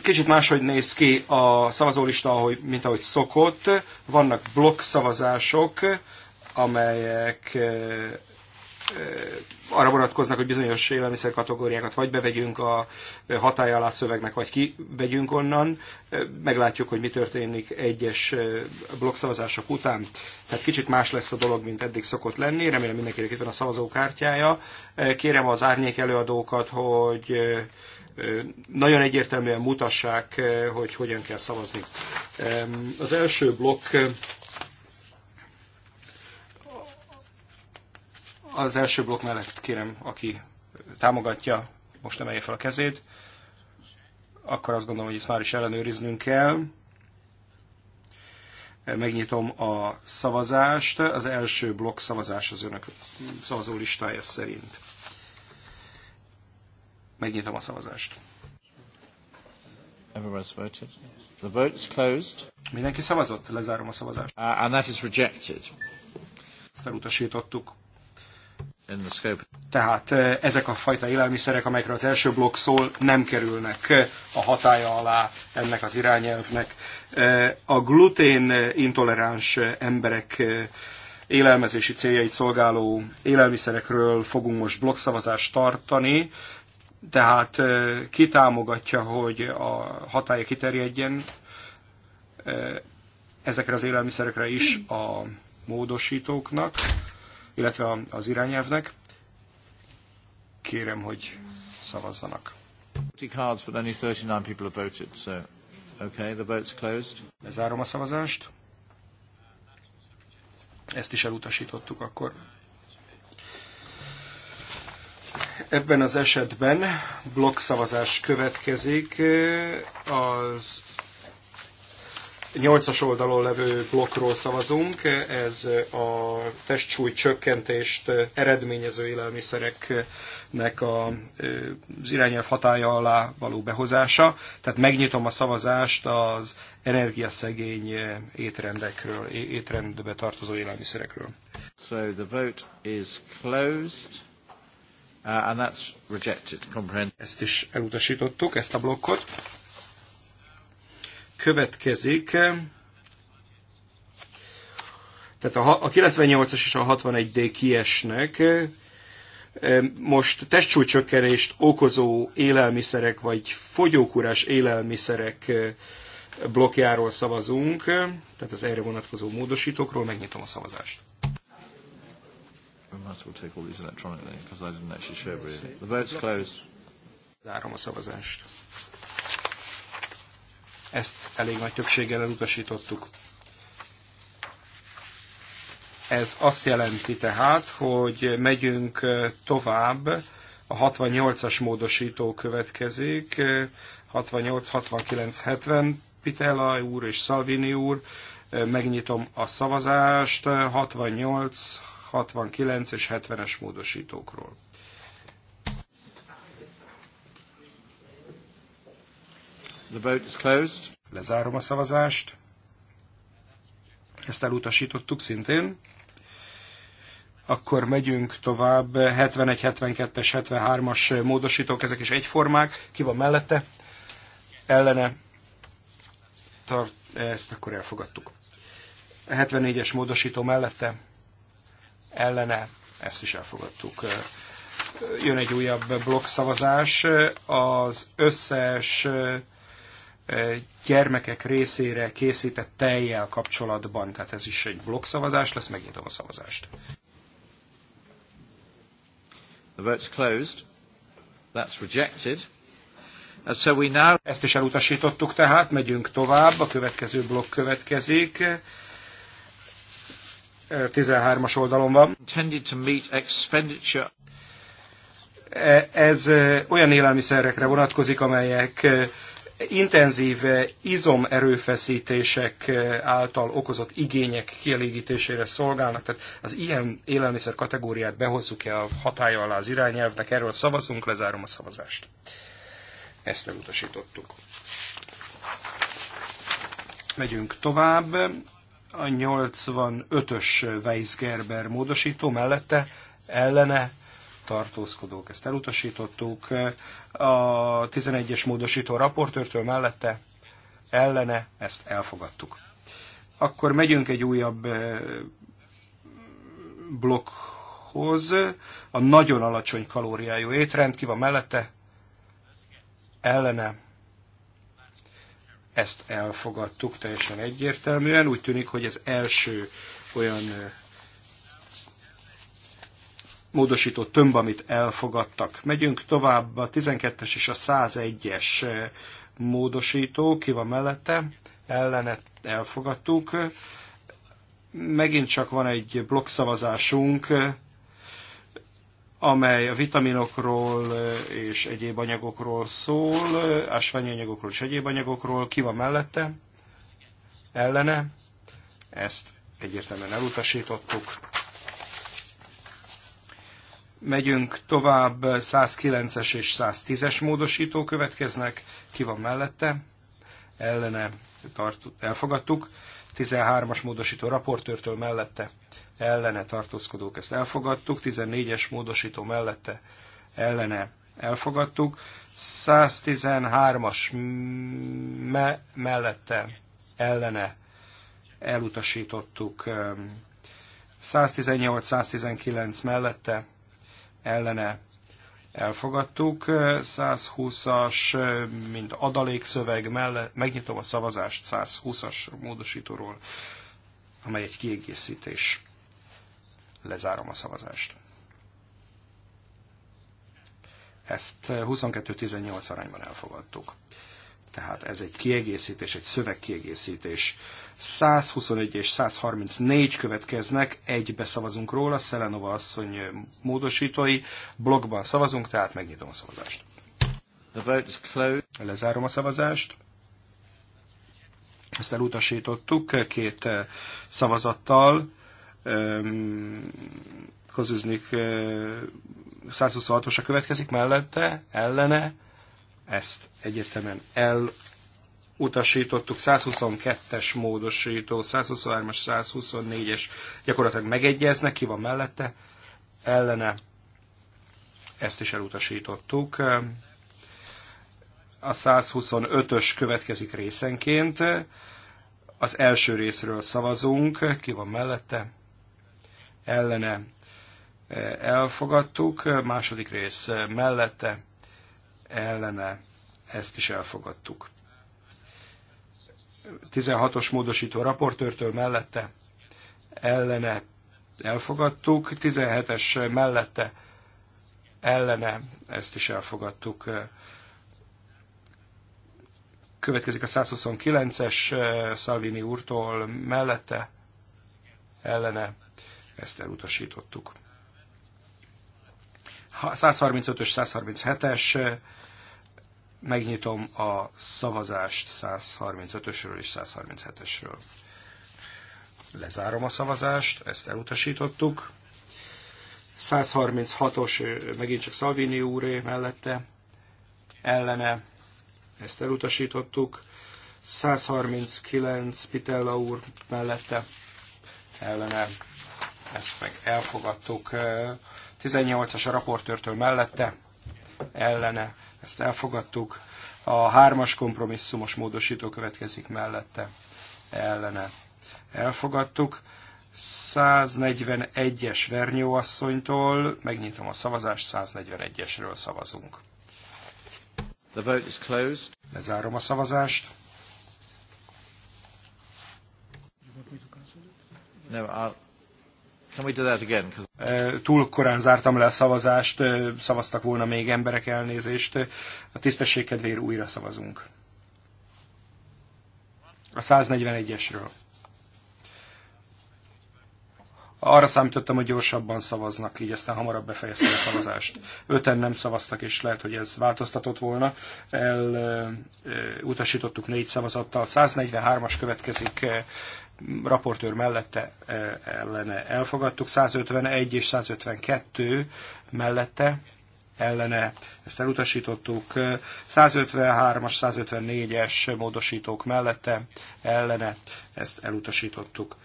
Kicsit máshogy néz ki a szavazólista, ahogy, mint ahogy szokott. Vannak blokk szavazások, amelyek Eh, arra vonatkoznak, hogy bizonyos élelmiszer kategóriákat vagy bevegyünk a hatály alá szövegnek, vagy kivegyünk onnan. Eh, meglátjuk, hogy mi történik egyes eh, blokkszavazások után. Tehát kicsit más lesz a dolog, mint eddig szokott lenni. Remélem mindenkinek itt van a szavazókártyája. Kérem az árnyék előadókat, hogy nagyon egyértelműen mutassák, hogy hogyan kell szavazni. Az első blokk Az első blokk mellett kérem, aki támogatja, most emelje fel a kezét, akkor azt gondolom, hogy ezt már is ellenőriznünk kell. Megnyitom a szavazást. Az első blokk szavazás az önök szavazó listája szerint. Megnyitom a szavazást. Everyone's voted. The vote's closed. Mindenki szavazott? Lezárom a szavazást. Uh, and that is rejected. Ezt elutasítottuk. Tehát eh, ezek a fajta élelmiszerek, amelyekre az első blokk szól, nem kerülnek eh, a hatája alá ennek az irányelvnek. Eh, a glutén intoleráns emberek élelmezési céljait szolgáló élelmiszerekről fogunk most blokkszavazást tartani, tehát ki támogatja, hogy a hatája kiterjedjen ezekre az élelmiszerekre is a módosítóknak illetve az irányelvnek. Kérem, hogy szavazzanak. Cards, but only people have voted, so okay, the vote's closed. Lezárom a szavazást. Ezt is elutasítottuk akkor. Ebben az esetben blokkszavazás következik az Nyolcas oldalon levő blokkról szavazunk, ez a testsúly csökkentést eredményező élelmiszereknek a, az irányelv hatája alá való behozása. Tehát megnyitom a szavazást az energiaszegény étrendekről, étrendbe tartozó élelmiszerekről. So the vote is closed. Uh, and that's rejected. Comprehend. Ezt is elutasítottuk, ezt a blokkot következik. Tehát a 98-as és a 61D kiesnek. Most testcsúcsökkenést okozó élelmiszerek, vagy fogyókúrás élelmiszerek blokkjáról szavazunk, tehát az erre vonatkozó módosítókról, megnyitom a szavazást. Zárom a szavazást. Ezt elég nagy többséggel elutasítottuk. Ez azt jelenti tehát, hogy megyünk tovább, a 68-as módosító következik, 68, 69, 70, Pitella úr és Salvini úr, megnyitom a szavazást, 68, 69 és 70-es módosítókról. The vote is closed. Lezárom a szavazást. Ezt elutasítottuk szintén. Akkor megyünk tovább. 71, 72-es, 73-as módosítók, ezek is egyformák. Ki van mellette? Ellene. Tart, ezt akkor elfogadtuk. 74-es módosító mellette ellene, ezt is elfogadtuk. Jön egy újabb blokkszavazás, az összes gyermekek részére készített tejjel kapcsolatban. Tehát ez is egy blokkszavazás lesz, megnyitom a szavazást. The vote's closed. That's rejected. And so we now... Ezt is elutasítottuk tehát, megyünk tovább, a következő blokk következik. 13-as oldalon van. Intended to meet expenditure e, ez olyan élelmiszerekre vonatkozik, amelyek intenzív eh, izomerőfeszítések eh, által okozott igények kielégítésére szolgálnak. Tehát az ilyen élelmiszer kategóriát behozzuk-e a hatája alá az irányelvnek, erről szavazunk, lezárom a szavazást. Ezt elutasítottuk. Megyünk tovább. A 85-ös Weisgerber módosító mellette ellene tartózkodók, ezt elutasítottuk. A 11-es módosító raportőrtől mellette ellene ezt elfogadtuk. Akkor megyünk egy újabb eh, blokkhoz, a nagyon alacsony kalóriájú étrend, ki van mellette, ellene, ezt elfogadtuk teljesen egyértelműen. Úgy tűnik, hogy ez első olyan eh, módosító tömb, amit elfogadtak. Megyünk tovább a 12-es és a 101-es eh, módosító, ki van mellette, ellene elfogadtuk. Megint csak van egy blokkszavazásunk, eh, amely a vitaminokról eh, és egyéb anyagokról szól, ásványi anyagokról és egyéb anyagokról. Ki van mellette? Ellene? Ezt egyértelműen elutasítottuk. Megyünk tovább, 109-es és 110-es módosító következnek. Ki van mellette? Ellene tart, elfogadtuk. 13-as módosító raportőrtől mellette ellene tartózkodók, ezt elfogadtuk. 14-es módosító mellette ellene elfogadtuk. 113-as me mellette ellene elutasítottuk. 118-119 mellette ellene elfogadtuk. 120-as, mint adalékszöveg mellett, megnyitom a szavazást 120-as módosítóról, amely egy kiegészítés. Lezárom a szavazást. Ezt 22-18 arányban elfogadtuk. Tehát ez egy kiegészítés, egy szövegkiegészítés. 121 és 134 következnek, egybe szavazunk róla, Szelenova asszony módosítói, blogban szavazunk, tehát megnyitom a szavazást. The vote is closed. Lezárom a szavazást. Ezt elutasítottuk két eh, szavazattal. Ehm, Kozüznik 126-osa eh, következik mellette, ellene, ezt egyetemen elutasítottuk. 122-es módosító, 123-as, 124-es gyakorlatilag megegyeznek, ki van mellette, ellene. Ezt is elutasítottuk. A 125-ös következik részenként. Az első részről szavazunk, ki van mellette, ellene elfogadtuk, második rész mellette ellene ezt is elfogadtuk. 16-os módosító raportőrtől mellette ellene elfogadtuk, 17-es mellette ellene ezt is elfogadtuk. Következik a 129-es Salvini úrtól mellette ellene ezt elutasítottuk. 135-ös, 137-es, megnyitom a szavazást 135-ösről és 137 ösről Lezárom a szavazást, ezt elutasítottuk. 136-os megint csak Salvini úré mellette, ellene, ezt elutasítottuk. 139 Pitella úr mellette, ellene, ezt meg elfogadtuk. 18-as a raportőrtől mellette, ellene, ezt elfogadtuk. A hármas kompromisszumos módosító következik mellette, ellene. Elfogadtuk. 141-es vernyóasszonytól megnyitom a szavazást, 141-esről szavazunk. The vote is closed. Lezárom a szavazást. No, I'll, Can we do that again? Túl korán zártam le a szavazást, szavaztak volna még emberek elnézést. A tisztesség kedvéért újra szavazunk. A 141-esről. Arra számítottam, hogy gyorsabban szavaznak, így aztán hamarabb befejeztem a szavazást. Öten nem szavaztak, és lehet, hogy ez változtatott volna. El, utasítottuk négy szavazattal. 143-as következik raportőr mellette e, ellene elfogadtuk, 151 és 152 mellette ellene ezt elutasítottuk, 153-as, 154-es módosítók mellette ellene ezt elutasítottuk.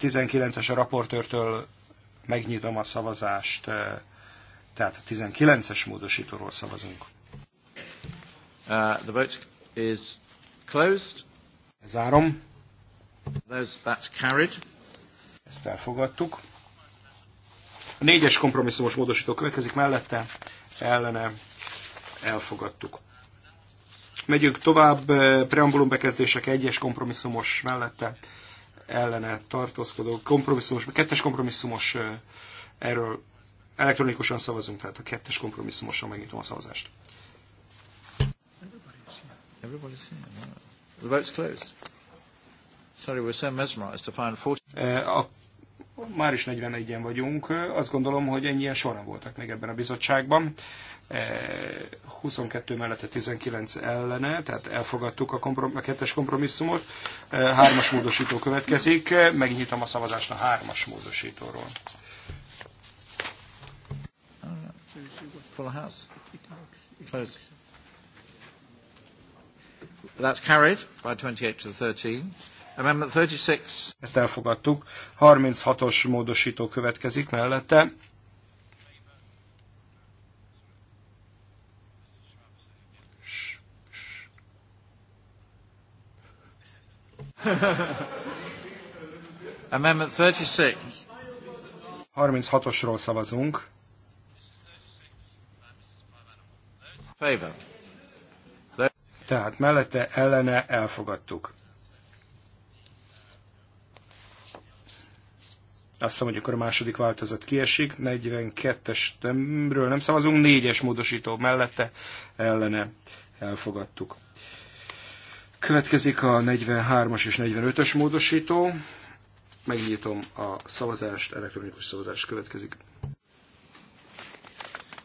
19-es a raportőrtől megnyitom a szavazást, e, tehát a 19-es módosítóról szavazunk. Uh, the vote is closed. Zárom. That's carried. Ezt elfogadtuk. A négyes kompromisszumos módosító következik mellette, ellene elfogadtuk. Megyünk tovább, eh, preambulum bekezdések egyes kompromisszumos mellette, ellene tartózkodó kompromisszumos, kettes kompromisszumos, eh, erről elektronikusan szavazunk, tehát a kettes kompromisszumosra megnyitom a szavazást. The vote's closed. Sorry, we're so mesmerized to find 40... Eh, a, már is 41-en vagyunk. Azt gondolom, hogy ennyien soran voltak még ebben a bizottságban. 22 eh, mellette 19 ellene, tehát elfogadtuk a, komprom- a kettes kompromisszumot. Eh, hármas módosító következik. Megnyitom a szavazást a hármas módosítóról. That's carried by 28 to 13. Amendment 36. Ezt elfogadtuk. 36-os módosító következik mellette. (laughs) Amendment 36. 36-osról szavazunk. Favor. Tehát mellette ellene elfogadtuk. Azt hiszem, hogy akkor a második változat kiesik. 42-esről nem szavazunk, 4-es módosító mellette ellene elfogadtuk. Következik a 43-as és 45-ös módosító. Megnyitom a szavazást, elektronikus szavazás következik.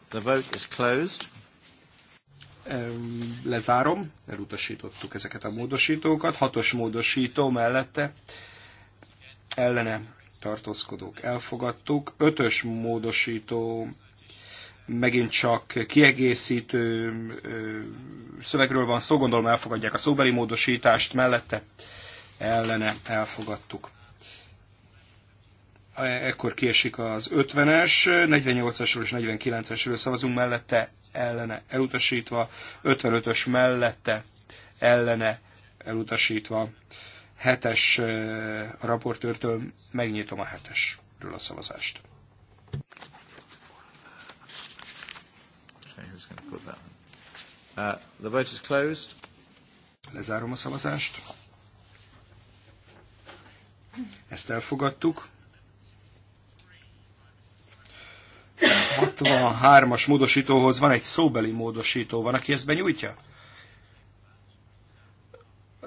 The vote is closed. Lezárom, elutasítottuk ezeket a módosítókat. Hatos módosító mellette ellene tartózkodók elfogadtuk. Ötös módosító megint csak kiegészítő szövegről van szó, gondolom elfogadják a szóbeli módosítást mellette, ellene elfogadtuk. E, ekkor kiesik az 50-es, 48-asról és 49-esről szavazunk mellette, ellene elutasítva, 55-ös mellette, ellene elutasítva, hetes a raportőrtől, megnyitom a hetesről a szavazást. Uh, the vote is closed. Lezárom a szavazást. Ezt elfogadtuk. 63-as módosítóhoz van egy szóbeli módosító. Van, aki ezt benyújtja?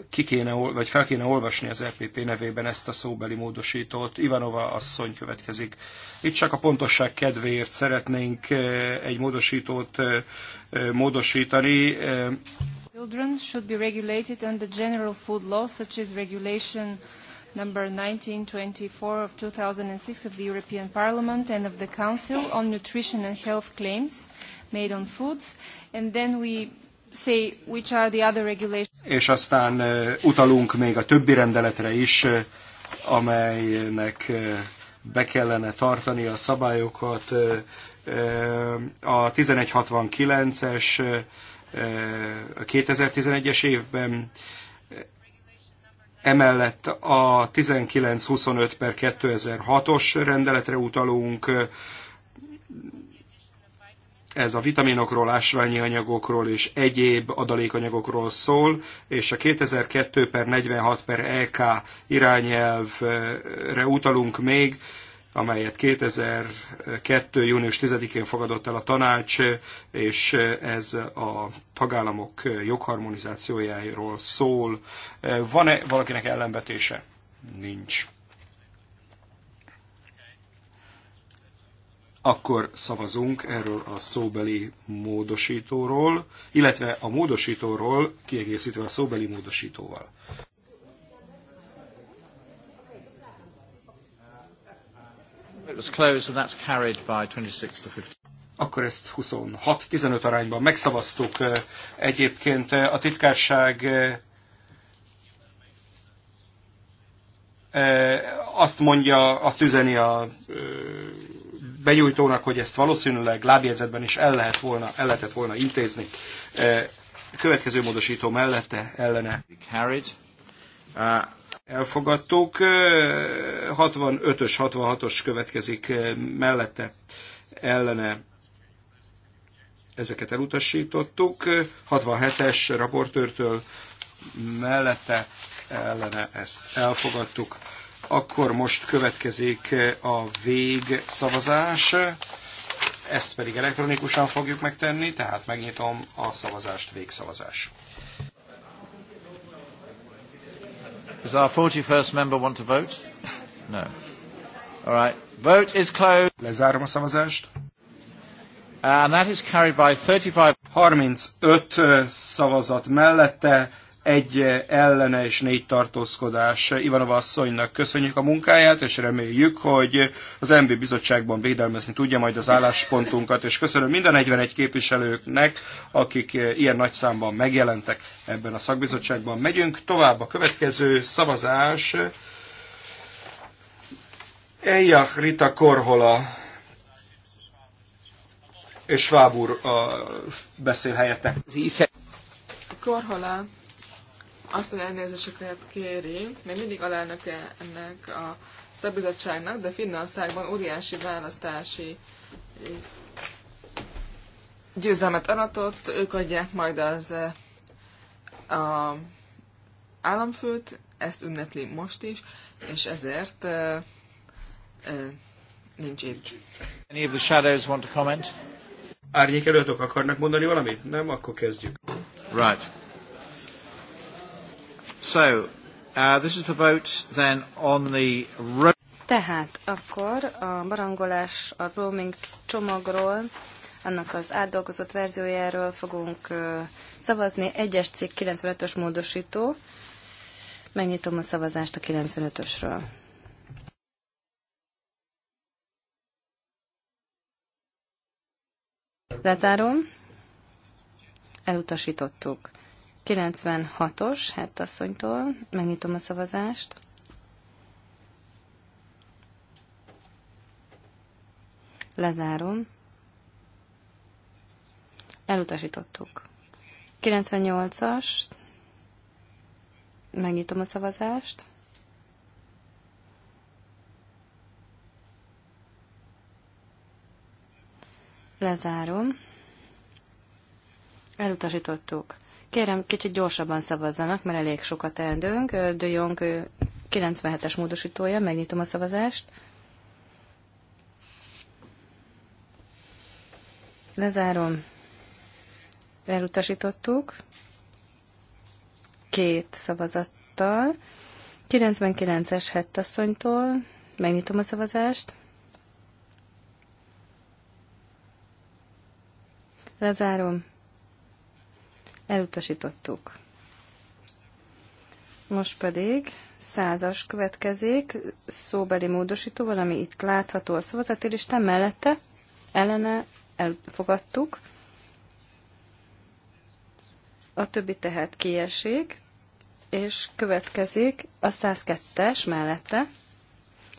ki kéne, vagy fel kéne olvasni az EPP nevében ezt a szóbeli módosítót. Ivanova asszony következik. Itt csak a pontosság kedvéért szeretnénk egy módosítót módosítani. Children should be regulated under general food law, such as regulation number 1924 of 2006 of the European Parliament and of the Council on nutrition and health claims made on foods. And then we say which are the other regulations és aztán utalunk még a többi rendeletre is, amelynek be kellene tartani a szabályokat. A 1169-es a 2011-es évben, emellett a 1925 per 2006-os rendeletre utalunk, ez a vitaminokról, ásványi anyagokról és egyéb adalékanyagokról szól, és a 2002 per 46 per EK irányelvre utalunk még, amelyet 2002. június 10-én fogadott el a tanács, és ez a tagállamok jogharmonizációjáról szól. Van-e valakinek ellenvetése? Nincs. akkor szavazunk erről a szóbeli módosítóról, illetve a módosítóról kiegészítve a szóbeli módosítóval. Akkor ezt 26-15 arányban megszavaztuk. Egyébként a titkárság eh, eh, azt mondja, azt üzeni a eh, benyújtónak, hogy ezt valószínűleg lábjegyzetben is el, lehet volna, el lehetett volna intézni. E, következő módosító mellette ellene. E, elfogadtuk. 65-ös, e, 66-os következik mellette ellene. Ezeket elutasítottuk. 67-es raportőrtől mellette ellene ezt elfogadtuk. Akkor most következik a végszavazás, ezt pedig elektronikusan fogjuk megtenni, tehát megnyitom a szavazást, végszavazás. Does our 41st member want to vote? No. All right. Vote is closed. Lezárom a szavazást. And that is carried by 35... 35 szavazat mellette, egy ellene és négy tartózkodás Ivanova asszonynak. Köszönjük a munkáját, és reméljük, hogy az MB bizottságban védelmezni tudja majd az álláspontunkat, és köszönöm minden 41 képviselőknek, akik ilyen nagy számban megjelentek ebben a szakbizottságban. Megyünk tovább a következő szavazás. Eljach Rita Korhola és Schwab úr a beszél helyette. Korhola azt, az elnézéseket kéri, még mindig alelnöke ennek a szabizottságnak, de Finnországban óriási választási eh, győzelmet aratott, ők adják majd az eh, a államfőt, ezt ünnepli most is, és ezért e, e, nincs itt. Any of the shadows want to comment? Árnyék előadók akarnak mondani valamit? Nem? Akkor kezdjük. Right. So, uh, this is the vote then on the... Tehát akkor a barangolás a roaming csomagról, annak az átdolgozott verziójáról fogunk szavazni. Egyes cikk 95-ös módosító. Megnyitom a szavazást a 95-ösről. Lezárom. Elutasítottuk. 96-os hettasszonytól. Megnyitom a szavazást. Lezárom. Elutasítottuk. 98-as. Megnyitom a szavazást. Lezárom. Elutasítottuk. Kérem, kicsit gyorsabban szavazzanak, mert elég sokat teendőnk. De Jong 97-es módosítója, megnyitom a szavazást. Lezárom. Elutasítottuk. Két szavazattal. 99-es hettasszonytól. Megnyitom a szavazást. Lezárom elutasítottuk. Most pedig százas következik, szóbeli módosító, valami itt látható a szavazati listán, mellette ellene elfogadtuk. A többi tehát kiesik, és következik a 102-es mellette,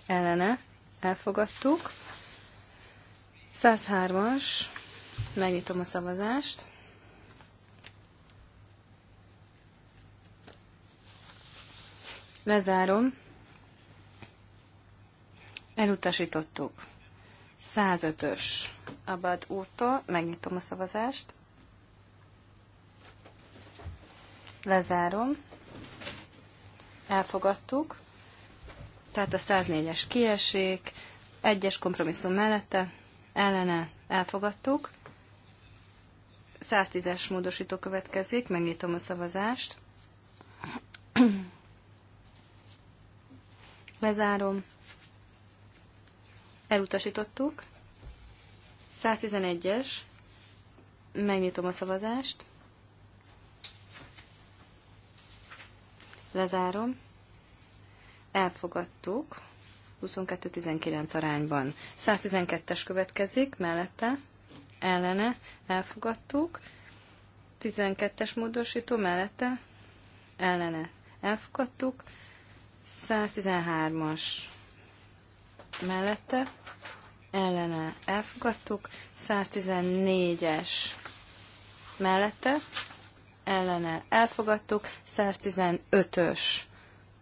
ellene elfogadtuk. 103-as, megnyitom a szavazást. Lezárom. Elutasítottuk. 105-ös Abad úrtól. Megnyitom a szavazást. Lezárom. Elfogadtuk. Tehát a 104-es kiesik. Egyes kompromisszum mellette. Ellene elfogadtuk. 110-es módosító következik. Megnyitom a szavazást. Bezárom. Elutasítottuk. 111-es. Megnyitom a szavazást. Lezárom. Elfogadtuk. 22-19 arányban. 112-es következik, mellette, ellene, elfogadtuk. 12-es módosító mellette, ellene, elfogadtuk. 113-as mellette ellene elfogadtuk, 114-es mellette ellene elfogadtuk, 115-ös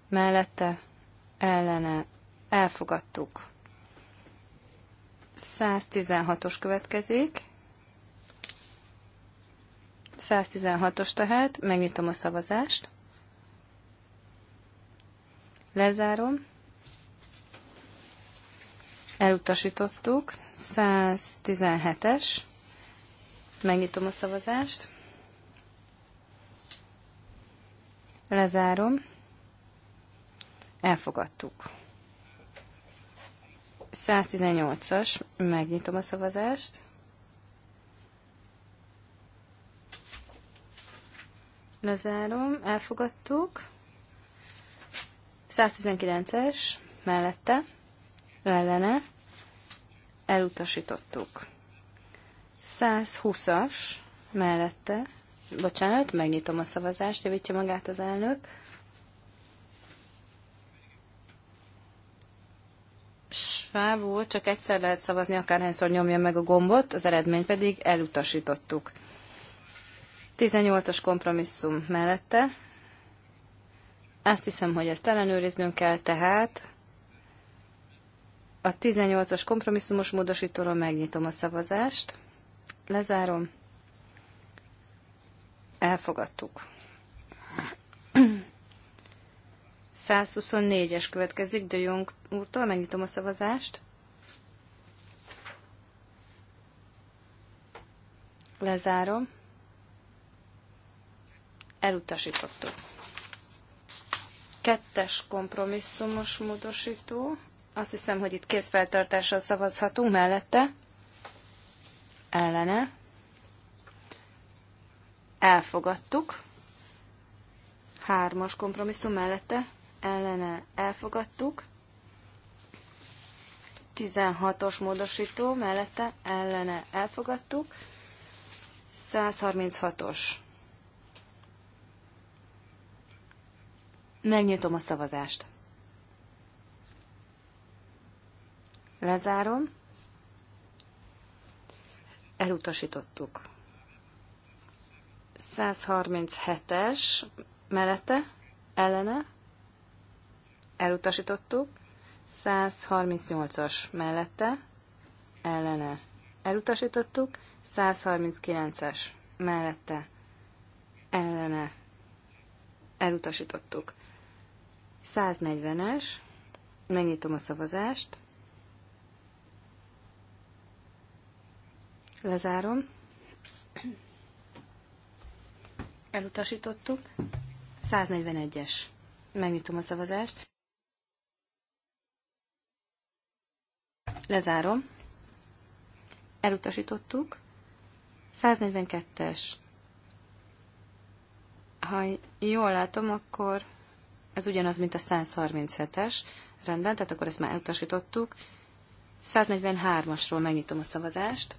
mellette ellene elfogadtuk. 116-os következik. 116-os tehát, megnyitom a szavazást. Lezárom. Elutasítottuk. 117-es. Megnyitom a szavazást. Lezárom. Elfogadtuk. 118-as. Megnyitom a szavazást. Lezárom. Elfogadtuk. 119-es mellette, ellene, elutasítottuk. 120-as mellette, bocsánat, megnyitom a szavazást, javítja magát az elnök. Schwab csak egyszer lehet szavazni, akárhányszor nyomja meg a gombot, az eredmény pedig elutasítottuk. 18-as kompromisszum mellette, azt hiszem, hogy ezt ellenőriznünk kell, tehát a 18-as kompromisszumos módosítóról megnyitom a szavazást, lezárom, elfogadtuk. 124-es következik De Jung úrtól, megnyitom a szavazást. Lezárom. Elutasítottuk. Kettes kompromisszumos módosító. Azt hiszem, hogy itt kézfeltartással szavazhatunk mellette. Ellene. Elfogadtuk. Hármas kompromisszum mellette. Ellene. Elfogadtuk. 16-os módosító mellette ellene elfogadtuk, 136-os Megnyitom a szavazást. Lezárom. Elutasítottuk. 137-es mellette, ellene, elutasítottuk. 138-as mellette, ellene, elutasítottuk. 139-es mellette, ellene, elutasítottuk. 140-es, megnyitom a szavazást, lezárom, elutasítottuk, 141-es, megnyitom a szavazást, lezárom, elutasítottuk, 142-es, ha jól látom, akkor ez ugyanaz, mint a 137-es. Rendben, tehát akkor ezt már elutasítottuk. 143-asról megnyitom a szavazást.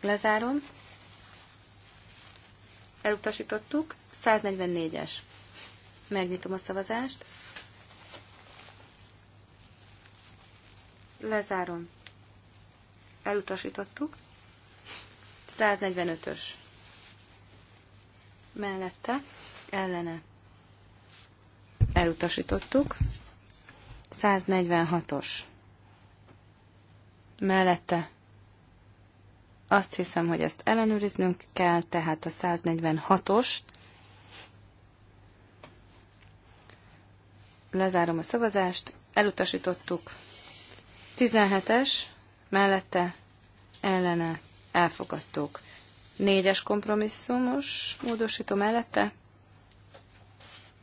Lezárom. Elutasítottuk. 144-es. Megnyitom a szavazást. Lezárom. Elutasítottuk. 145-ös. Mellette ellene elutasítottuk. 146-os mellette azt hiszem, hogy ezt ellenőriznünk kell, tehát a 146-ost lezárom a szavazást, elutasítottuk. 17-es, mellette ellene elfogadtuk. 4-es kompromisszumos módosító mellette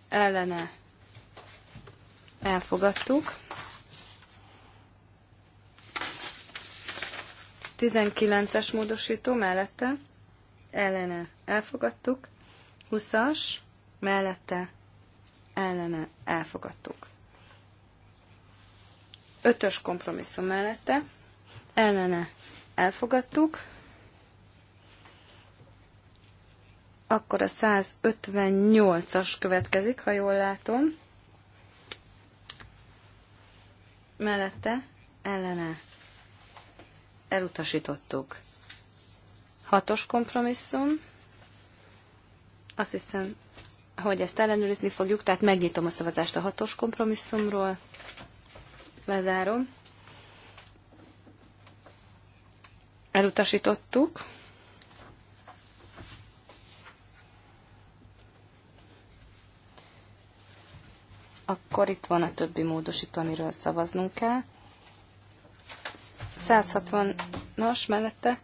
ellene elfogadtuk. 19-es módosító mellette ellene elfogadtuk. 20-as mellette ellene elfogadtuk. 5-ös kompromisszum mellette ellene elfogadtuk. Akkor a 158-as következik, ha jól látom. Mellette ellene elutasítottuk. Hatos kompromisszum. Azt hiszem, hogy ezt ellenőrizni fogjuk, tehát megnyitom a szavazást a hatos kompromisszumról. Lezárom. Elutasítottuk. Akkor itt van a többi módosító, amiről szavaznunk kell. 160-as mellette,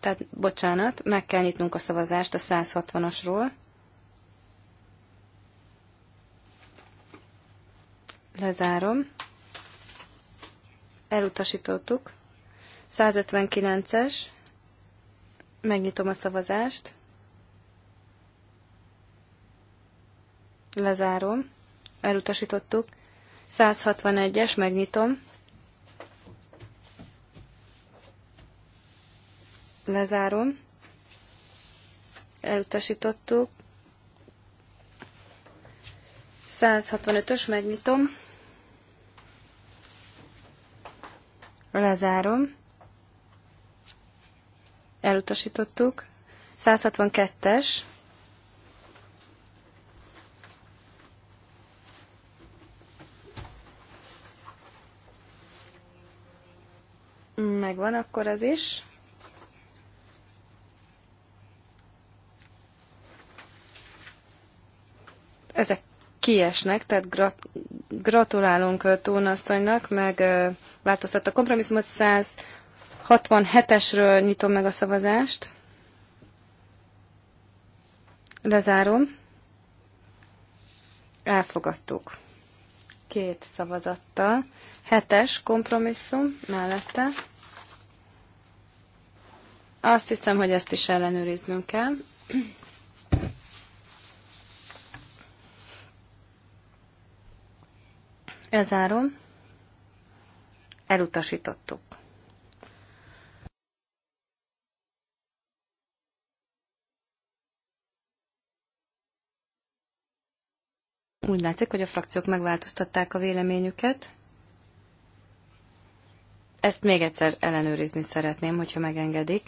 tehát bocsánat, meg kell nyitnunk a szavazást a 160-asról. Lezárom. Elutasítottuk. 159-es. Megnyitom a szavazást. Lezárom. Elutasítottuk. 161-es, megnyitom. Lezárom. Elutasítottuk. 165-ös, megnyitom. Lezárom. Elutasítottuk. 162-es. Megvan akkor az is. Ezek kiesnek, tehát grat- gratulálunk Tónasszonynak, meg változtatta a kompromisszumot, 167-esről nyitom meg a szavazást. Lezárom. Elfogadtuk két szavazattal. Hetes kompromisszum mellette. Azt hiszem, hogy ezt is ellenőriznünk kell. Ezárom. Elutasítottuk. Úgy látszik, hogy a frakciók megváltoztatták a véleményüket. Ezt még egyszer ellenőrizni szeretném, hogyha megengedik.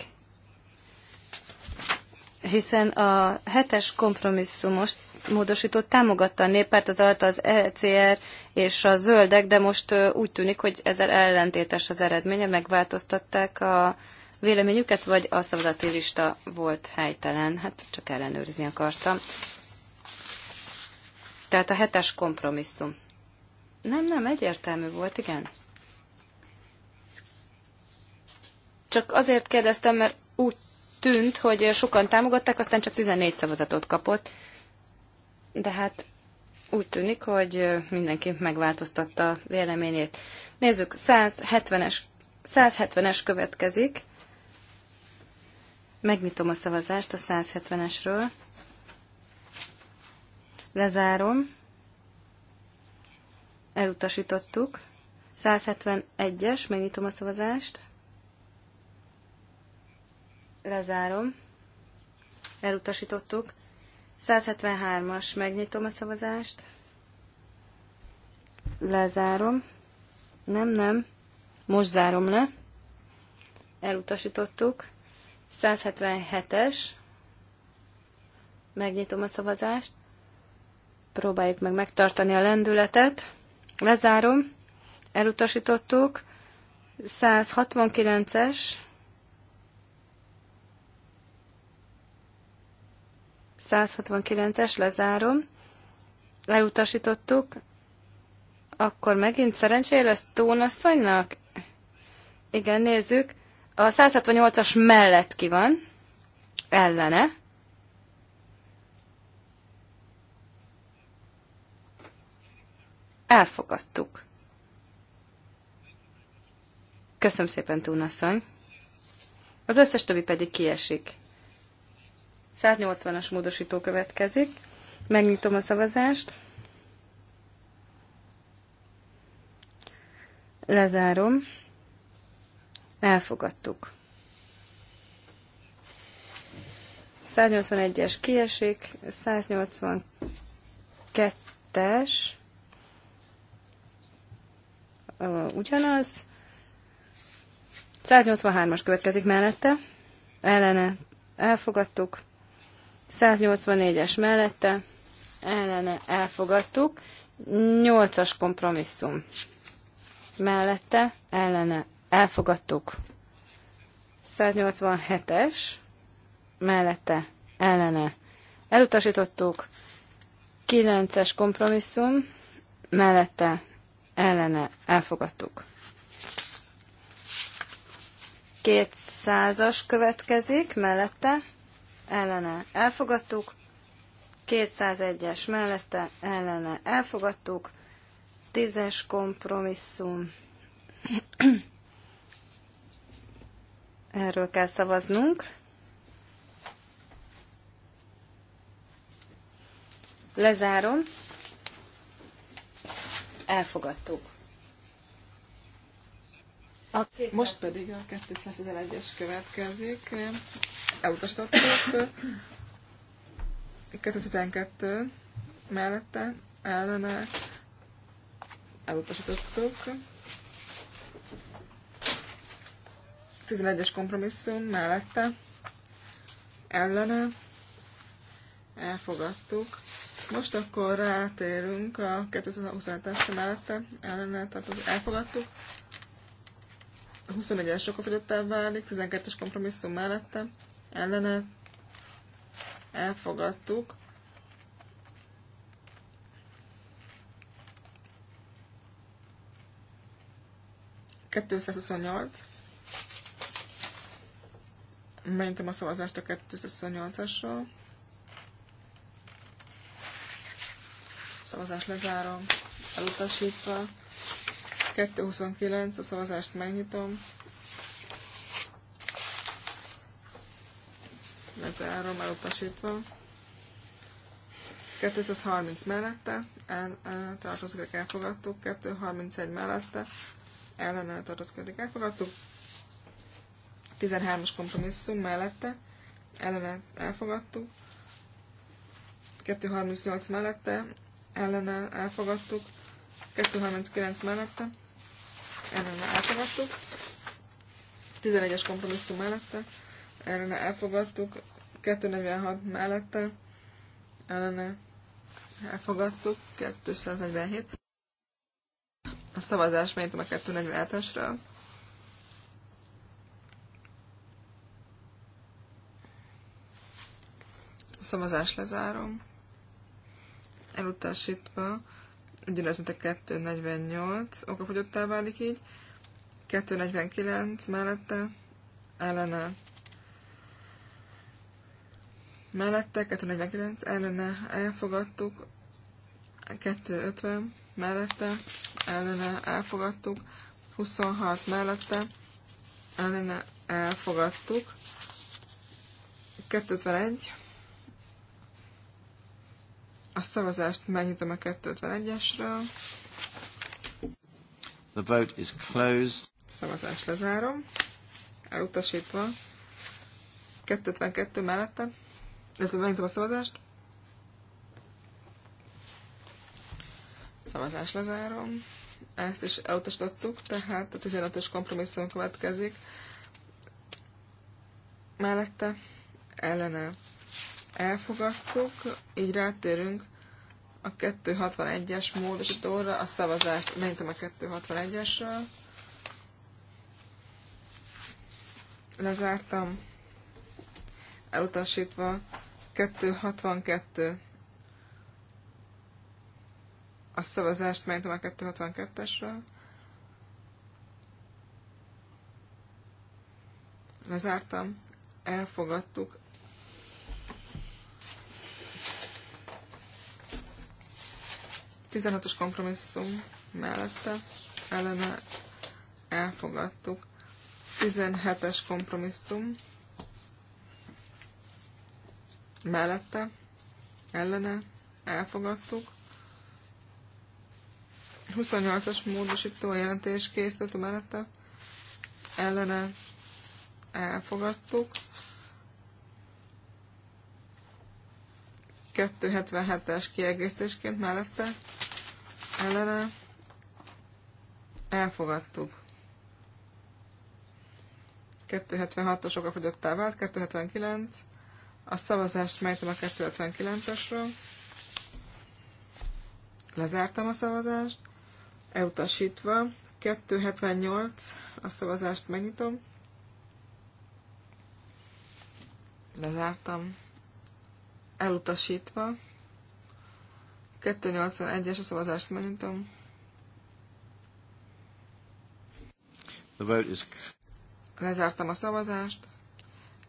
Hiszen a hetes kompromisszumos módosított támogatta a néppárt, az ALTA, az ECR és a zöldek, de most úgy tűnik, hogy ezzel ellentétes az eredménye, megváltoztatták a véleményüket, vagy a szavazati lista volt helytelen. Hát csak ellenőrizni akartam. Tehát a hetes kompromisszum. Nem, nem, egyértelmű volt, igen. Csak azért kérdeztem, mert úgy tűnt, hogy sokan támogatták, aztán csak 14 szavazatot kapott. De hát úgy tűnik, hogy mindenki megváltoztatta a véleményét. Nézzük, 170-es, 170-es következik. Megnyitom a szavazást a 170-esről. Lezárom. Elutasítottuk. 171-es, megnyitom a szavazást. Lezárom. Elutasítottuk. 173-as, megnyitom a szavazást. Lezárom. Nem, nem. Most zárom le. Elutasítottuk. 177-es. Megnyitom a szavazást próbáljuk meg megtartani a lendületet. Lezárom, elutasítottuk, 169-es, 169-es, lezárom, leutasítottuk, akkor megint szerencsére lesz tónasszonynak? Igen, nézzük. A 168-as mellett ki van, ellene, Elfogadtuk. Köszönöm szépen, Túnasszony. Az összes többi pedig kiesik. 180-as módosító következik. Megnyitom a szavazást. Lezárom. Elfogadtuk. 181-es kiesik, 182-es ugyanaz. 183-as következik mellette, ellene elfogadtuk. 184-es mellette, ellene elfogadtuk. 8-as kompromisszum mellette, ellene elfogadtuk. 187-es mellette, ellene elutasítottuk. 9-es kompromisszum mellette, ellene elfogadtuk. 200-as következik, mellette ellene elfogadtuk, 201-es mellette ellene elfogadtuk, 10-es kompromisszum. Erről kell szavaznunk. Lezárom elfogadtuk. A Most pedig a 211-es következik. Elutasítottuk. 212 mellette ellene elutasítottuk. 11-es kompromisszum mellette ellene elfogadtuk. Most akkor rátérünk a 2020 es mellette ellene, tehát az elfogadtuk. A 21-es sokafogyottá válik, 12-es kompromisszum mellette ellene elfogadtuk. Kettőszázhuszonnyolc. Megnyitom a szavazást a kettőszázhuszonnyolcasról. szavazás lezárom. Elutasítva. 229. A szavazást megnyitom. Lezárom. Elutasítva. 230 mellette, el, el tartozkodik elfogadtuk, 231 mellette, ellen el, tartozkodik elfogadtuk, 13-as kompromisszum mellette, ellen el, elfogadtuk, 238 mellette, ellene elfogadtuk, 239 mellette ellene elfogadtuk, 11-es kompromisszum mellette ellene elfogadtuk, 246 mellette ellene elfogadtuk, 247. A szavazás megnyitom a 247-esről. A szavazás lezárom elutasítva, ugyanez, mint a 248, okafogyottá válik így, 249 mellette, ellene, mellette, 249 ellene elfogadtuk, 250 mellette, ellene elfogadtuk, 26 mellette, ellene elfogadtuk, 251 a szavazást megnyitom a 251 esre The vote is closed. Szavazás lezárom. Elutasítva. 252 mellette. Ez megnyitom a szavazást. Szavazás lezárom. Ezt is elutasítottuk, tehát a 15-ös kompromisszum következik. Mellette ellene elfogadtuk, így rátérünk a 261-es módosítóra, a szavazást mentem a 261-esről. Lezártam, elutasítva 262. A szavazást megintem a 262-esről. Lezártam, elfogadtuk 16-os kompromisszum mellette ellene elfogadtuk. 17-es kompromisszum mellette ellene elfogadtuk. 28-as módosító jelentés készített mellette ellene elfogadtuk. 277-es kiegészítésként mellette ellene elfogadtuk. 276-os okafogyottá vált, 279. A szavazást megtem a 279-esről. Lezártam a szavazást. Elutasítva. 278. A szavazást megnyitom. Lezártam elutasítva. 281-es a szavazást megnyitom. The vote is... Lezártam a szavazást.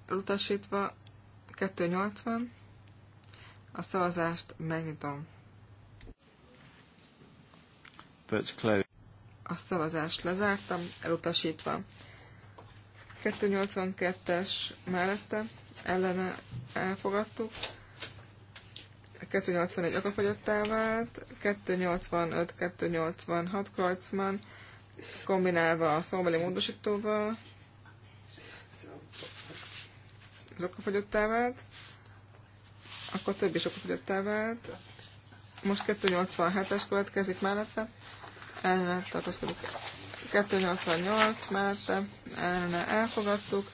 Elutasítva 280. A szavazást megnyitom. closed. A szavazást lezártam, elutasítva. 282-es mellette ellene elfogadtuk. 281 okafogyottá vált, 285-286 Kreuzmann kombinálva a szóbeli módosítóval az okafogyottá vált, akkor több is okafogyottá vált. Most 287-es következik mellette, ellene tartozkodik. 288 mellette, ellene elfogadtuk.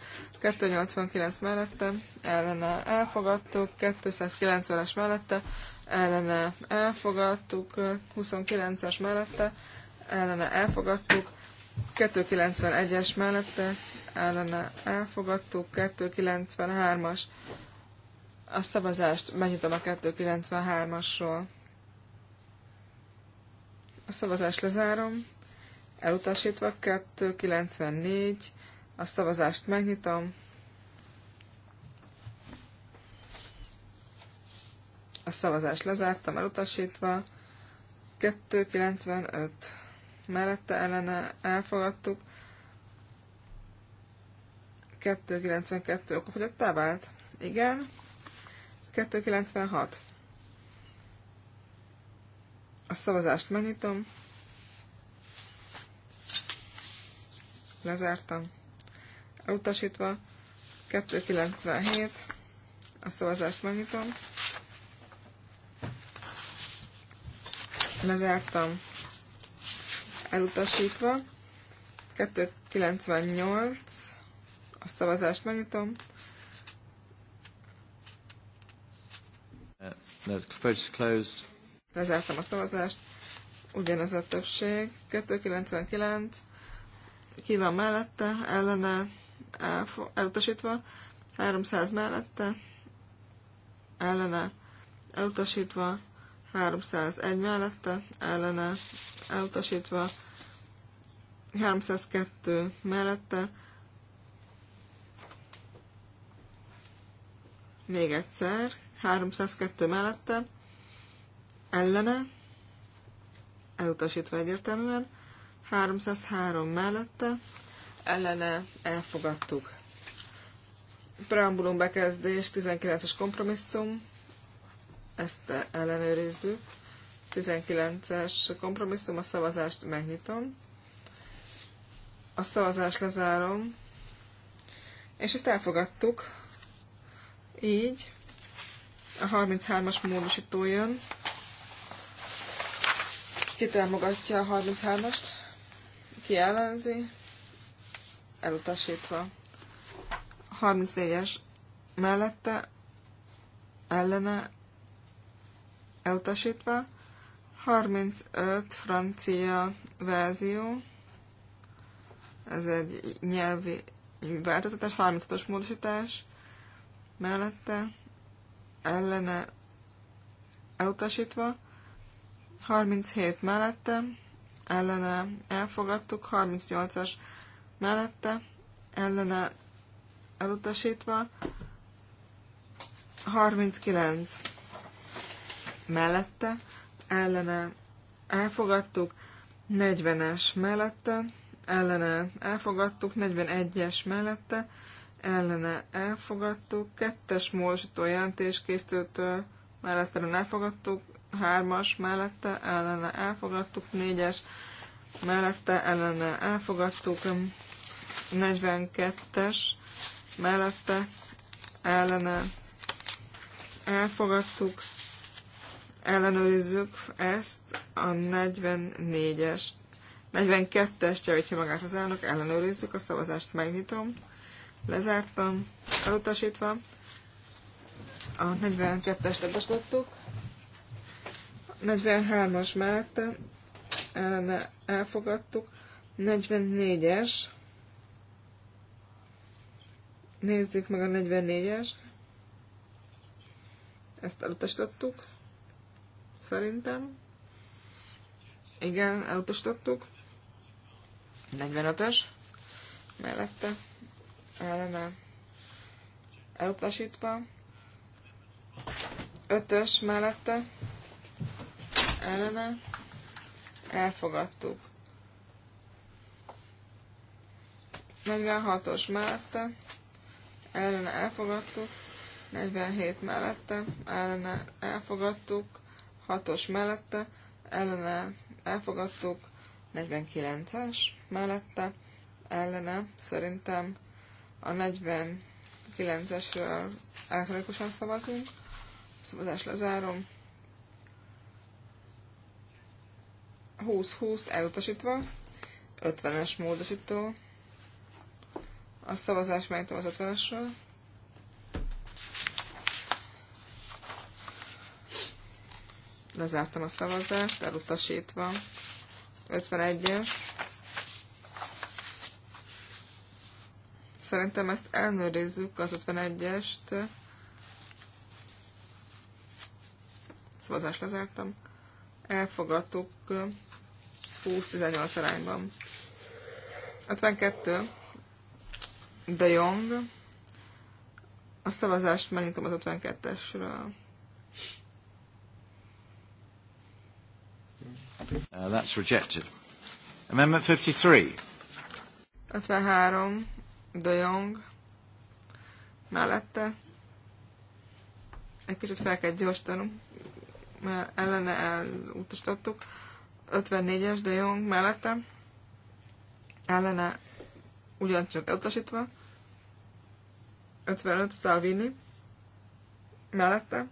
289 mellette, ellene elfogadtuk, 290-es mellette, ellene elfogadtuk, 29-es mellette, ellene elfogadtuk, 291-es mellette, ellene elfogadtuk, 293-as. A szavazást megnyitom a 293-asról. A szavazást lezárom, elutasítva 294, a szavazást megnyitom. A szavazást lezártam, elutasítva. 295 mellette ellene elfogadtuk. 292 okafogyottá vált? Igen. 296. A szavazást megnyitom. Lezártam elutasítva, 297, a szavazást megnyitom. Lezártam, elutasítva, 298, a szavazást megnyitom. Lezártam a szavazást. Ugyanaz a többség. 299. Ki van mellette? Ellene? elutasítva, 300 mellette, ellene elutasítva, 301 mellette, ellene elutasítva, 302 mellette, még egyszer, 302 mellette, ellene, elutasítva egyértelműen, 303 mellette, ellene elfogadtuk. Preambulum bekezdés, 19-es kompromisszum, ezt ellenőrizzük. 19-es kompromisszum, a szavazást megnyitom. A szavazást lezárom, és ezt elfogadtuk. Így a 33-as módosító jön. Ki támogatja a 33-ast? Ki ellenzi? elutasítva. 34-es mellette ellene elutasítva. 35 francia verzió, ez egy nyelvi változatás, 36-os módosítás mellette ellene elutasítva, 37 mellette ellene elfogadtuk, 38-as mellette ellene elutasítva, 39 mellette ellene elfogadtuk, 40-es mellette ellene elfogadtuk, 41-es mellette ellene elfogadtuk, 2-es módosító jelentéskészítőtől mellette elfogadtuk, 3-as mellette ellene elfogadtuk, 4-es mellette ellene elfogadtuk, 42-es mellette ellene elfogadtuk, ellenőrizzük ezt a 44-est. 42-est javítja magát az elnök, ellenőrizzük, a szavazást megnyitom, lezártam, elutasítva. A 42-est elutasítottuk. 43-as mellette ellene elfogadtuk, 44-es Nézzük meg a 44-est. Ezt elutasítottuk. Szerintem. Igen, elutasítottuk. 45-ös. Mellette. Ellene. Elutasítva. 5-ös mellette. Ellene. Elfogadtuk. 46-os mellette ellene elfogadtuk, 47 mellette, ellene elfogadtuk, 6-os mellette, ellene elfogadtuk, 49-es mellette, ellene szerintem a 49-esről elektronikusan szavazunk, szavazást lezárom, 20-20 elutasítva, 50-es módosító a szavazás megnyitom az 50-esről. Lezártam a szavazást, elutasítva. 51-es. Szerintem ezt elnőrizzük, az 51-est. Szavazást lezártam. Elfogadtuk 20-18 arányban. 52. De Jong. A szavazást megnyitom az 52-esről. Uh, that's rejected. Amendment 53. 53. De Jong. Mellette. Egy kicsit fel kell gyorsítanom, mert ellene elutasítottuk. 54-es De Jong mellette. Ellene ugyancsak elutasítva. 55 Salvini mellette.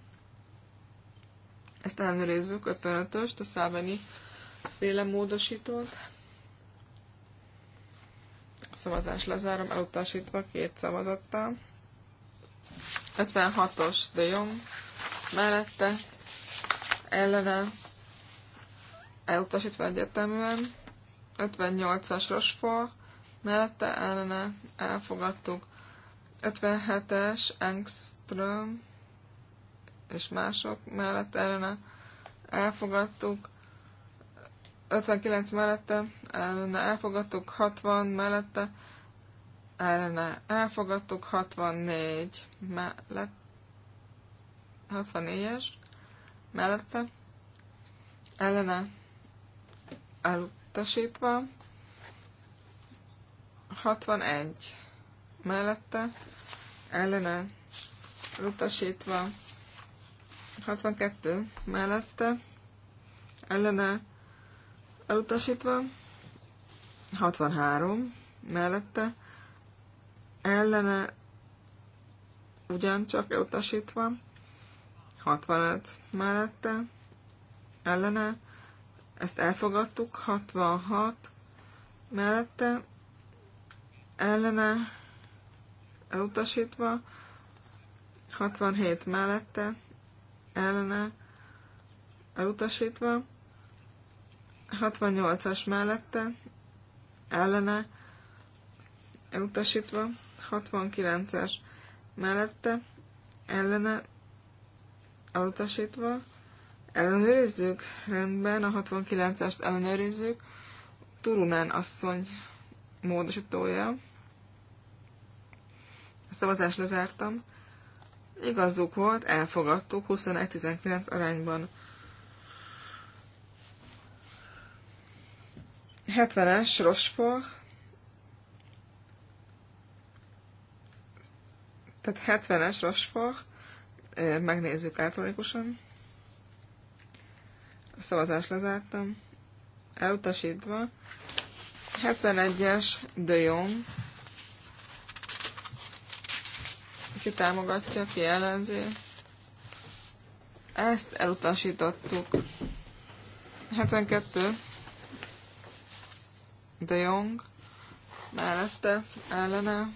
Ezt ellenőrizzük, 55-öst, a Salvini féle módosítót. Szavazás lezárom, elutasítva két szavazattal. 56-os De Jong mellette, ellene, elutasítva egyeteműen. 58-as Rosfor mellette ellene elfogadtuk. 57-es Engström és mások mellett ellene elfogadtuk. 59 mellette ellene elfogadtuk, 60 mellette ellene elfogadtuk, 64 mellett 64-es mellette ellene elutasítva, 61 mellette, ellene utasítva, 62 mellette, ellene elutasítva, 63 mellette, ellene ugyancsak elutasítva, 65 mellette, ellene, ezt elfogadtuk, 66 mellette, ellene elutasítva, 67 mellette ellene elutasítva, 68-as mellette ellene elutasítva, 69-es mellette ellene elutasítva, ellenőrizzük, rendben, a 69-est ellenőrizzük, Turunán asszony módosítója. A szavazást lezártam. Igazuk volt, elfogadtuk 21-19 arányban. 70-es Rosfor, tehát 70-es Rosfor, megnézzük elektronikusan. A szavazást lezártam, elutasítva. 71-es De Jong, aki támogatja, aki ellenzi. Ezt elutasítottuk. 72. De Jong mellette, ellene.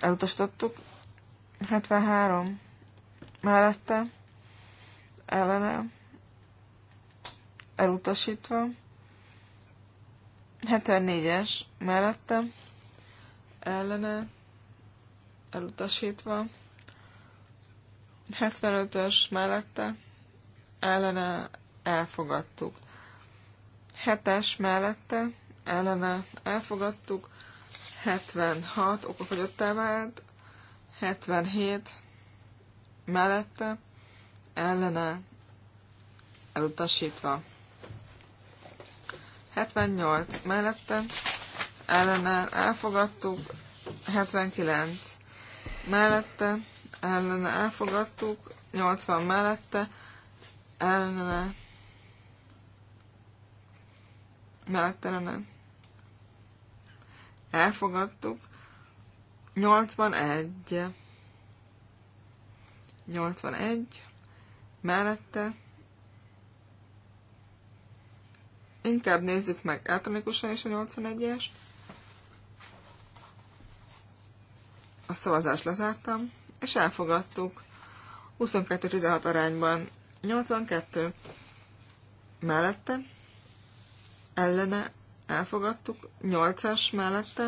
Elutasítottuk. 73. Mellette, ellene. Elutasítva. 74-es mellette, ellene elutasítva. 75-ös mellette ellene elfogadtuk. 7-es mellette ellene elfogadtuk. 76 okofogyottá vált. 77 mellette ellene elutasítva. 78 mellette ellene elfogadtuk. 79 mellette, ellene elfogadtuk, 80 mellette, ellene mellette ellene elfogadtuk, 81 81 mellette inkább nézzük meg elektronikusan is a 81-est A szavazást lezártam, és elfogadtuk 22-16 arányban. 82 mellette, ellene elfogadtuk, 8-as mellette,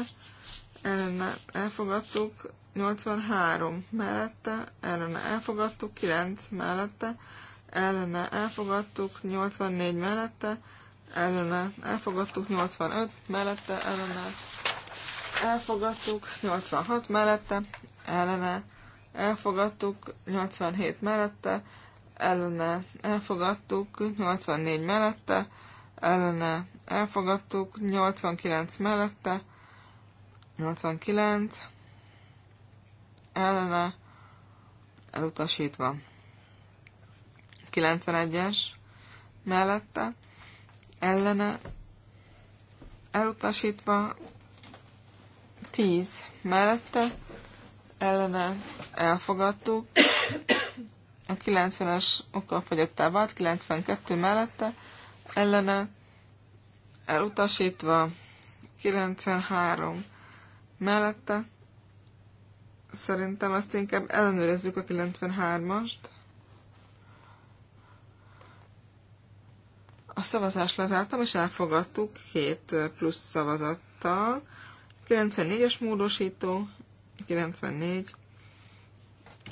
ellene elfogadtuk, 83 mellette, ellene elfogadtuk, 9 mellette, ellene elfogadtuk, 84 mellette, ellene elfogadtuk, 85 mellette, ellene elfogadtuk, 86 mellette, ellene, elfogadtuk, 87 mellette, ellene, elfogadtuk, 84 mellette, ellene, elfogadtuk, 89 mellette, 89 ellene, elutasítva. 91-es mellette, ellene, elutasítva, tíz mellette ellene elfogadtuk, a 90-es okkal okafogyottá vált, 92 mellette ellene elutasítva, 93 mellette, szerintem azt inkább ellenőrizzük a 93-ast. A szavazást lezártam, és elfogadtuk 7 plusz szavazattal. 94-es módosító, 94.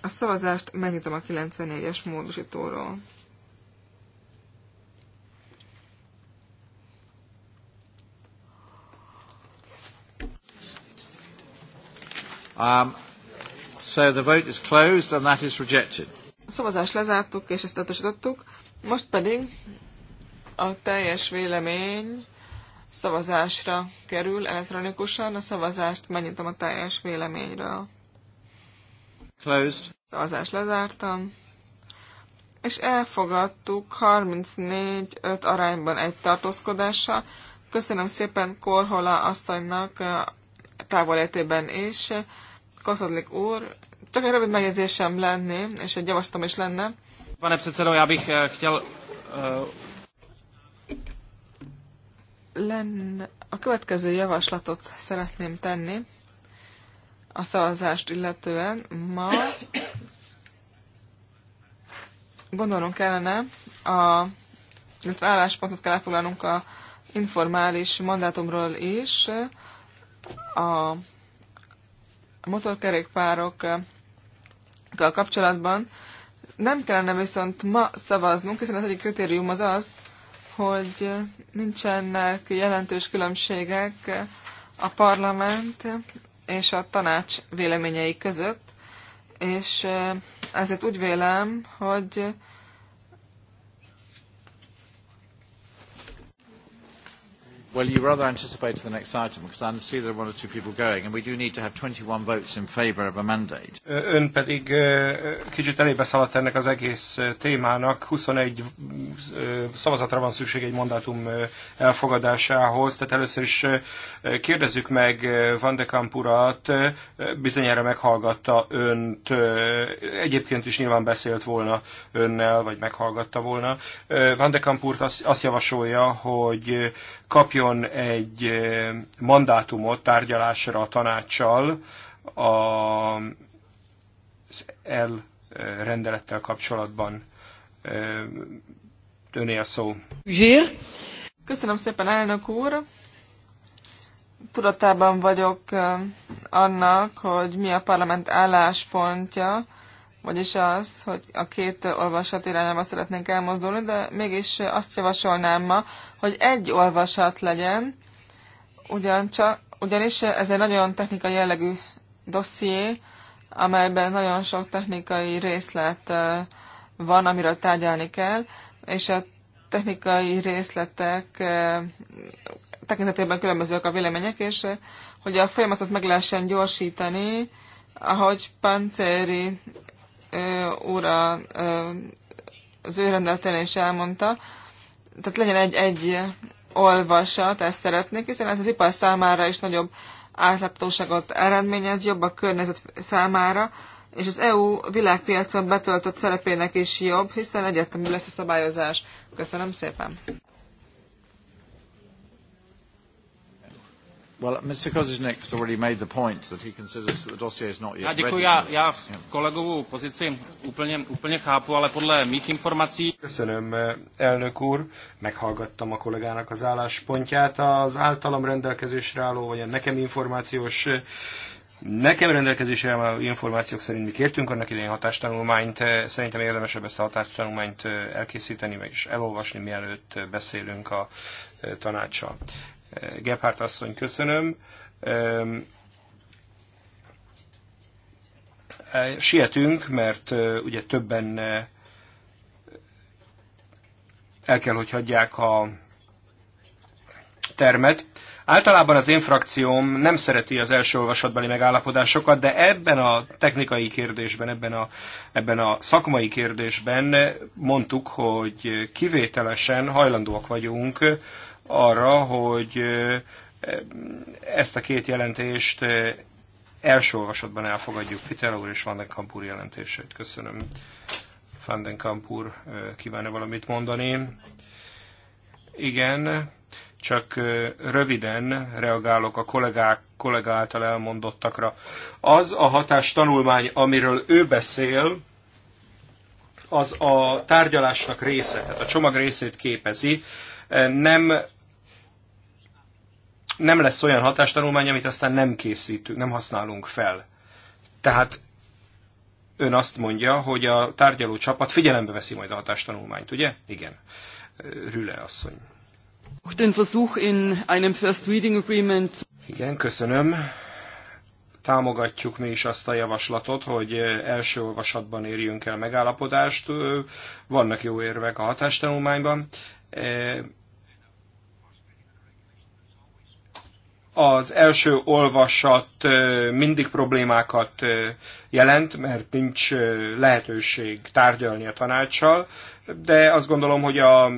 A szavazást megnyitom a 94-es módosítóról. Um, so the vote is closed and that is rejected. A szavazást lezártuk és ezt elutasítottuk. Most pedig a teljes vélemény szavazásra kerül elektronikusan. A szavazást megnyitom a teljes véleményről. Closed. Szavazást lezártam. És elfogadtuk 34-5 arányban egy tartózkodással. Köszönöm szépen Korhola asszonynak távolétében is. Koszodlik úr, csak egy rövid megjegyzésem lenni, és egy javaslatom is lenne. Pane předsedo, já bych eh, chtěl eh, lenne, a következő javaslatot szeretném tenni a szavazást illetően. Ma gondolnunk kellene, a, illetve álláspontot kell elfoglalnunk a informális mandátumról is, a motorkerékpárokkal kapcsolatban. Nem kellene viszont ma szavaznunk, hiszen az egyik kritérium az az, hogy nincsenek jelentős különbségek a parlament és a tanács véleményei között, és eh, ezért úgy vélem, hogy Well, you rather anticipate to the next item, because I see there are one or two people going, and we do need to have 21 votes in favour of a mandate. Ön pedig kicsit elébe szaladt ennek az egész témának. 21 szavazatra van szükség egy mandátum elfogadásához. Tehát először is kérdezzük meg Van de Kamp urat, bizonyára meghallgatta önt, egyébként is nyilván beszélt volna önnel, vagy meghallgatta volna. Van de Kamp úr azt javasolja, hogy kapjon kapjon egy mandátumot tárgyalásra a tanácssal az L rendelettel kapcsolatban. Öné a szó. Zsír. Köszönöm szépen, elnök úr. Tudatában vagyok annak, hogy mi a parlament álláspontja vagyis az, hogy a két olvasat irányába szeretnénk elmozdulni, de mégis azt javasolnám ma, hogy egy olvasat legyen, ugyancsak, ugyanis ez egy nagyon technikai jellegű dosszié, amelyben nagyon sok technikai részlet van, amiről tárgyalni kell, és a technikai részletek tekintetében különbözők a vélemények, és hogy a folyamatot meg lehessen gyorsítani, ahogy Pancéri óra az ő is elmondta, tehát legyen egy, egy olvasat, ezt szeretnék, hiszen ez az ipar számára is nagyobb átláthatóságot eredményez, jobb a környezet számára, és az EU világpiacon betöltött szerepének is jobb, hiszen egyetemű lesz a szabályozás. Köszönöm szépen! Well, Mr. has already made the point that he considers that the dossier is not yet ready. Já děkuji, já, já kolegovou pozici úplně, úplně chápu, ale podle mých informací... Köszönöm, elnök úr, meghallgattam a kollégának az álláspontját. Az általam rendelkezésre álló, vagy a nekem információs Nekem rendelkezésre a információk szerint mi kértünk annak idején hatástanulmányt, szerintem érdemesebb ezt a hatástanulmányt elkészíteni és elolvasni, mielőtt beszélünk a tanácssal. Gebhardt asszony, köszönöm. E, sietünk, mert ugye többen el kell, hogy hagyják a termet. Általában az én frakcióm nem szereti az első olvasatbeli megállapodásokat, de ebben a technikai kérdésben, ebben a, ebben a szakmai kérdésben mondtuk, hogy kivételesen hajlandóak vagyunk arra, hogy ezt a két jelentést első olvasatban elfogadjuk Peter úr és Van den Kamp úr jelentését. Köszönöm. Van den Kamp úr kívánna valamit mondani. Igen, csak röviden reagálok a kollégák, kollega által elmondottakra. Az a hatás tanulmány, amiről ő beszél, az a tárgyalásnak része, tehát a csomag részét képezi, nem nem lesz olyan hatástanulmány, amit aztán nem készítünk, nem használunk fel. Tehát ön azt mondja, hogy a tárgyaló csapat figyelembe veszi majd a hatástanulmányt, ugye? Igen. Rüle asszony. Den Versuch in einem First Reading Agreement. Igen, köszönöm. Támogatjuk mi is azt a javaslatot, hogy első olvasatban érjünk el megállapodást. Vannak jó érvek a hatástanulmányban az első olvasat mindig problémákat jelent, mert nincs lehetőség tárgyalni a tanácssal, de azt gondolom, hogy a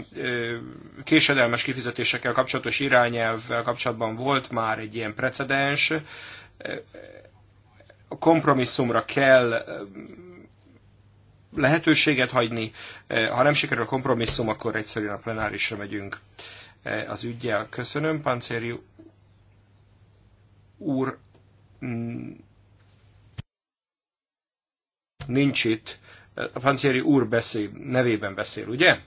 késedelmes kifizetésekkel kapcsolatos irányelvvel kapcsolatban volt már egy ilyen precedens. A kompromisszumra kell lehetőséget hagyni. Ha nem sikerül a kompromisszum, akkor egyszerűen a plenárisra megyünk az ügyjel. Köszönöm, Pancéri úr mm, nincs itt, a Pancieri úr beszél, nevében beszél, ugye?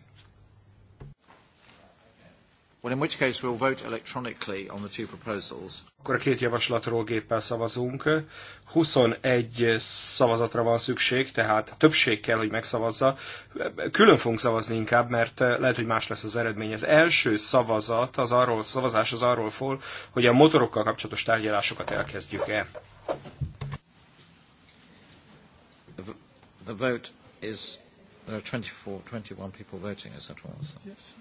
Well, in which case we'll vote electronically on the two proposals. Akkor a két javaslatról géppel szavazunk. 21 szavazatra van szükség, tehát többség kell, hogy megszavazza. Külön fogunk szavazni inkább, mert lehet, hogy más lesz az eredmény. Az első szavazat, az arról, szavazás az arról fól, hogy a motorokkal kapcsolatos tárgyalásokat elkezdjük-e. The vote is, there are 24, 21 people voting, is that what? Yes.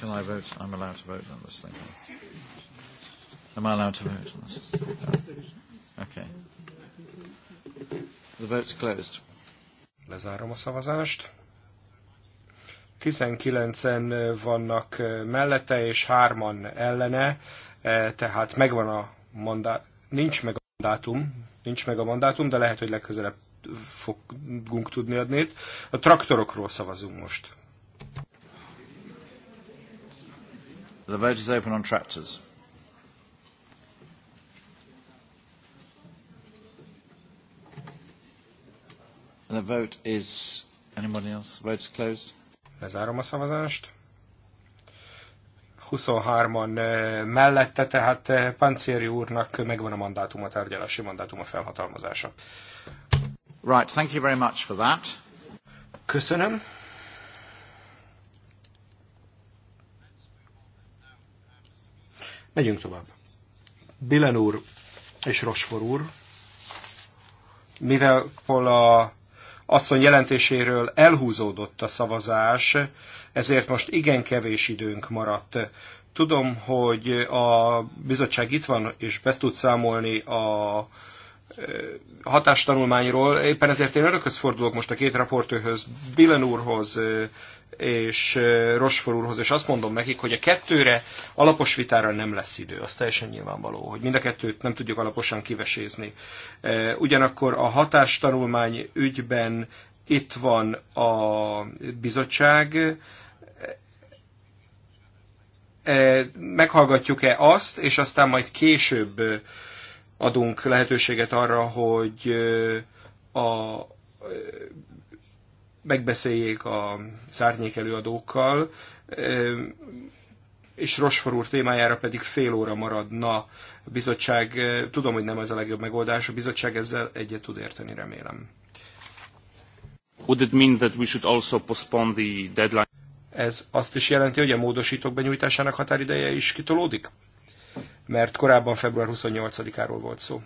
Can I vote? I'm allowed to vote on this thing. Am I allowed to vote on this? Okay. The vote's closed. Lezárom a szavazást. 19-en vannak mellette, és hárman ellene, tehát megvan a mandátum, nincs meg a mandátum, nincs meg a mandátum, de lehet, hogy legközelebb fogunk tudni adni. A traktorokról szavazunk most. The vote is open on tractors. The vote is... Anybody else? Vote is closed. Lezárom a szavazást. 23-an eh, mellette, tehát eh, Pancéri úrnak megvan a mandátum, a tárgyalási mandátum, a felhatalmazása. Right, thank you very much for that. Köszönöm. Megyünk tovább. Bilen úr és Rosfor úr, mivel a asszony jelentéséről elhúzódott a szavazás, ezért most igen kevés időnk maradt. Tudom, hogy a bizottság itt van, és be tud számolni a hatástanulmányról. Éppen ezért én örököz fordulok most a két raportőhöz, Billen úrhoz és Rosfor úrhoz, és azt mondom nekik, hogy a kettőre alapos vitára nem lesz idő. Az teljesen nyilvánvaló, hogy mind a kettőt nem tudjuk alaposan kivesézni. Ugyanakkor a hatástanulmány ügyben itt van a bizottság, meghallgatjuk-e azt, és aztán majd később adunk lehetőséget arra, hogy a megbeszéljék a szárnyék előadókkal, és Rosfor úr témájára pedig fél óra maradna a bizottság. Tudom, hogy nem ez a legjobb megoldás, a bizottság ezzel egyet tud érteni, remélem. Would it mean that we should also postpone the deadline? Ez azt is jelenti, hogy a módosítók benyújtásának határideje is kitolódik? Mert korábban február 28-áról volt szó.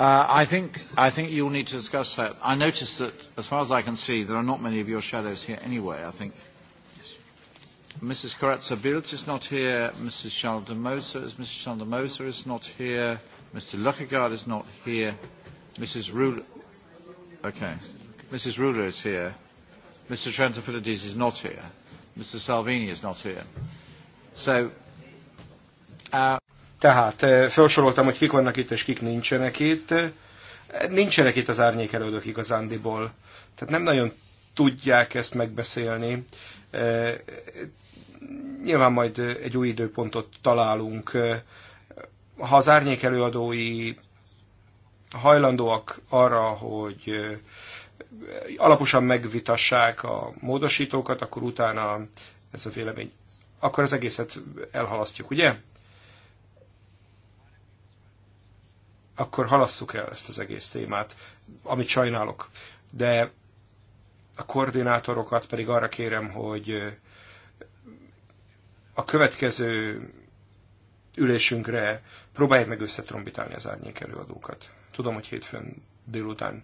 Uh, I think I think you'll need to discuss that. I notice that, as far as I can see, there are not many of your shadows here anyway. I think Mrs. Corazza Bildt is not here. Mrs. Chaldemosa is Mrs. Chaldemosa is not here. Mr. Luckegaard is not here. Mrs. Ruler, okay, Mrs. Ruler is here. Mr. Trantafilides is not here. Mr. Salvini is not here. So. Uh, tehát felsoroltam, hogy kik vannak itt és kik nincsenek itt. Nincsenek itt az árnyékelődők igazándiból. Tehát nem nagyon tudják ezt megbeszélni. Nyilván majd egy új időpontot találunk. Ha az árnyékelőadói hajlandóak arra, hogy alaposan megvitassák a módosítókat, akkor utána ez a vélemény. Akkor az egészet elhalasztjuk, ugye? akkor halasszuk el ezt az egész témát, amit sajnálok. De a koordinátorokat pedig arra kérem, hogy a következő ülésünkre próbálják meg összetrombitálni az árnyék előadókat. Tudom, hogy hétfőn délután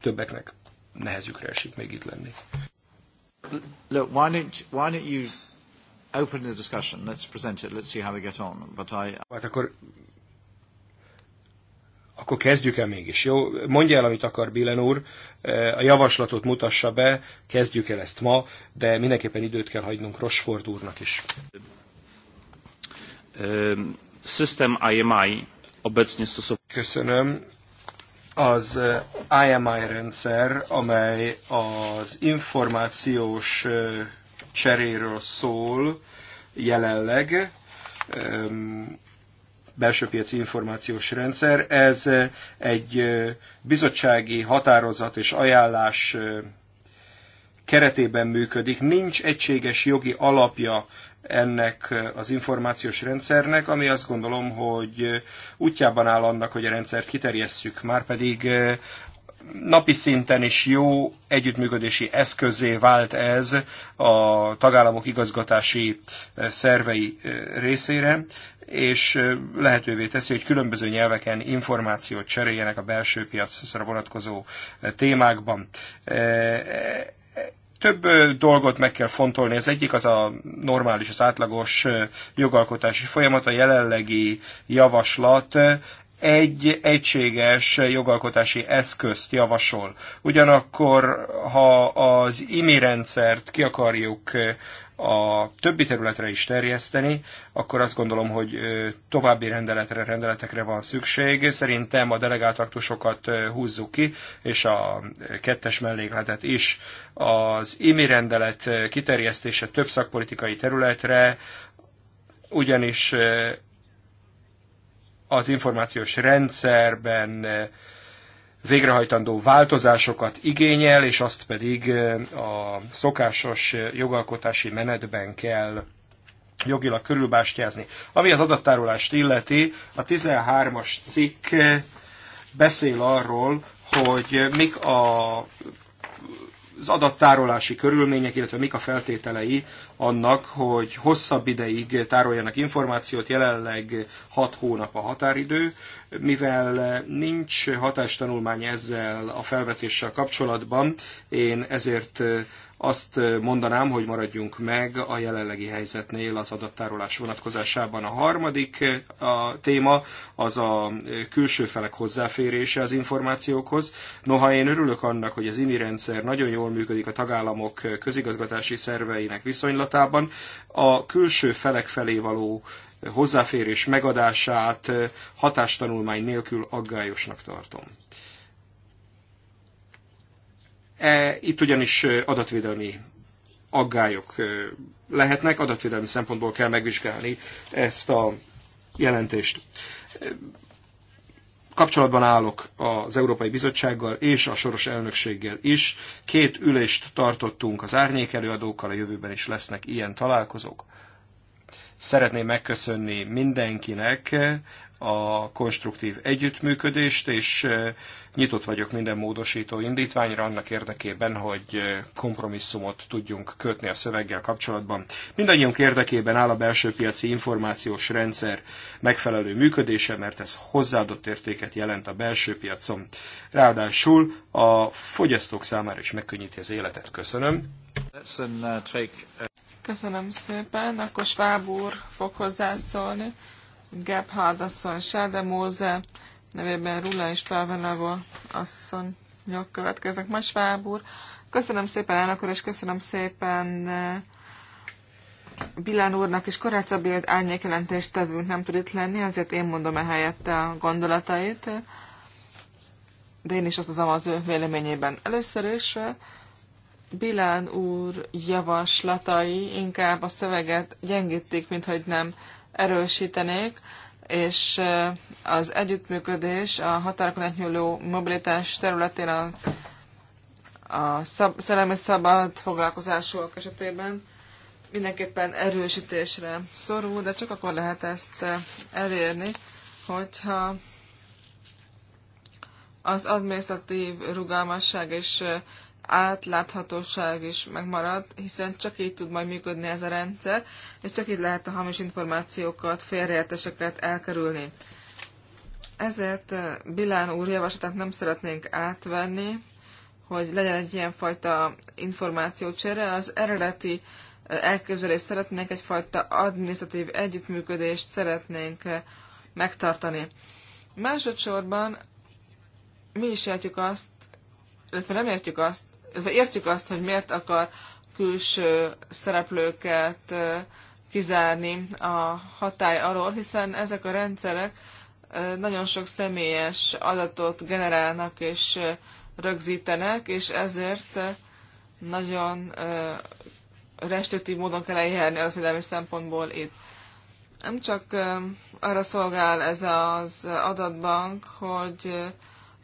többeknek nehezükre esik még itt lenni. Look, why don't, why don't you open the discussion? Let's present it, let's see how we get on. But I... Hát akkor akkor kezdjük el mégis, jó? Mondja el, amit akar Billen úr, e, a javaslatot mutassa be, kezdjük el ezt ma, de mindenképpen időt kell hagynunk Rosford úrnak is. E, system IMI obecnie Köszönöm. Az IMI e, rendszer, amely az információs cseréről szól jelenleg, belső piaci információs rendszer. Ez egy bizottsági határozat és ajánlás keretében működik. Nincs egységes jogi alapja ennek az információs rendszernek, ami azt gondolom, hogy útjában áll annak, hogy a rendszert kiterjesszük. Márpedig napi szinten is jó együttműködési eszközé vált ez a tagállamok igazgatási eh, szervei eh, részére, és eh, lehetővé teszi, hogy különböző nyelveken információt cseréljenek a belső piacra vonatkozó témákban. Több dolgot meg kell fontolni. Az egyik az a normális, az átlagos jogalkotási folyamat, a jelenlegi javaslat egy egységes jogalkotási eszközt javasol. Ugyanakkor, ha az IMI rendszert ki akarjuk eh, a többi területre is terjeszteni, akkor azt gondolom, hogy eh, további rendeletre, rendeletekre van szükség. Szerintem a delegált aktusokat eh, húzzuk ki, és a kettes mellékletet is. Az IMI rendelet kiterjesztése több szakpolitikai területre, ugyanis az információs rendszerben eh, végrehajtandó változásokat igényel, és azt pedig eh, a szokásos eh, jogalkotási menetben kell jogilag körülbástyázni. Ami az adattárolást illeti, a 13-as cikk beszél arról, hogy mik a az adattárolási körülmények, illetve mik a feltételei annak, hogy hosszabb ideig tároljanak információt, jelenleg 6 hónap a határidő, mivel nincs hatástanulmány ezzel a felvetéssel kapcsolatban, én ezért azt mondanám, hogy maradjunk meg a jelenlegi helyzetnél az adattárolás vonatkozásában. A harmadik a téma az a külső felek hozzáférése az információkhoz. Noha én örülök annak, hogy az IMI rendszer nagyon jól működik a tagállamok közigazgatási szerveinek viszonylatában, a külső felek felé való hozzáférés megadását hatástanulmány nélkül aggályosnak tartom. E, itt ugyanis adatvédelmi aggályok lehetnek, adatvédelmi szempontból kell megvizsgálni ezt a jelentést. E, kapcsolatban állok az Európai Bizottsággal és a soros elnökséggel is. Két ülést tartottunk az árnyékelőadókkal, a jövőben is lesznek ilyen találkozók. Szeretném megköszönni mindenkinek, a konstruktív együttműködést, és nyitott vagyok minden módosító indítványra annak érdekében, hogy kompromisszumot tudjunk kötni a szöveggel kapcsolatban. Mindannyiunk érdekében áll a belső piaci információs rendszer megfelelő működése, mert ez hozzáadott értéket jelent a belső piacon. Ráadásul a fogyasztók számára is megkönnyíti az életet. Köszönöm. Uh, uh, Köszönöm szépen. Akkor Schwab úr fog hozzászólni. Gebhard asszony, Sáde Móze, nevében Rula és Pávenava asszonyok következnek. Ma Schwab úr, köszönöm szépen elnök úr, és köszönöm szépen eh, Bilán úrnak és Koráca árnyékjelentést tevünk nem tud itt lenni, azért én mondom el helyette a gondolatait, de én is azt hozom az ő véleményében. Először is eh, Bilán úr javaslatai inkább a szöveget gyengítik, mint hogy nem erősítenék, és az együttműködés a határokon átnyúló mobilitás területén a, a szab, szellemi szabad foglalkozások esetében mindenképpen erősítésre szorul, de csak akkor lehet ezt elérni, hogyha az adminisztratív rugalmasság és átláthatóság is megmarad, hiszen csak így tud majd működni ez a rendszer, és csak így lehet a hamis információkat, félreérteseket elkerülni. Ezért eh, Bilán úr javaslatát nem szeretnénk átvenni, hogy legyen egy ilyenfajta információcsere. Az eredeti eh, elképzelést szeretnénk, egyfajta administratív együttműködést szeretnénk eh, megtartani. Másodszorban mi is értjük azt, illetve nem értjük azt, értjük azt, hogy miért akar külső szereplőket kizárni a hatály alól, hiszen ezek a rendszerek nagyon sok személyes adatot generálnak és rögzítenek, és ezért nagyon restriktív módon kell eljárni adatvédelmi szempontból itt. Nem csak arra szolgál ez az adatbank, hogy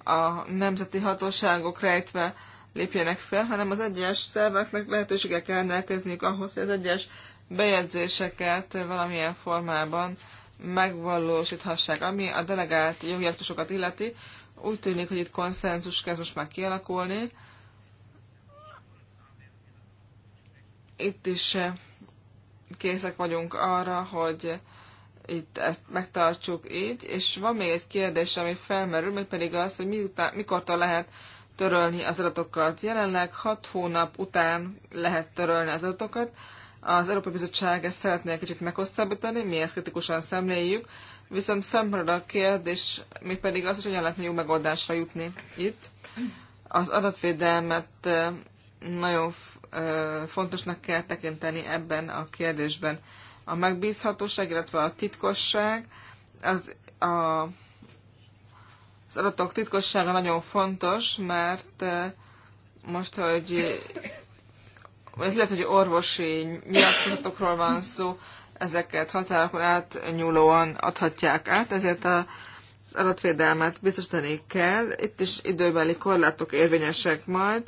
a nemzeti hatóságok rejtve lépjenek fel, hanem az egyes szerveknek lehetősége kell rendelkezniük ahhoz, hogy az egyes bejegyzéseket valamilyen formában megvalósíthassák. Ami a delegált jogi aktusokat illeti, úgy tűnik, hogy itt konszenzus kezd most már kialakulni. Itt is eh, készek vagyunk arra, hogy itt ezt megtartsuk így, és van még egy kérdés, ami felmerül, még pedig az, hogy miután, mikortól lehet törölni az adatokat. Jelenleg 6 hónap után lehet törölni az adatokat. Az Európai Bizottság ezt szeretné egy kicsit meghosszabbítani, mi ezt kritikusan szemléljük, viszont fennmarad a kérdés, mi pedig az, hogy hogyan lehetne jó megoldásra jutni itt. Az adatvédelmet nagyon fontosnak kell tekinteni ebben a kérdésben. A megbízhatóság, illetve a titkosság, az a az adatok titkossága nagyon fontos, mert eh, most, hogy eh, ez lehet, hogy orvosi nyilatkozatokról van szó, ezeket határokon átnyúlóan adhatják át, ezért a, az adatvédelmet biztosítani kell. Itt is időbeli korlátok érvényesek majd.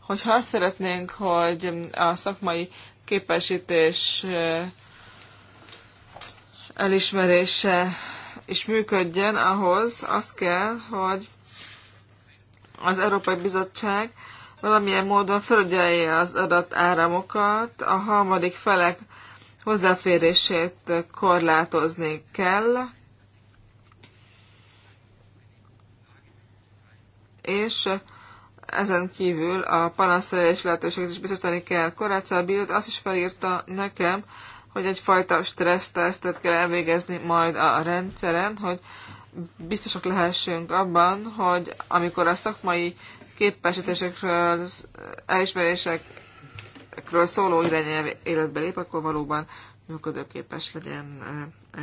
Hogyha azt szeretnénk, hogy a szakmai képesítés eh, elismerése és működjön ahhoz az kell, hogy az Európai Bizottság valamilyen módon felügyelje az adatáramokat, a harmadik felek hozzáférését korlátozni kell, és ezen kívül a panasztelés lehetőséget is biztosítani kell. Korácsa Bild azt is felírta nekem, hogy egyfajta stressztesztet kell elvégezni majd a rendszeren, hogy biztosak lehessünk abban, hogy amikor a szakmai képesítésekről, elismerésekről szóló irányelv életbe lép, akkor valóban működőképes legyen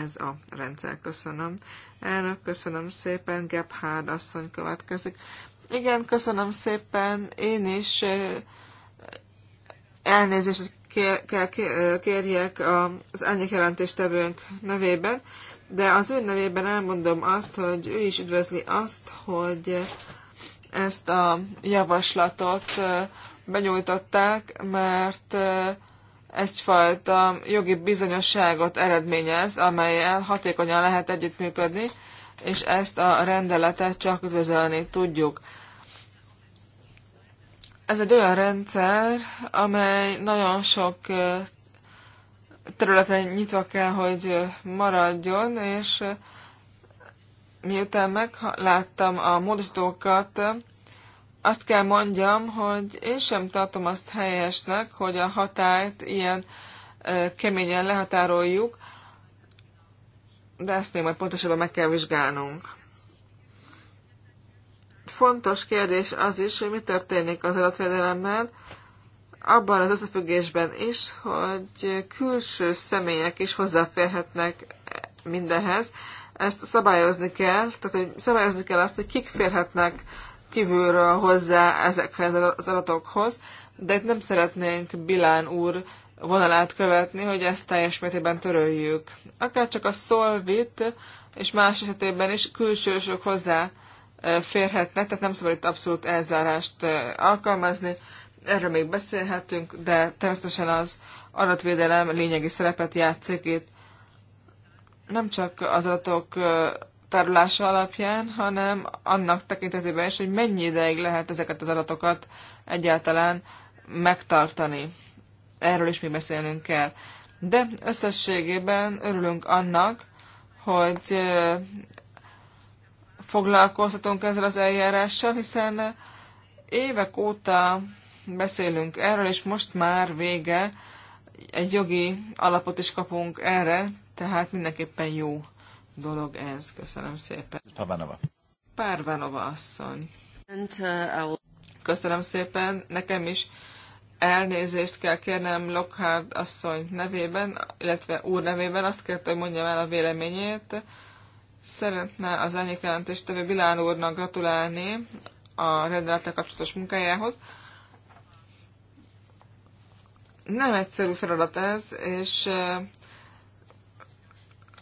ez a rendszer. Köszönöm. Elnök, köszönöm szépen. Gebhard asszony következik. Igen, köszönöm szépen. Én is elnézést, hogy kell kérjek az jelentéstevőnk nevében, de az ő nevében elmondom azt, hogy ő is üdvözli azt, hogy ezt a javaslatot benyújtották, mert egyfajta jogi bizonyosságot eredményez, amelyel hatékonyan lehet együttműködni, és ezt a rendeletet csak üdvözölni tudjuk ez egy olyan rendszer, amely nagyon sok területen nyitva kell, hogy maradjon, és miután megláttam a módosítókat, azt kell mondjam, hogy én sem tartom azt helyesnek, hogy a hatályt ilyen keményen lehatároljuk, de ezt még majd pontosabban meg kell vizsgálnunk fontos kérdés az is, hogy mi történik az adatvédelemmel, abban az összefüggésben is, hogy külső személyek is hozzáférhetnek mindenhez. Ezt szabályozni kell, tehát hogy szabályozni kell azt, hogy kik férhetnek kívülről hozzá ezekhez az adatokhoz, de itt nem szeretnénk Bilán úr vonalát követni, hogy ezt teljes mértékben töröljük. Akár csak a Solvit és más esetében is külsősök hozzá férhetnek, tehát nem szabad itt abszolút elzárást alkalmazni, erről még beszélhetünk, de természetesen az adatvédelem lényegi szerepet játszik itt nem csak az adatok tárolása alapján, hanem annak tekintetében is, hogy mennyi ideig lehet ezeket az adatokat egyáltalán megtartani. Erről is mi beszélnünk kell. De összességében örülünk annak, hogy foglalkoztatunk ezzel az eljárással, hiszen évek óta beszélünk erről, és most már vége, egy jogi alapot is kapunk erre, tehát mindenképpen jó dolog ez. Köszönöm szépen. Párvanova. Párvanova asszony. Uh, Köszönöm szépen. Nekem is elnézést kell kérnem Lockhart asszony nevében, illetve úr nevében. Azt kérte, hogy mondjam el a véleményét. Szeretne az elnyék jelentéstevő Bilán úrnak gratulálni a rendelettel kapcsolatos munkájához. Nem egyszerű feladat ez, és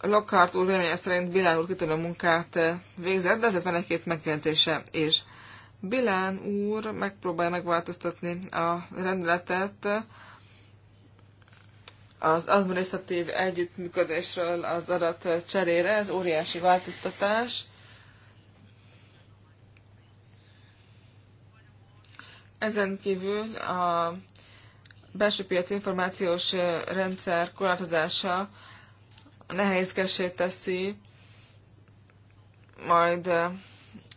Lockhart úr véleménye szerint Bilán úr kitűnő munkát végzett, de ezért van egy-két megjegyzése is. Bilán úr megpróbálja megváltoztatni a rendeletet az administratív együttműködésről az adat cserére, ez óriási változtatás. Ezen kívül a belső piac információs rendszer korlátozása nehézkessé teszi majd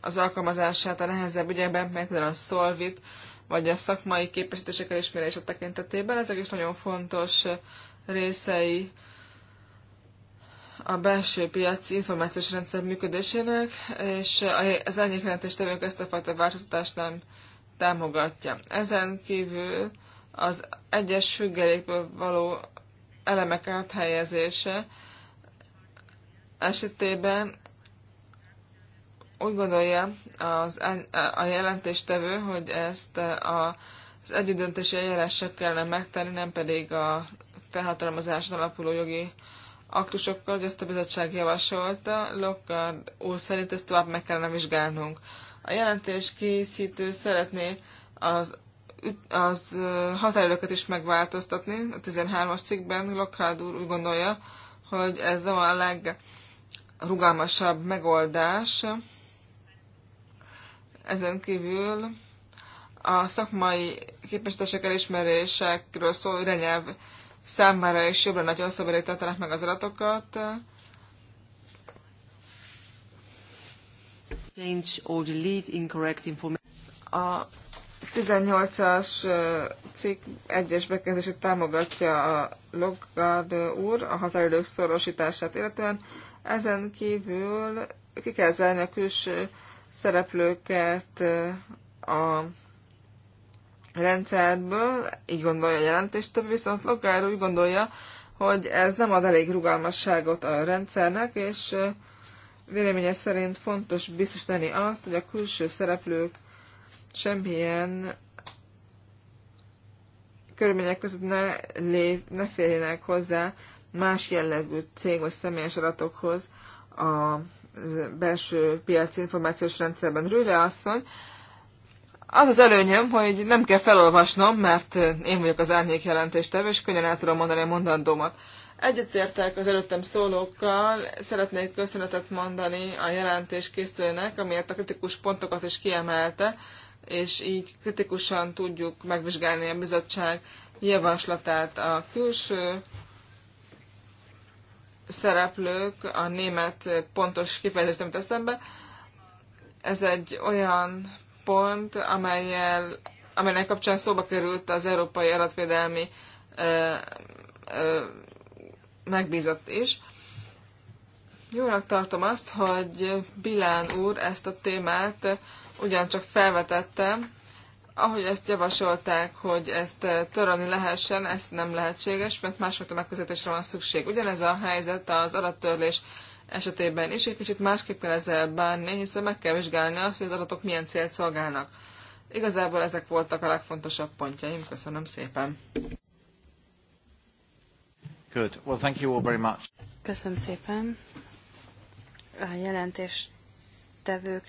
az alkalmazását a nehezebb ügyekben, mert például a szolvit, vagy a szakmai képesítések elismerése tekintetében. Ezek is nagyon fontos részei a belső piaci információs rendszer működésének, és az tevők ezt a fajta változtatást nem támogatja. Ezen kívül az egyes függelékből való elemek áthelyezése esetében úgy gondolja az, a jelentéstevő, hogy ezt a, az együttdöntési eljárással kellene megtenni, nem pedig a felhatalmazáson alapuló jogi aktusokkal, hogy ezt a bizottság javasolta. Lockard úr szerint ezt tovább meg kellene vizsgálnunk. A jelentés készítő szeretné az, az határidőket is megváltoztatni. A 13-as cikkben Lockhart úr úgy gondolja, hogy ez nem a legrugalmasabb megoldás. Ezen kívül a szakmai képesítések elismerésekről szól irányelv számára és jobbra nagyon szomorítanak meg az adatokat. A 18-as cikk egyes bekezdését támogatja a Logard úr a határidők szorosítását illetően. Ezen kívül ki kell zárni a külső szereplőket a rendszerből, így gondolja a jelentéstevő, viszont Lokár úgy gondolja, hogy ez nem ad elég rugalmasságot a rendszernek, és véleménye szerint fontos biztosítani azt, hogy a külső szereplők semmilyen körülmények között ne, lév, ne férjenek hozzá más jellegű cég vagy személyes adatokhoz a belső piaci információs rendszerben. Rüle asszony az az előnyöm, hogy nem kell felolvasnom, mert én vagyok az árnyék jelentéstevő, és könnyen el tudom mondani a mondandómat. Egyetértek az előttem szólókkal, szeretnék köszönetet mondani a jelentés készülőnek, amiért a kritikus pontokat is kiemelte, és így kritikusan tudjuk megvizsgálni a bizottság javaslatát a külső szereplők, a német pontos kifejezést nem teszem be. Ez egy olyan pont, amelyel, amelynek kapcsán szóba került az Európai Adatvédelmi ö, ö, megbízott is. Jónak tartom azt, hogy Bilán úr ezt a témát ugyancsak felvetette, ahogy ezt javasolták, hogy ezt törölni lehessen, ezt nem lehetséges, mert másfajta megközelítésre van szükség. Ugyanez a helyzet az adattörlés esetében is egy kicsit másképp kell ezzel bánni, hiszen meg kell vizsgálni azt, hogy az adatok milyen célt szolgálnak. Igazából ezek voltak a legfontosabb pontjaim. Köszönöm szépen. Good. Well, thank you all very much. Köszönöm szépen. A jelentést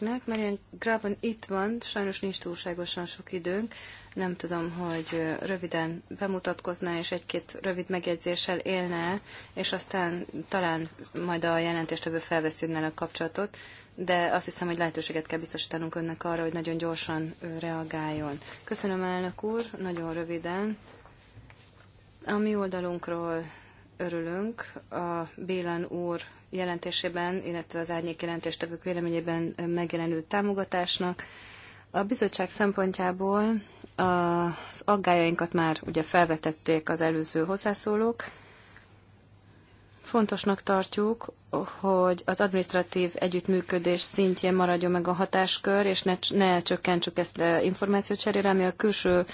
mert Marian Graben itt van, sajnos nincs túlságosan sok időnk. Nem tudom, hogy röviden bemutatkozná, és egy-két rövid megjegyzéssel élne, és aztán talán majd a jelentéstevő felveszi a kapcsolatot, de azt hiszem, hogy lehetőséget kell biztosítanunk önnek arra, hogy nagyon gyorsan reagáljon. Köszönöm, elnök úr, nagyon röviden. A mi oldalunkról örülünk. A bélan úr jelentésében, illetve az árnyék jelentéstevők véleményében megjelenő támogatásnak. A bizottság szempontjából az aggájainkat már ugye felvetették az előző hozzászólók. Fontosnak tartjuk, hogy az administratív együttműködés szintje maradjon meg a hatáskör, és ne, ne csökkentsük ezt információcserére, ami a külső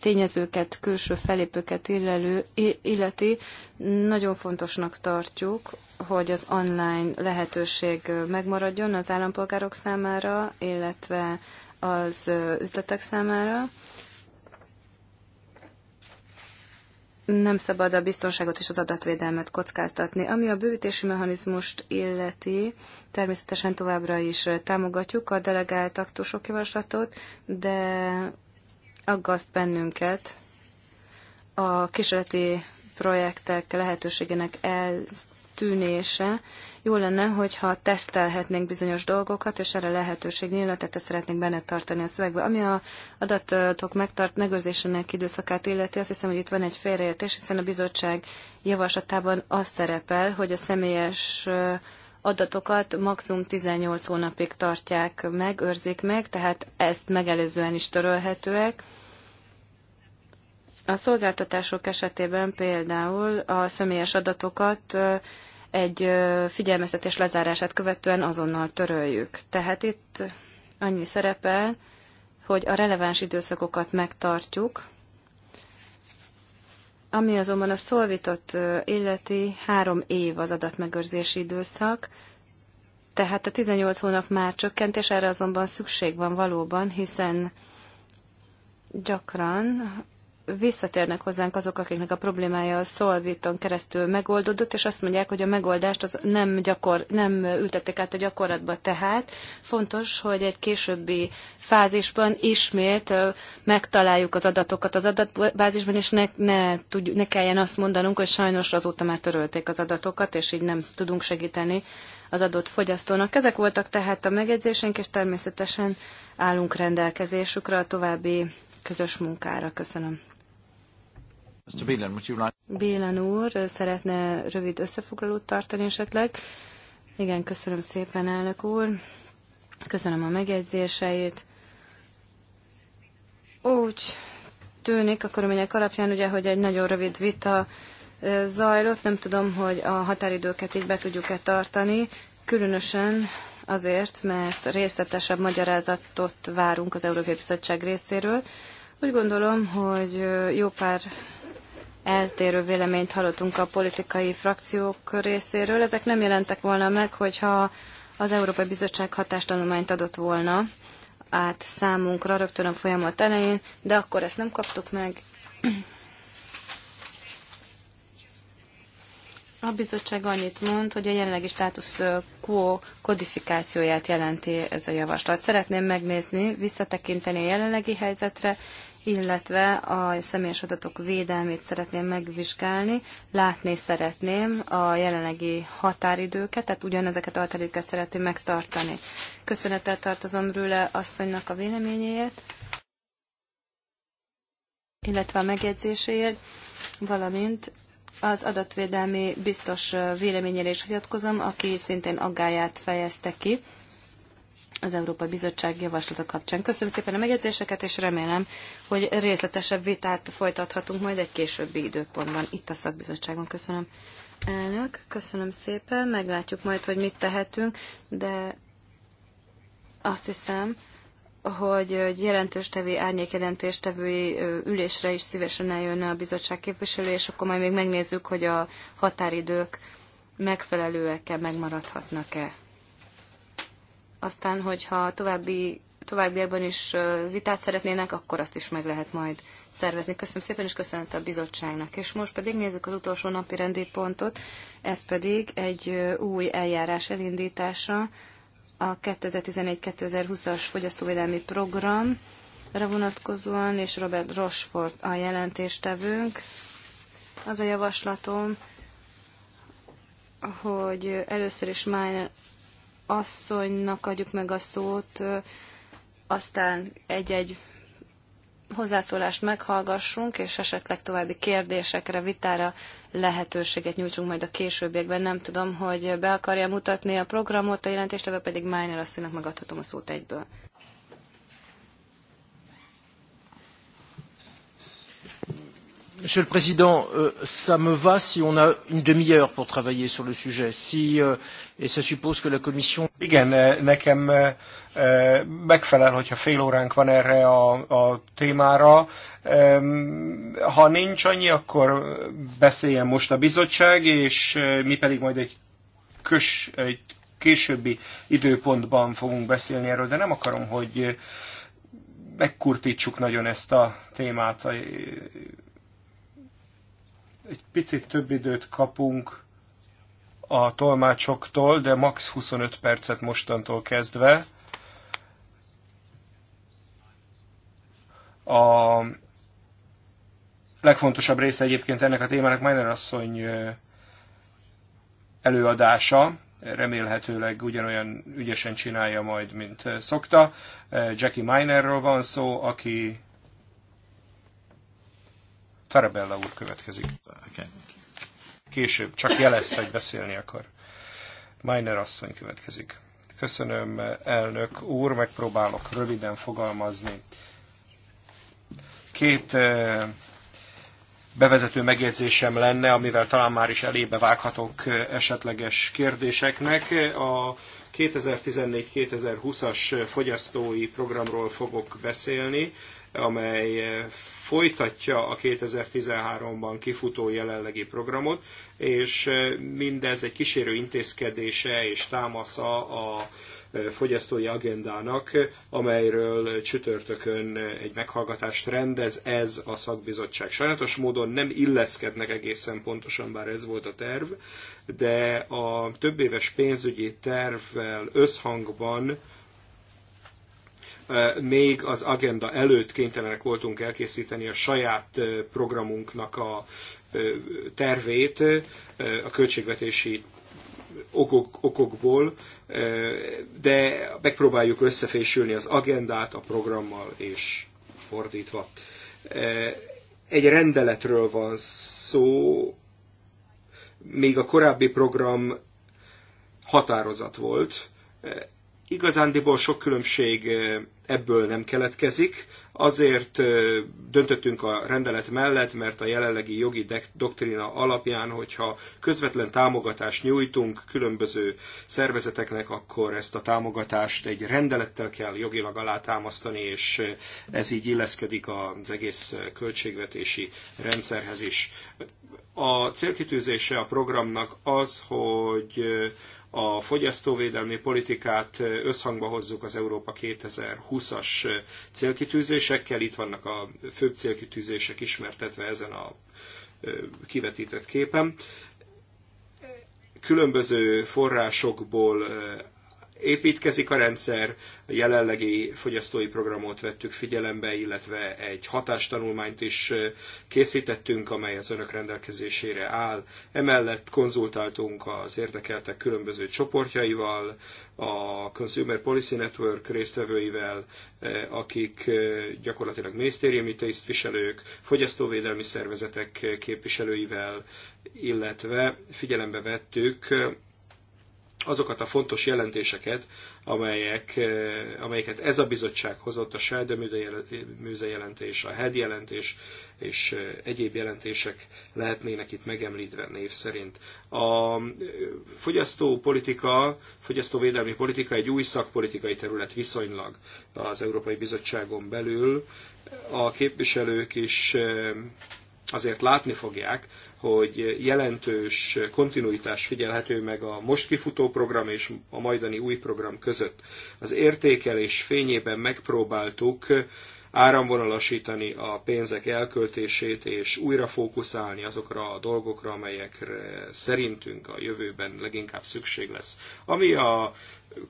tényezőket, külső felépőket illelő, illeti, nagyon fontosnak tartjuk, hogy az online lehetőség megmaradjon az állampolgárok számára, illetve az üzletek számára. Nem szabad a biztonságot és az adatvédelmet kockáztatni. Ami a bővítési mechanizmust illeti, természetesen továbbra is támogatjuk a delegált aktusok javaslatot, de aggaszt bennünket a kísérleti projektek lehetőségének eltűnése. Jó lenne, hogyha tesztelhetnénk bizonyos dolgokat, és erre lehetőség nyílna, tehát ezt szeretnénk benne tartani a szövegbe. Ami a adatok megtart megőrzésének időszakát illeti, azt hiszem, hogy itt van egy félreértés, hiszen a bizottság javaslatában az szerepel, hogy a személyes adatokat maximum 18 hónapig tartják meg, őrzik meg, tehát ezt megelőzően is törölhetőek a szolgáltatások esetében például a személyes adatokat egy figyelmeztetés lezárását követően azonnal töröljük. Tehát itt annyi szerepel, hogy a releváns időszakokat megtartjuk, ami azonban a szolvított illeti három év az adatmegőrzési időszak, tehát a 18 hónap már csökkent, és erre azonban szükség van valóban, hiszen gyakran visszatérnek hozzánk azok, akiknek a problémája a szolviton keresztül megoldódott, és azt mondják, hogy a megoldást az nem, gyakor, nem ültették át a gyakorlatba. Tehát fontos, hogy egy későbbi fázisban ismét megtaláljuk az adatokat az adatbázisban, és ne, ne, tudjuk, ne kelljen azt mondanunk, hogy sajnos azóta már törölték az adatokat, és így nem tudunk segíteni az adott fogyasztónak. Ezek voltak tehát a megjegyzéseink, és természetesen állunk rendelkezésükre a további közös munkára. Köszönöm. Mr. Bélen úr szeretne rövid összefoglalót tartani esetleg. Igen, köszönöm szépen, elnök úr. Köszönöm a megjegyzéseit. Úgy tűnik a körülmények alapján, ugye, hogy egy nagyon rövid vita zajlott. Nem tudom, hogy a határidőket így be tudjuk-e tartani. Különösen azért, mert részletesebb magyarázatot várunk az Európai Bizottság részéről. Úgy gondolom, hogy jó pár eltérő véleményt hallottunk a politikai frakciók részéről. Ezek nem jelentek volna meg, hogyha az Európai Bizottság hatástanulmányt adott volna át számunkra rögtön a folyamat elején, de akkor ezt nem kaptuk meg. A bizottság annyit mond, hogy a jelenlegi státusz quo kodifikációját jelenti ez a javaslat. Szeretném megnézni, visszatekinteni a jelenlegi helyzetre, illetve a személyes adatok védelmét szeretném megvizsgálni. Látni szeretném a jelenlegi határidőket, tehát ugyanezeket a határidőket szeretném megtartani. Köszönettel tartozom Rüle asszonynak a véleményéért, illetve a megjegyzéséért, valamint az adatvédelmi biztos véleményére is hagyatkozom, aki szintén aggáját fejezte ki az Európai Bizottság javaslata kapcsán. Köszönöm szépen a megjegyzéseket, és remélem, hogy részletesebb vitát folytathatunk majd egy későbbi időpontban itt a szakbizottságon. Köszönöm. Elnök, köszönöm szépen, meglátjuk majd, hogy mit tehetünk, de azt hiszem, hogy egy jelentős tevé, árnyék jelentős tevői ülésre is szívesen eljönne a bizottság képviselő, és akkor majd még megnézzük, hogy a határidők megfelelőek-e, megmaradhatnak-e. Aztán, hogyha további, továbbiakban is vitát szeretnének, akkor azt is meg lehet majd szervezni. Köszönöm szépen, és köszönet a bizottságnak. És most pedig nézzük az utolsó napi rendi pontot, ez pedig egy új eljárás elindítása, a 2011-2020-as fogyasztóvédelmi programra vonatkozóan, és Robert Rochford a jelentéstevőnk. Az a javaslatom, hogy először is Májner asszonynak adjuk meg a szót, aztán egy-egy hozzászólást meghallgassunk, és esetleg további kérdésekre, vitára lehetőséget nyújtsunk majd a későbbiekben. Nem tudom, hogy be akarja mutatni a programot, a jelentéstevő pedig Májnál asszonynak megadhatom a szót egyből. Monsieur le Président, euh, ça me va si on a une demi-heure pour travailler sur le sujet, si, euh, et ça suppose que la Commission... Igen, eh, nekem eh, eh, megfelel, hogyha fél óránk van erre a, a témára. ha nincs annyi, akkor beszéljen most a bizottság, és mi pedig majd egy, kös, egy későbbi időpontban fogunk beszélni erről, de nem akarom, hogy megkurtítsuk nagyon ezt a témát egy picit több időt kapunk a tolmácsoktól, de max 25 percet mostantól kezdve. A legfontosabb része egyébként ennek a témának Miner asszony előadása, remélhetőleg ugyanolyan ügyesen csinálja majd, mint szokta. Jackie Minerről van szó, aki Tarabella úr következik. Később, csak jelezte, hogy beszélni akar. Miner asszony következik. Köszönöm, elnök úr, megpróbálok röviden fogalmazni. Két eh, bevezető megjegyzésem lenne, amivel talán már is elébe vághatok eh, esetleges kérdéseknek. A 2014-2020-as fogyasztói programról fogok beszélni amely eh, folytatja a 2013-ban kifutó jelenlegi programot, és eh, mindez egy kísérő intézkedése és támasza a eh, fogyasztói agendának, amelyről csütörtökön egy meghallgatást rendez ez a szakbizottság. Sajnos módon nem illeszkednek egészen pontosan, bár ez volt a terv, de a többéves pénzügyi tervvel összhangban E, még az agenda előtt kénytelenek voltunk elkészíteni a saját e, programunknak a e, tervét a költségvetési okok, okokból, de megpróbáljuk összefésülni az agendát a programmal és fordítva. Egy rendeletről van szó, még a korábbi program határozat volt, Igazándiból sok különbség ebből nem keletkezik, azért döntöttünk a rendelet mellett, mert a jelenlegi jogi doktrina alapján, hogyha közvetlen támogatást nyújtunk különböző szervezeteknek, akkor ezt a támogatást egy rendelettel kell jogilag alátámasztani, és ez így illeszkedik az egész költségvetési rendszerhez is. A célkitűzése a programnak az, hogy a fogyasztóvédelmi politikát összhangba hozzuk az Európa 2020-as célkitűzésekkel. Itt vannak a főbb célkitűzések ismertetve ezen a kivetített képen. Különböző forrásokból építkezik a rendszer. A jelenlegi fogyasztói programot vettük figyelembe, illetve egy hatástanulmányt is készítettünk, amely az önök rendelkezésére áll. Emellett konzultáltunk az érdekeltek különböző csoportjaival, a Consumer Policy Network résztvevőivel, akik gyakorlatilag minisztériumi tisztviselők, fogyasztóvédelmi szervezetek képviselőivel, illetve figyelembe vettük azokat a fontos jelentéseket, amelyek, eh, amelyeket ez a bizottság hozott, a Sejde jelentés, a HED jelentés és eh, egyéb jelentések lehetnének itt megemlítve név szerint. A eh, fogyasztópolitika, fogyasztóvédelmi politika egy új szakpolitikai terület viszonylag az Európai Bizottságon belül. A képviselők is azért látni fogják, hogy jelentős kontinuitás figyelhető meg a most kifutó program és a majdani új program között. Az értékelés fényében megpróbáltuk áramvonalasítani a pénzek elköltését, és újra fókuszálni azokra a dolgokra, amelyekre szerintünk a jövőben leginkább szükség lesz. Ami a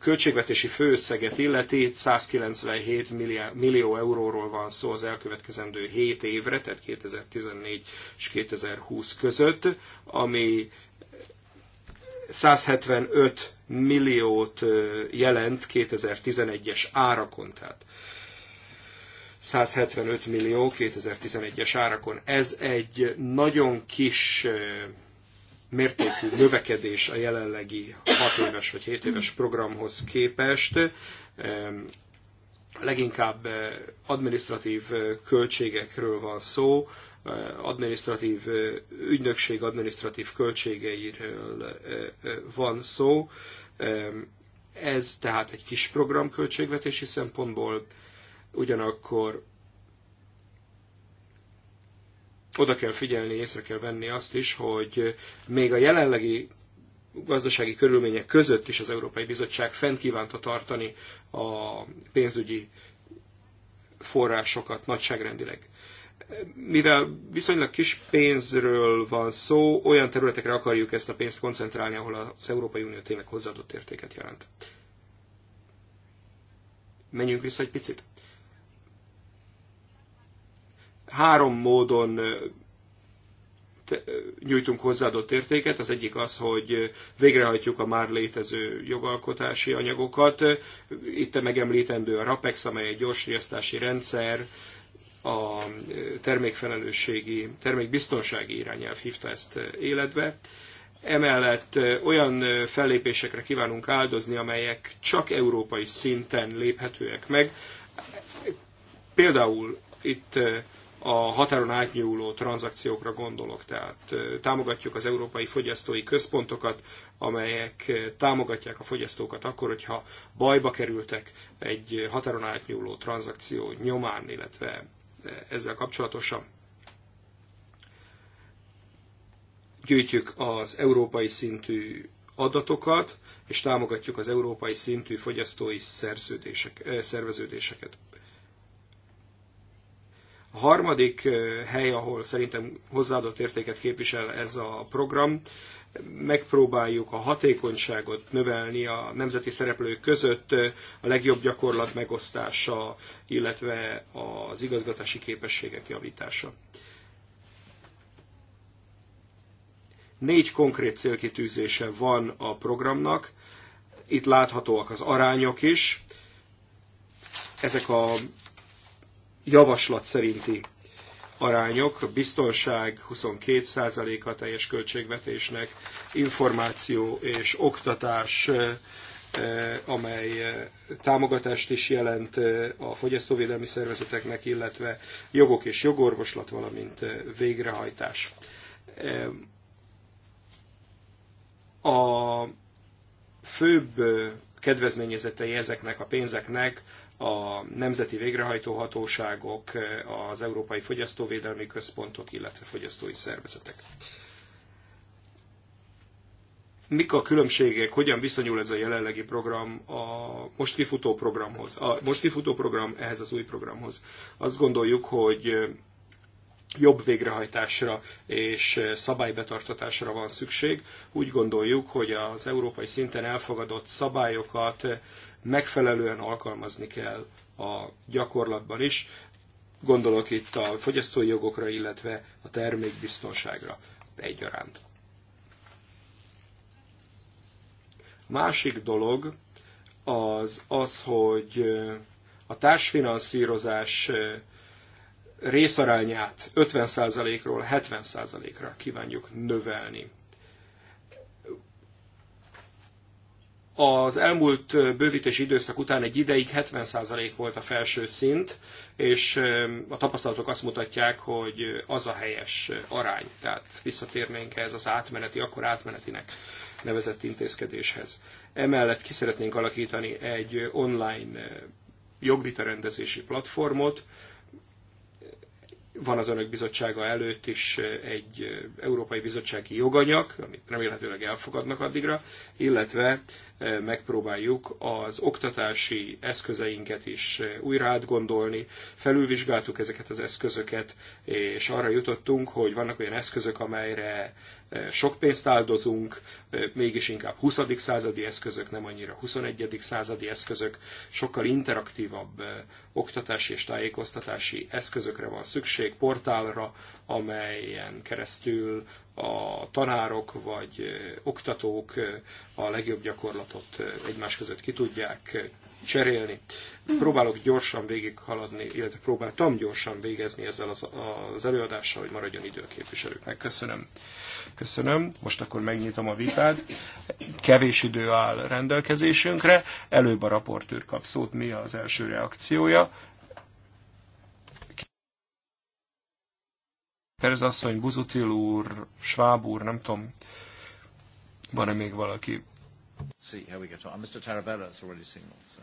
költségvetési főösszeget illeti, 197 millió euróról van szó az elkövetkezendő 7 évre, tehát 2014 és 2020 között, ami 175 milliót jelent 2011-es árakon, tehát 175 millió 2011-es árakon. Ez egy nagyon kis mértékű növekedés a jelenlegi 6 éves vagy 7 éves programhoz képest. Leginkább eh, administratív eh, költségekről van szó, eh, administratív ügynökség administratív költségeiről van szó. Ez tehát egy kis program költségvetési szempontból, ugyanakkor oda kell figyelni, észre kell venni azt is, hogy még a jelenlegi gazdasági körülmények között is az Európai Bizottság fent kívánta tartani a pénzügyi forrásokat nagyságrendileg. Mivel viszonylag kis pénzről van szó, olyan területekre akarjuk ezt a pénzt koncentrálni, ahol az Európai Unió tényleg hozzáadott értéket jelent. Menjünk vissza egy picit. Három módon nyújtunk hozzáadott értéket. Az egyik az, hogy végrehajtjuk a már létező jogalkotási anyagokat. Itt megemlítendő a RAPEX, amely egy gyorsriasztási rendszer, a termékfelelősségi, termékbiztonsági irányelv hívta ezt életbe. Emellett olyan fellépésekre kívánunk áldozni, amelyek csak európai szinten léphetőek meg. Például itt a határon átnyúló tranzakciókra gondolok. Tehát támogatjuk az európai fogyasztói központokat, amelyek támogatják a fogyasztókat akkor, hogyha bajba kerültek egy határon átnyúló tranzakció nyomán, illetve ezzel kapcsolatosan. Gyűjtjük az európai szintű adatokat, és támogatjuk az európai szintű fogyasztói szerződések, szerveződéseket. A harmadik hely, ahol szerintem hozzáadott értéket képvisel ez a program, megpróbáljuk a hatékonyságot növelni a nemzeti szereplők között, a legjobb gyakorlat megosztása, illetve az igazgatási képességek javítása. Négy konkrét célkitűzése van a programnak, itt láthatóak az arányok is. Ezek a javaslat szerinti arányok, biztonság 22%-a teljes költségvetésnek, információ és oktatás, amely támogatást is jelent a fogyasztóvédelmi szervezeteknek, illetve jogok és jogorvoslat, valamint végrehajtás. A főbb kedvezményezetei ezeknek a pénzeknek a nemzeti végrehajtóhatóságok, az Európai Fogyasztóvédelmi Központok, illetve fogyasztói szervezetek. Mik a különbségek, hogyan viszonyul ez a jelenlegi program a most kifutó programhoz? A most kifutó program ehhez az új programhoz. Azt gondoljuk, hogy jobb végrehajtásra és szabálybetartatásra van szükség. Úgy gondoljuk, hogy az európai szinten elfogadott szabályokat megfelelően alkalmazni kell a gyakorlatban is. Gondolok itt a fogyasztói jogokra, illetve a termékbiztonságra egyaránt. Másik dolog az az, hogy eh, a társfinanszírozás eh, részarányát 50%-ról 70%-ra kívánjuk növelni. Az elmúlt bővítési időszak után egy ideig 70% volt a felső szint, és a tapasztalatok azt mutatják, hogy az a helyes arány. Tehát visszatérnénk ehhez az átmeneti, akkor átmenetinek nevezett intézkedéshez. Emellett ki szeretnénk alakítani egy online jogvitarendezési platformot, van az önök bizottsága előtt is eh, egy eh, Európai Bizottsági joganyag, amit remélhetőleg elfogadnak addigra, illetve eh, megpróbáljuk az oktatási eszközeinket is újra átgondolni. Felülvizsgáltuk ezeket az eszközöket, és arra jutottunk, hogy vannak olyan eszközök, amelyre sok pénzt áldozunk, mégis inkább 20. századi eszközök, nem annyira 21. századi eszközök, sokkal interaktívabb oktatási és tájékoztatási eszközökre van szükség, portálra, amelyen keresztül a tanárok vagy oktatók a legjobb gyakorlatot egymás között ki tudják cserélni. Próbálok gyorsan végighaladni, illetve próbáltam gyorsan végezni ezzel az, az előadással, hogy maradjon idő a képviselőknek. Köszönöm. Köszönöm. Most akkor megnyitom a vitát. Kevés idő áll rendelkezésünkre. Előbb a raportőr kap szót, mi az első reakciója. Perez asszony, Buzutil úr, Schwab úr, nem tudom, van-e még valaki? See how we get on. Uh, Mr. Tarabella has already signaled. So.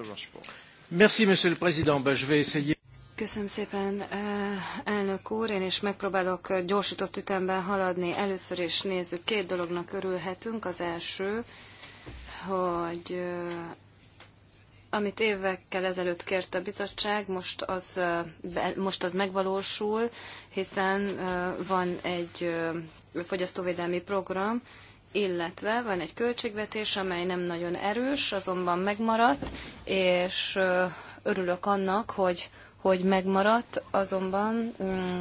Mr. Rochefort. Merci, Monsieur le Président. Ben, je vais essayer. Köszönöm szépen, eh, elnök úr. Én is megpróbálok gyorsított ütemben haladni. Először is nézzük, két dolognak örülhetünk. Az első, hogy eh, amit évekkel ezelőtt kért a bizottság, most az, eh, most az megvalósul, hiszen van egy fogyasztóvédelmi program, illetve van egy költségvetés, amely nem nagyon erős, azonban megmaradt, és örülök annak, hogy hogy megmaradt, azonban mm,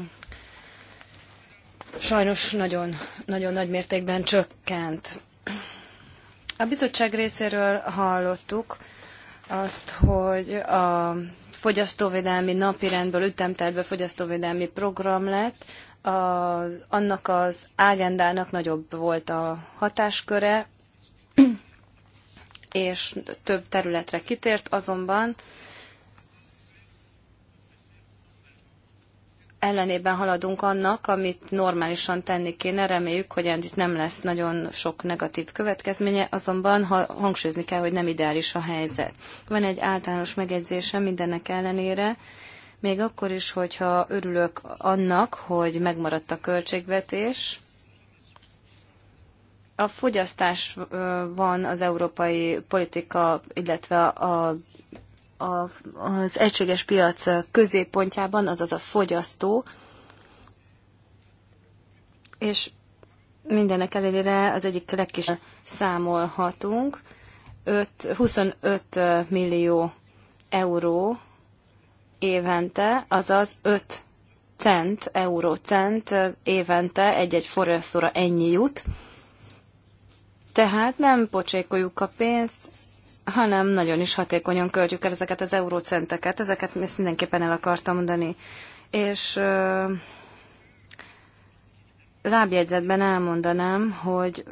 sajnos nagyon, nagyon nagy mértékben csökkent. A bizottság részéről hallottuk azt, hogy a fogyasztóvédelmi napirendből ütemtervbe fogyasztóvédelmi program lett, a, annak az ágendának nagyobb volt a hatásköre, és több területre kitért, azonban ellenében haladunk annak, amit normálisan tenni kéne. Reméljük, hogy itt nem lesz nagyon sok negatív következménye, azonban ha hangsúlyozni kell, hogy nem ideális a helyzet. Van egy általános megjegyzésem mindennek ellenére, még akkor is, hogyha örülök annak, hogy megmaradt a költségvetés, a fogyasztás van az európai politika, illetve a a, az egységes piac középpontjában, azaz a fogyasztó, és mindenek ellenére az egyik legkisebb számolhatunk. 5, 25 millió euró évente, azaz 5 cent, eurócent évente egy-egy forrászóra ennyi jut. Tehát nem pocsékoljuk a pénzt, hanem nagyon is hatékonyan költjük el ezeket az eurócenteket. Ezeket ezt mindenképpen el akartam mondani. És ö, lábjegyzetben elmondanám, hogy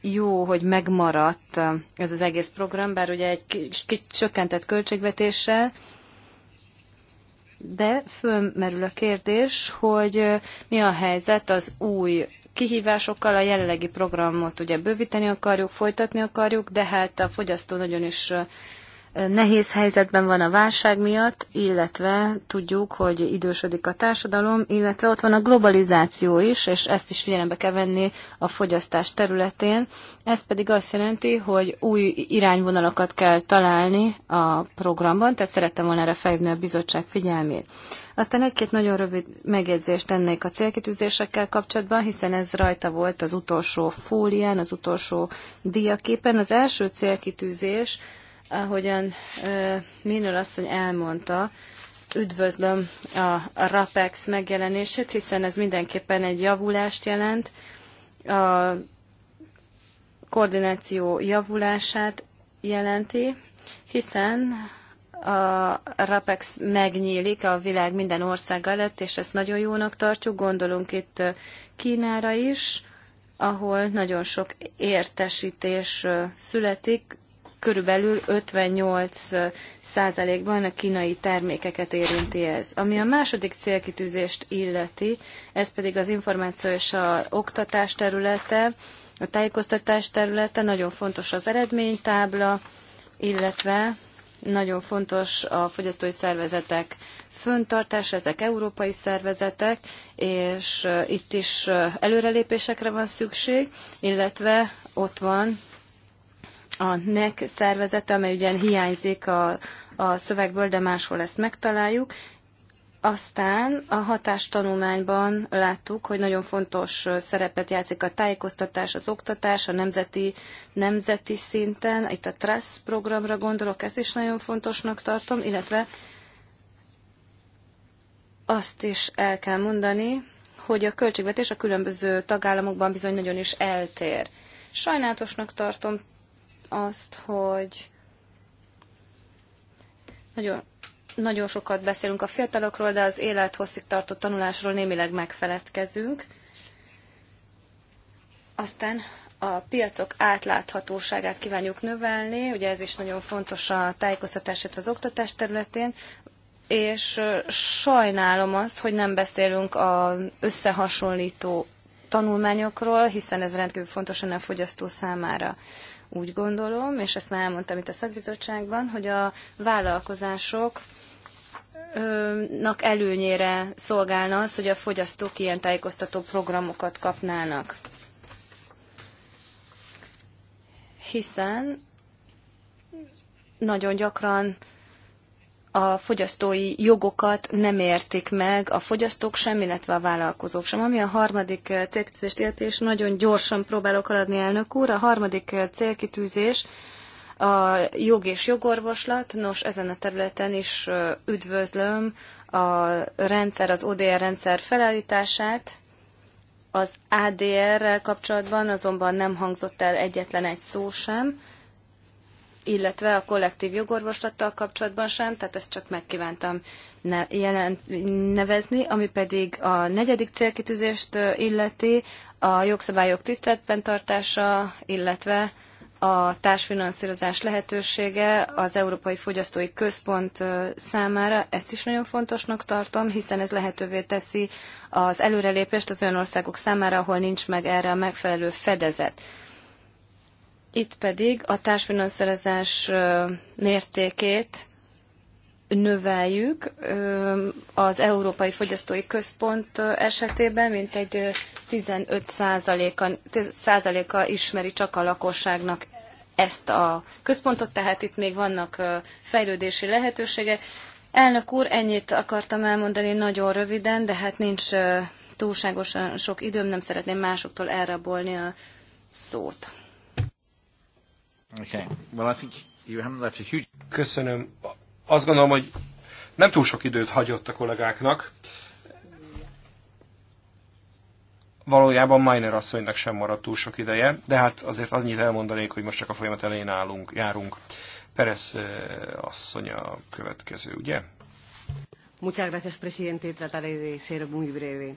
jó, hogy megmaradt ez az egész program, bár ugye egy kicsit csökkentett költségvetéssel, de fölmerül a kérdés, hogy mi a helyzet az új kihívásokkal, a jelenlegi programot ugye bővíteni akarjuk, folytatni akarjuk, de hát a fogyasztó nagyon is nehéz helyzetben van a válság miatt, illetve tudjuk, hogy idősödik a társadalom, illetve ott van a globalizáció is, és ezt is figyelembe kell venni a fogyasztás területén. Ez pedig azt jelenti, hogy új irányvonalakat kell találni a programban, tehát szerettem volna erre felhívni a bizottság figyelmét. Aztán egy-két nagyon rövid megjegyzést tennék a célkitűzésekkel kapcsolatban, hiszen ez rajta volt az utolsó fólián, az utolsó diaképen. Az első célkitűzés, ahogyan Minőr asszony elmondta, üdvözlöm a, a RAPEX megjelenését, hiszen ez mindenképpen egy javulást jelent, a koordináció javulását jelenti, hiszen a RAPEX megnyílik a világ minden ország előtt, és ezt nagyon jónak tartjuk. Gondolunk itt Kínára is, ahol nagyon sok értesítés születik, körülbelül 58 százalékban a kínai termékeket érinti ez. Ami a második célkitűzést illeti, ez pedig az információ és a oktatás területe, a tájékoztatás területe, nagyon fontos az eredménytábla, illetve nagyon fontos a fogyasztói szervezetek föntartása, ezek európai szervezetek, és itt is előrelépésekre van szükség, illetve ott van a NEC szervezete, amely ugyan hiányzik a, a szövegből, de máshol ezt megtaláljuk, aztán a hatástanulmányban láttuk, hogy nagyon fontos szerepet játszik a tájékoztatás, az oktatás, a nemzeti, nemzeti szinten. Itt a TRASZ programra gondolok, ezt is nagyon fontosnak tartom, illetve azt is el kell mondani, hogy a költségvetés a különböző tagállamokban bizony nagyon is eltér. Sajnálatosnak tartom azt, hogy nagyon nagyon sokat beszélünk a fiatalokról, de az élethosszig tartó tanulásról némileg megfeledkezünk. Aztán a piacok átláthatóságát kívánjuk növelni, ugye ez is nagyon fontos a tájékoztatásért az oktatás területén, és sajnálom azt, hogy nem beszélünk az összehasonlító tanulmányokról, hiszen ez rendkívül fontos a fogyasztó számára. Úgy gondolom, és ezt már elmondtam itt a szakbizottságban, hogy a vállalkozások nak előnyére szolgálna az, hogy a fogyasztók ilyen tájékoztató programokat kapnának. Hiszen nagyon gyakran a fogyasztói jogokat nem értik meg a fogyasztók sem, illetve a vállalkozók sem. Ami a harmadik célkitűzést illeti, és nagyon gyorsan próbálok haladni, elnök úr, a harmadik célkitűzés a jog és jogorvoslat, nos, ezen a területen is üdvözlöm a rendszer, az ODR rendszer felállítását. Az ADR-rel kapcsolatban azonban nem hangzott el egyetlen egy szó sem, illetve a kollektív jogorvoslattal kapcsolatban sem, tehát ezt csak megkívántam ne, nevezni, ami pedig a negyedik célkitűzést illeti, a jogszabályok tiszteletben tartása, illetve a társfinanszírozás lehetősége az Európai Fogyasztói Központ számára. Ezt is nagyon fontosnak tartom, hiszen ez lehetővé teszi az előrelépést az olyan országok számára, ahol nincs meg erre a megfelelő fedezet. Itt pedig a társfinanszírozás mértékét növeljük. Az Európai Fogyasztói Központ esetében mintegy 15%-a ismeri csak a lakosságnak ezt a központot, tehát itt még vannak fejlődési lehetőségek. Elnök úr, ennyit akartam elmondani nagyon röviden, de hát nincs túlságosan sok időm, nem szeretném másoktól elrabolni a szót. Okay. Well, I think you haven't left a huge... Köszönöm azt gondolom, hogy nem túl sok időt hagyott a kollégáknak. Valójában Miner asszonynak sem maradt túl sok ideje, de hát azért annyit elmondanék, hogy most csak a folyamat elején állunk, járunk. Perez eh, asszony a következő, ugye? Muchas gracias, presidente. Trataré de ser muy breve.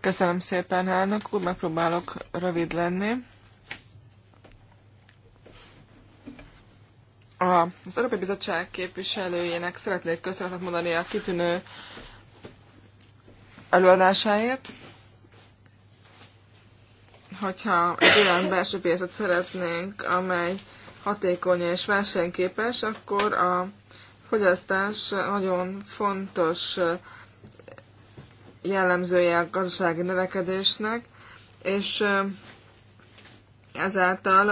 Köszönöm szépen, elnök úr, megpróbálok rövid lenni. Az Európai Bizottság képviselőjének szeretnék köszönetet mondani a kitűnő előadásáért. Hogyha egy olyan belső piacot szeretnénk, amely hatékony és versenyképes, akkor a fogyasztás nagyon fontos jellemzője a gazdasági növekedésnek, és ezáltal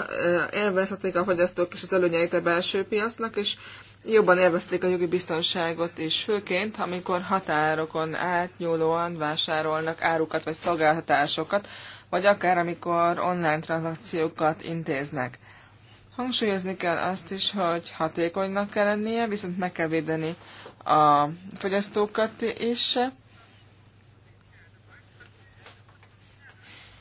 élvezhetik a fogyasztók és az előnyeit a belső piacnak, és jobban élvezték a jogi biztonságot is, főként, amikor határokon átnyúlóan vásárolnak árukat vagy szolgáltatásokat, vagy akár amikor online tranzakciókat intéznek. Hangsúlyozni kell azt is, hogy hatékonynak kell lennie, viszont meg kell védeni a fogyasztókat is,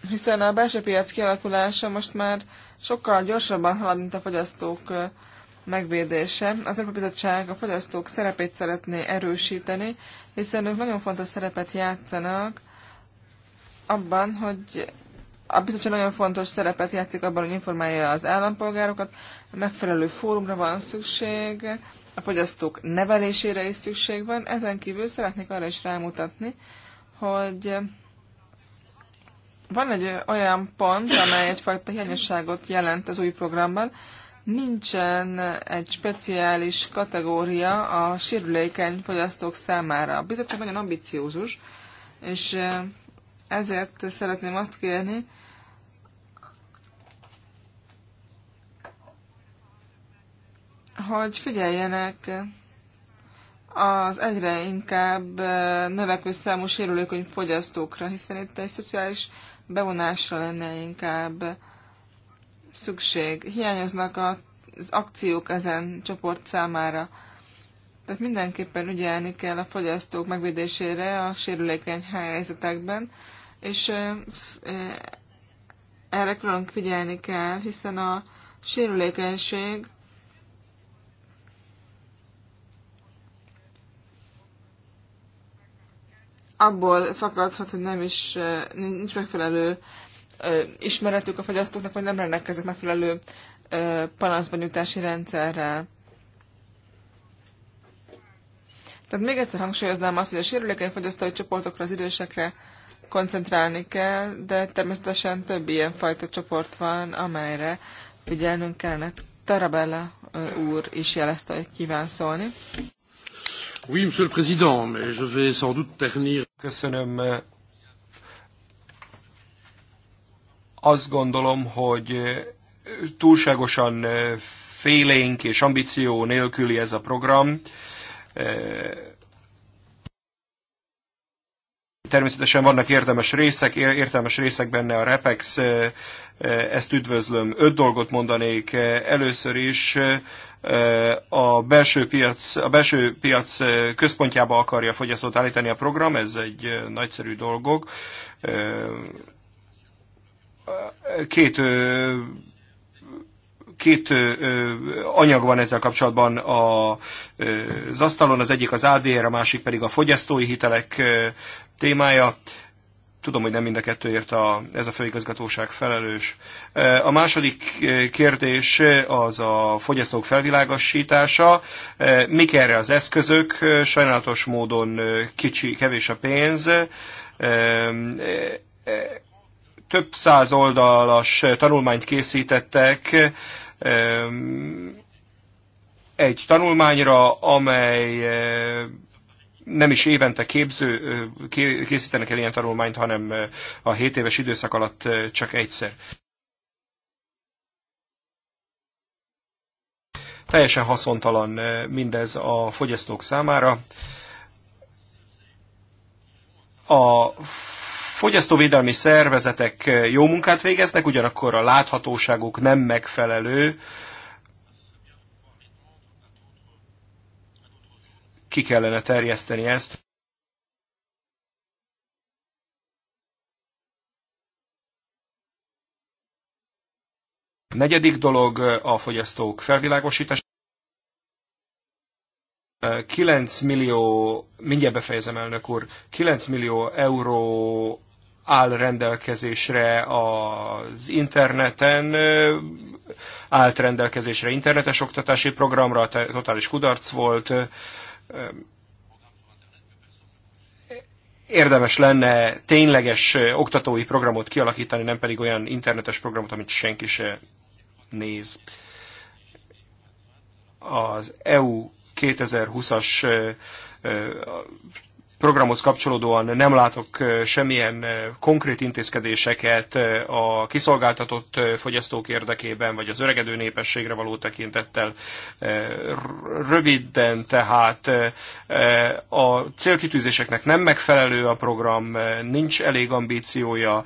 hiszen a belső piac kialakulása most már sokkal gyorsabban halad, mint a fogyasztók megvédése. Az Európai Bizottság a fogyasztók szerepét szeretné erősíteni, hiszen ők nagyon fontos szerepet játszanak abban, hogy a bizottság nagyon fontos szerepet játszik abban, hogy informálja az állampolgárokat, a megfelelő fórumra van szükség, a fogyasztók nevelésére is szükség van. Ezen kívül szeretnék arra is rámutatni, hogy van egy olyan pont, amely egyfajta hiányosságot jelent az új programban. Nincsen egy speciális kategória a sérülékeny fogyasztók számára. A bizottság nagyon ambiciózus, és ezért szeretném azt kérni, hogy figyeljenek az egyre inkább növekvő számú sérülékeny fogyasztókra, hiszen itt egy szociális bevonásra lenne inkább szükség. Hiányoznak az akciók ezen csoport számára. Tehát mindenképpen ügyelni kell a fogyasztók megvédésére a sérülékeny helyzetekben, és erre külön figyelni kell, hiszen a sérülékenység abból fakadhat, hogy nem is, nincs megfelelő ismeretük a fogyasztóknak, vagy nem rendelkeznek megfelelő panaszban jutási rendszerrel. Tehát még egyszer hangsúlyoznám azt, hogy a sérülékeny fogyasztói csoportokra, az idősekre koncentrálni kell, de természetesen több ilyen fajta csoport van, amelyre figyelnünk kellene. Tarabella úr is jelezte, hogy kíván szólni. Köszönöm. Azt gondolom, hogy túlságosan félénk és ambíció nélküli ez a program. Természetesen vannak érdemes részek, értelmes részek benne a REPEX Eh, ezt üdvözlöm. Öt dolgot mondanék. Eh, először is eh, a belső piac, a belső piac központjába akarja fogyasztót állítani a program, ez egy nagyszerű dolgok. Két két anyag van ezzel kapcsolatban a, az asztalon, az egyik az ADR, a másik pedig a fogyasztói hitelek témája. Tudom, hogy nem mind a kettőért a, ez a főigazgatóság felelős. E, a második e, kérdés e, az a fogyasztók felvilágosítása. Mik erre az eszközök? Sajnálatos módon kicsi, kevés a pénz több száz oldalas tanulmányt készítettek egy tanulmányra, amely nem is évente képző, készítenek el ilyen tanulmányt, hanem a 7 éves időszak alatt csak egyszer. Teljesen haszontalan mindez a fogyasztók számára. A fogyasztóvédelmi szervezetek jó munkát végeznek, ugyanakkor a láthatóságuk nem megfelelő, ki kellene terjeszteni ezt. negyedik dolog a fogyasztók felvilágosítása. 9 millió, mindjárt befejezem elnök úr, 9 millió euró áll rendelkezésre az interneten, állt rendelkezésre internetes oktatási programra, totális kudarc volt, érdemes lenne tényleges oktatói programot kialakítani, nem pedig olyan internetes programot, amit senki se néz. Az EU 2020-as programhoz kapcsolódóan nem látok semmilyen konkrét intézkedéseket a kiszolgáltatott fogyasztók érdekében, vagy az öregedő népességre való tekintettel. Röviden tehát a célkitűzéseknek nem megfelelő a program, nincs elég ambíciója,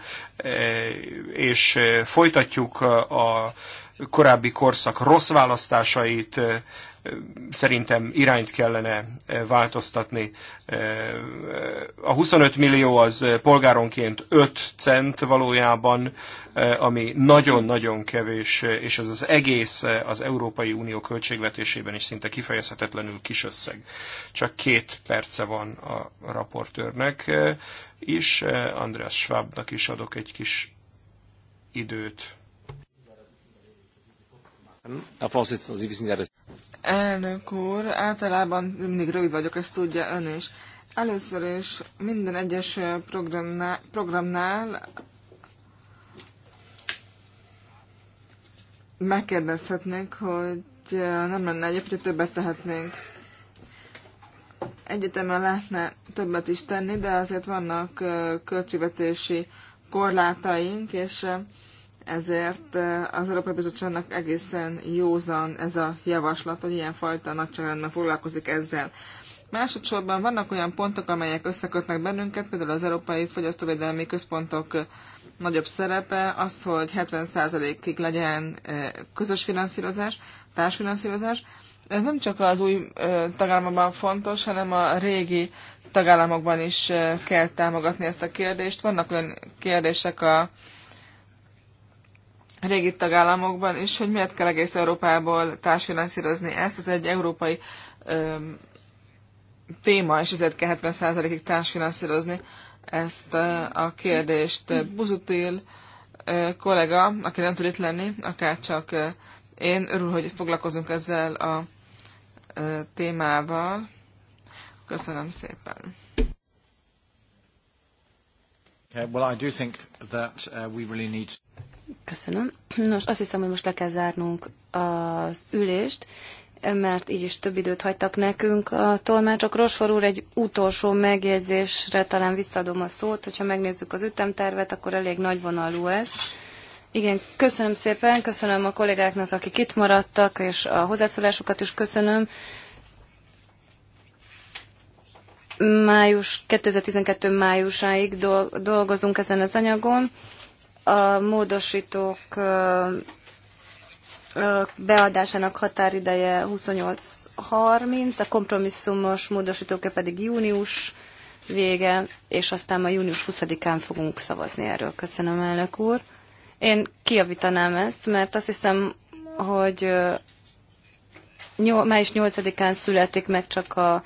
és folytatjuk a korábbi korszak rossz választásait, szerintem irányt kellene változtatni. A 25 millió az polgáronként 5 cent valójában, ami nagyon-nagyon kevés, és ez az egész az Európai Unió költségvetésében is szinte kifejezhetetlenül kis összeg. Csak két perce van a raportőrnek is, András Schwabnak is adok egy kis időt. Elnök úr, általában mindig rövid vagyok, ezt tudja ön is. Először is minden egyes programnál, programnál megkérdezhetnénk, hogy nem lenne egyéb, hogy többet tehetnénk. Egyetemen lehetne többet is tenni, de azért vannak költségvetési korlátaink, és ezért eh, az Európai Bizottságnak egészen józan ez a javaslat, hogy ilyenfajta nagyságrendben foglalkozik ezzel. Másodszorban vannak olyan pontok, amelyek összekötnek bennünket, például az Európai Fogyasztóvédelmi Központok eh, nagyobb szerepe az, hogy 70%-ig legyen eh, közös finanszírozás, társfinanszírozás. Ez nem csak az új tagállamokban fontos, hanem a régi tagállamokban is kell támogatni ezt a kérdést. Vannak olyan kérdések a régi tagállamokban is, hogy miért kell egész Európából társfinanszírozni ezt. Ez egy európai öm, téma, és ezért kell 70%-ig társfinanszírozni ezt a kérdést. Buzutil kollega, aki nem tud itt lenni, akár csak én örül, hogy foglalkozunk ezzel a témával. Köszönöm szépen. Okay, well, I do think that uh, we really need Köszönöm. Nos, azt hiszem, hogy most le kell zárnunk az ülést, mert így is több időt hagytak nekünk a tolmácsok. Rosfor úr, egy utolsó megjegyzésre talán visszadom a szót, hogyha megnézzük az ütemtervet, akkor elég nagyvonalú ez. Igen, köszönöm szépen, köszönöm a kollégáknak, akik itt maradtak, és a hozzászólásokat is köszönöm. Május, 2012 májusáig dolgozunk ezen az anyagon a módosítók beadásának határideje 28.30, a kompromisszumos módosítóké pedig június vége, és aztán a június 20-án fogunk szavazni erről. Köszönöm, elnök úr. Én kiavítanám ezt, mert azt hiszem, hogy május 8-án születik meg csak a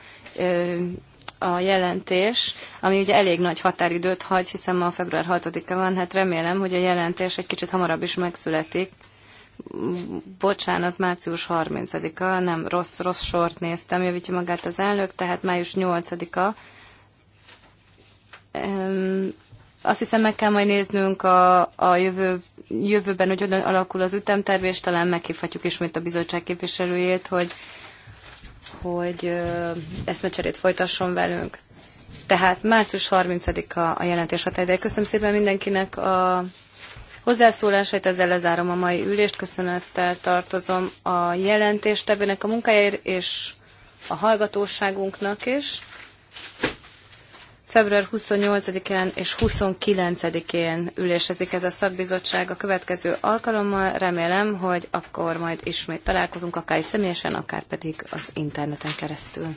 a jelentés, ami ugye elég nagy határidőt hagy, hiszen ma február 6-a van, hát remélem, hogy a jelentés egy kicsit hamarabb is megszületik. Bocsánat, március 30-a, nem rossz, rossz sort néztem, javítja magát az elnök, tehát május 8-a. Azt hiszem meg kell majd néznünk a, a jövő, jövőben, hogy hogyan alakul az ütemterv, és talán meghívhatjuk ismét a bizottság képviselőjét, hogy hogy eszmecserét folytasson velünk. Tehát március 30-a a jelentés határideje. Köszönöm szépen mindenkinek a hozzászólásait, ezzel lezárom a mai ülést. Köszönettel tartozom a jelentéstevőnek a munkáért és a hallgatóságunknak is. Február 28-án és 29-én ülésezik ez a szakbizottság a következő alkalommal. Remélem, hogy akkor majd ismét találkozunk, akár személyesen, akár pedig az interneten keresztül.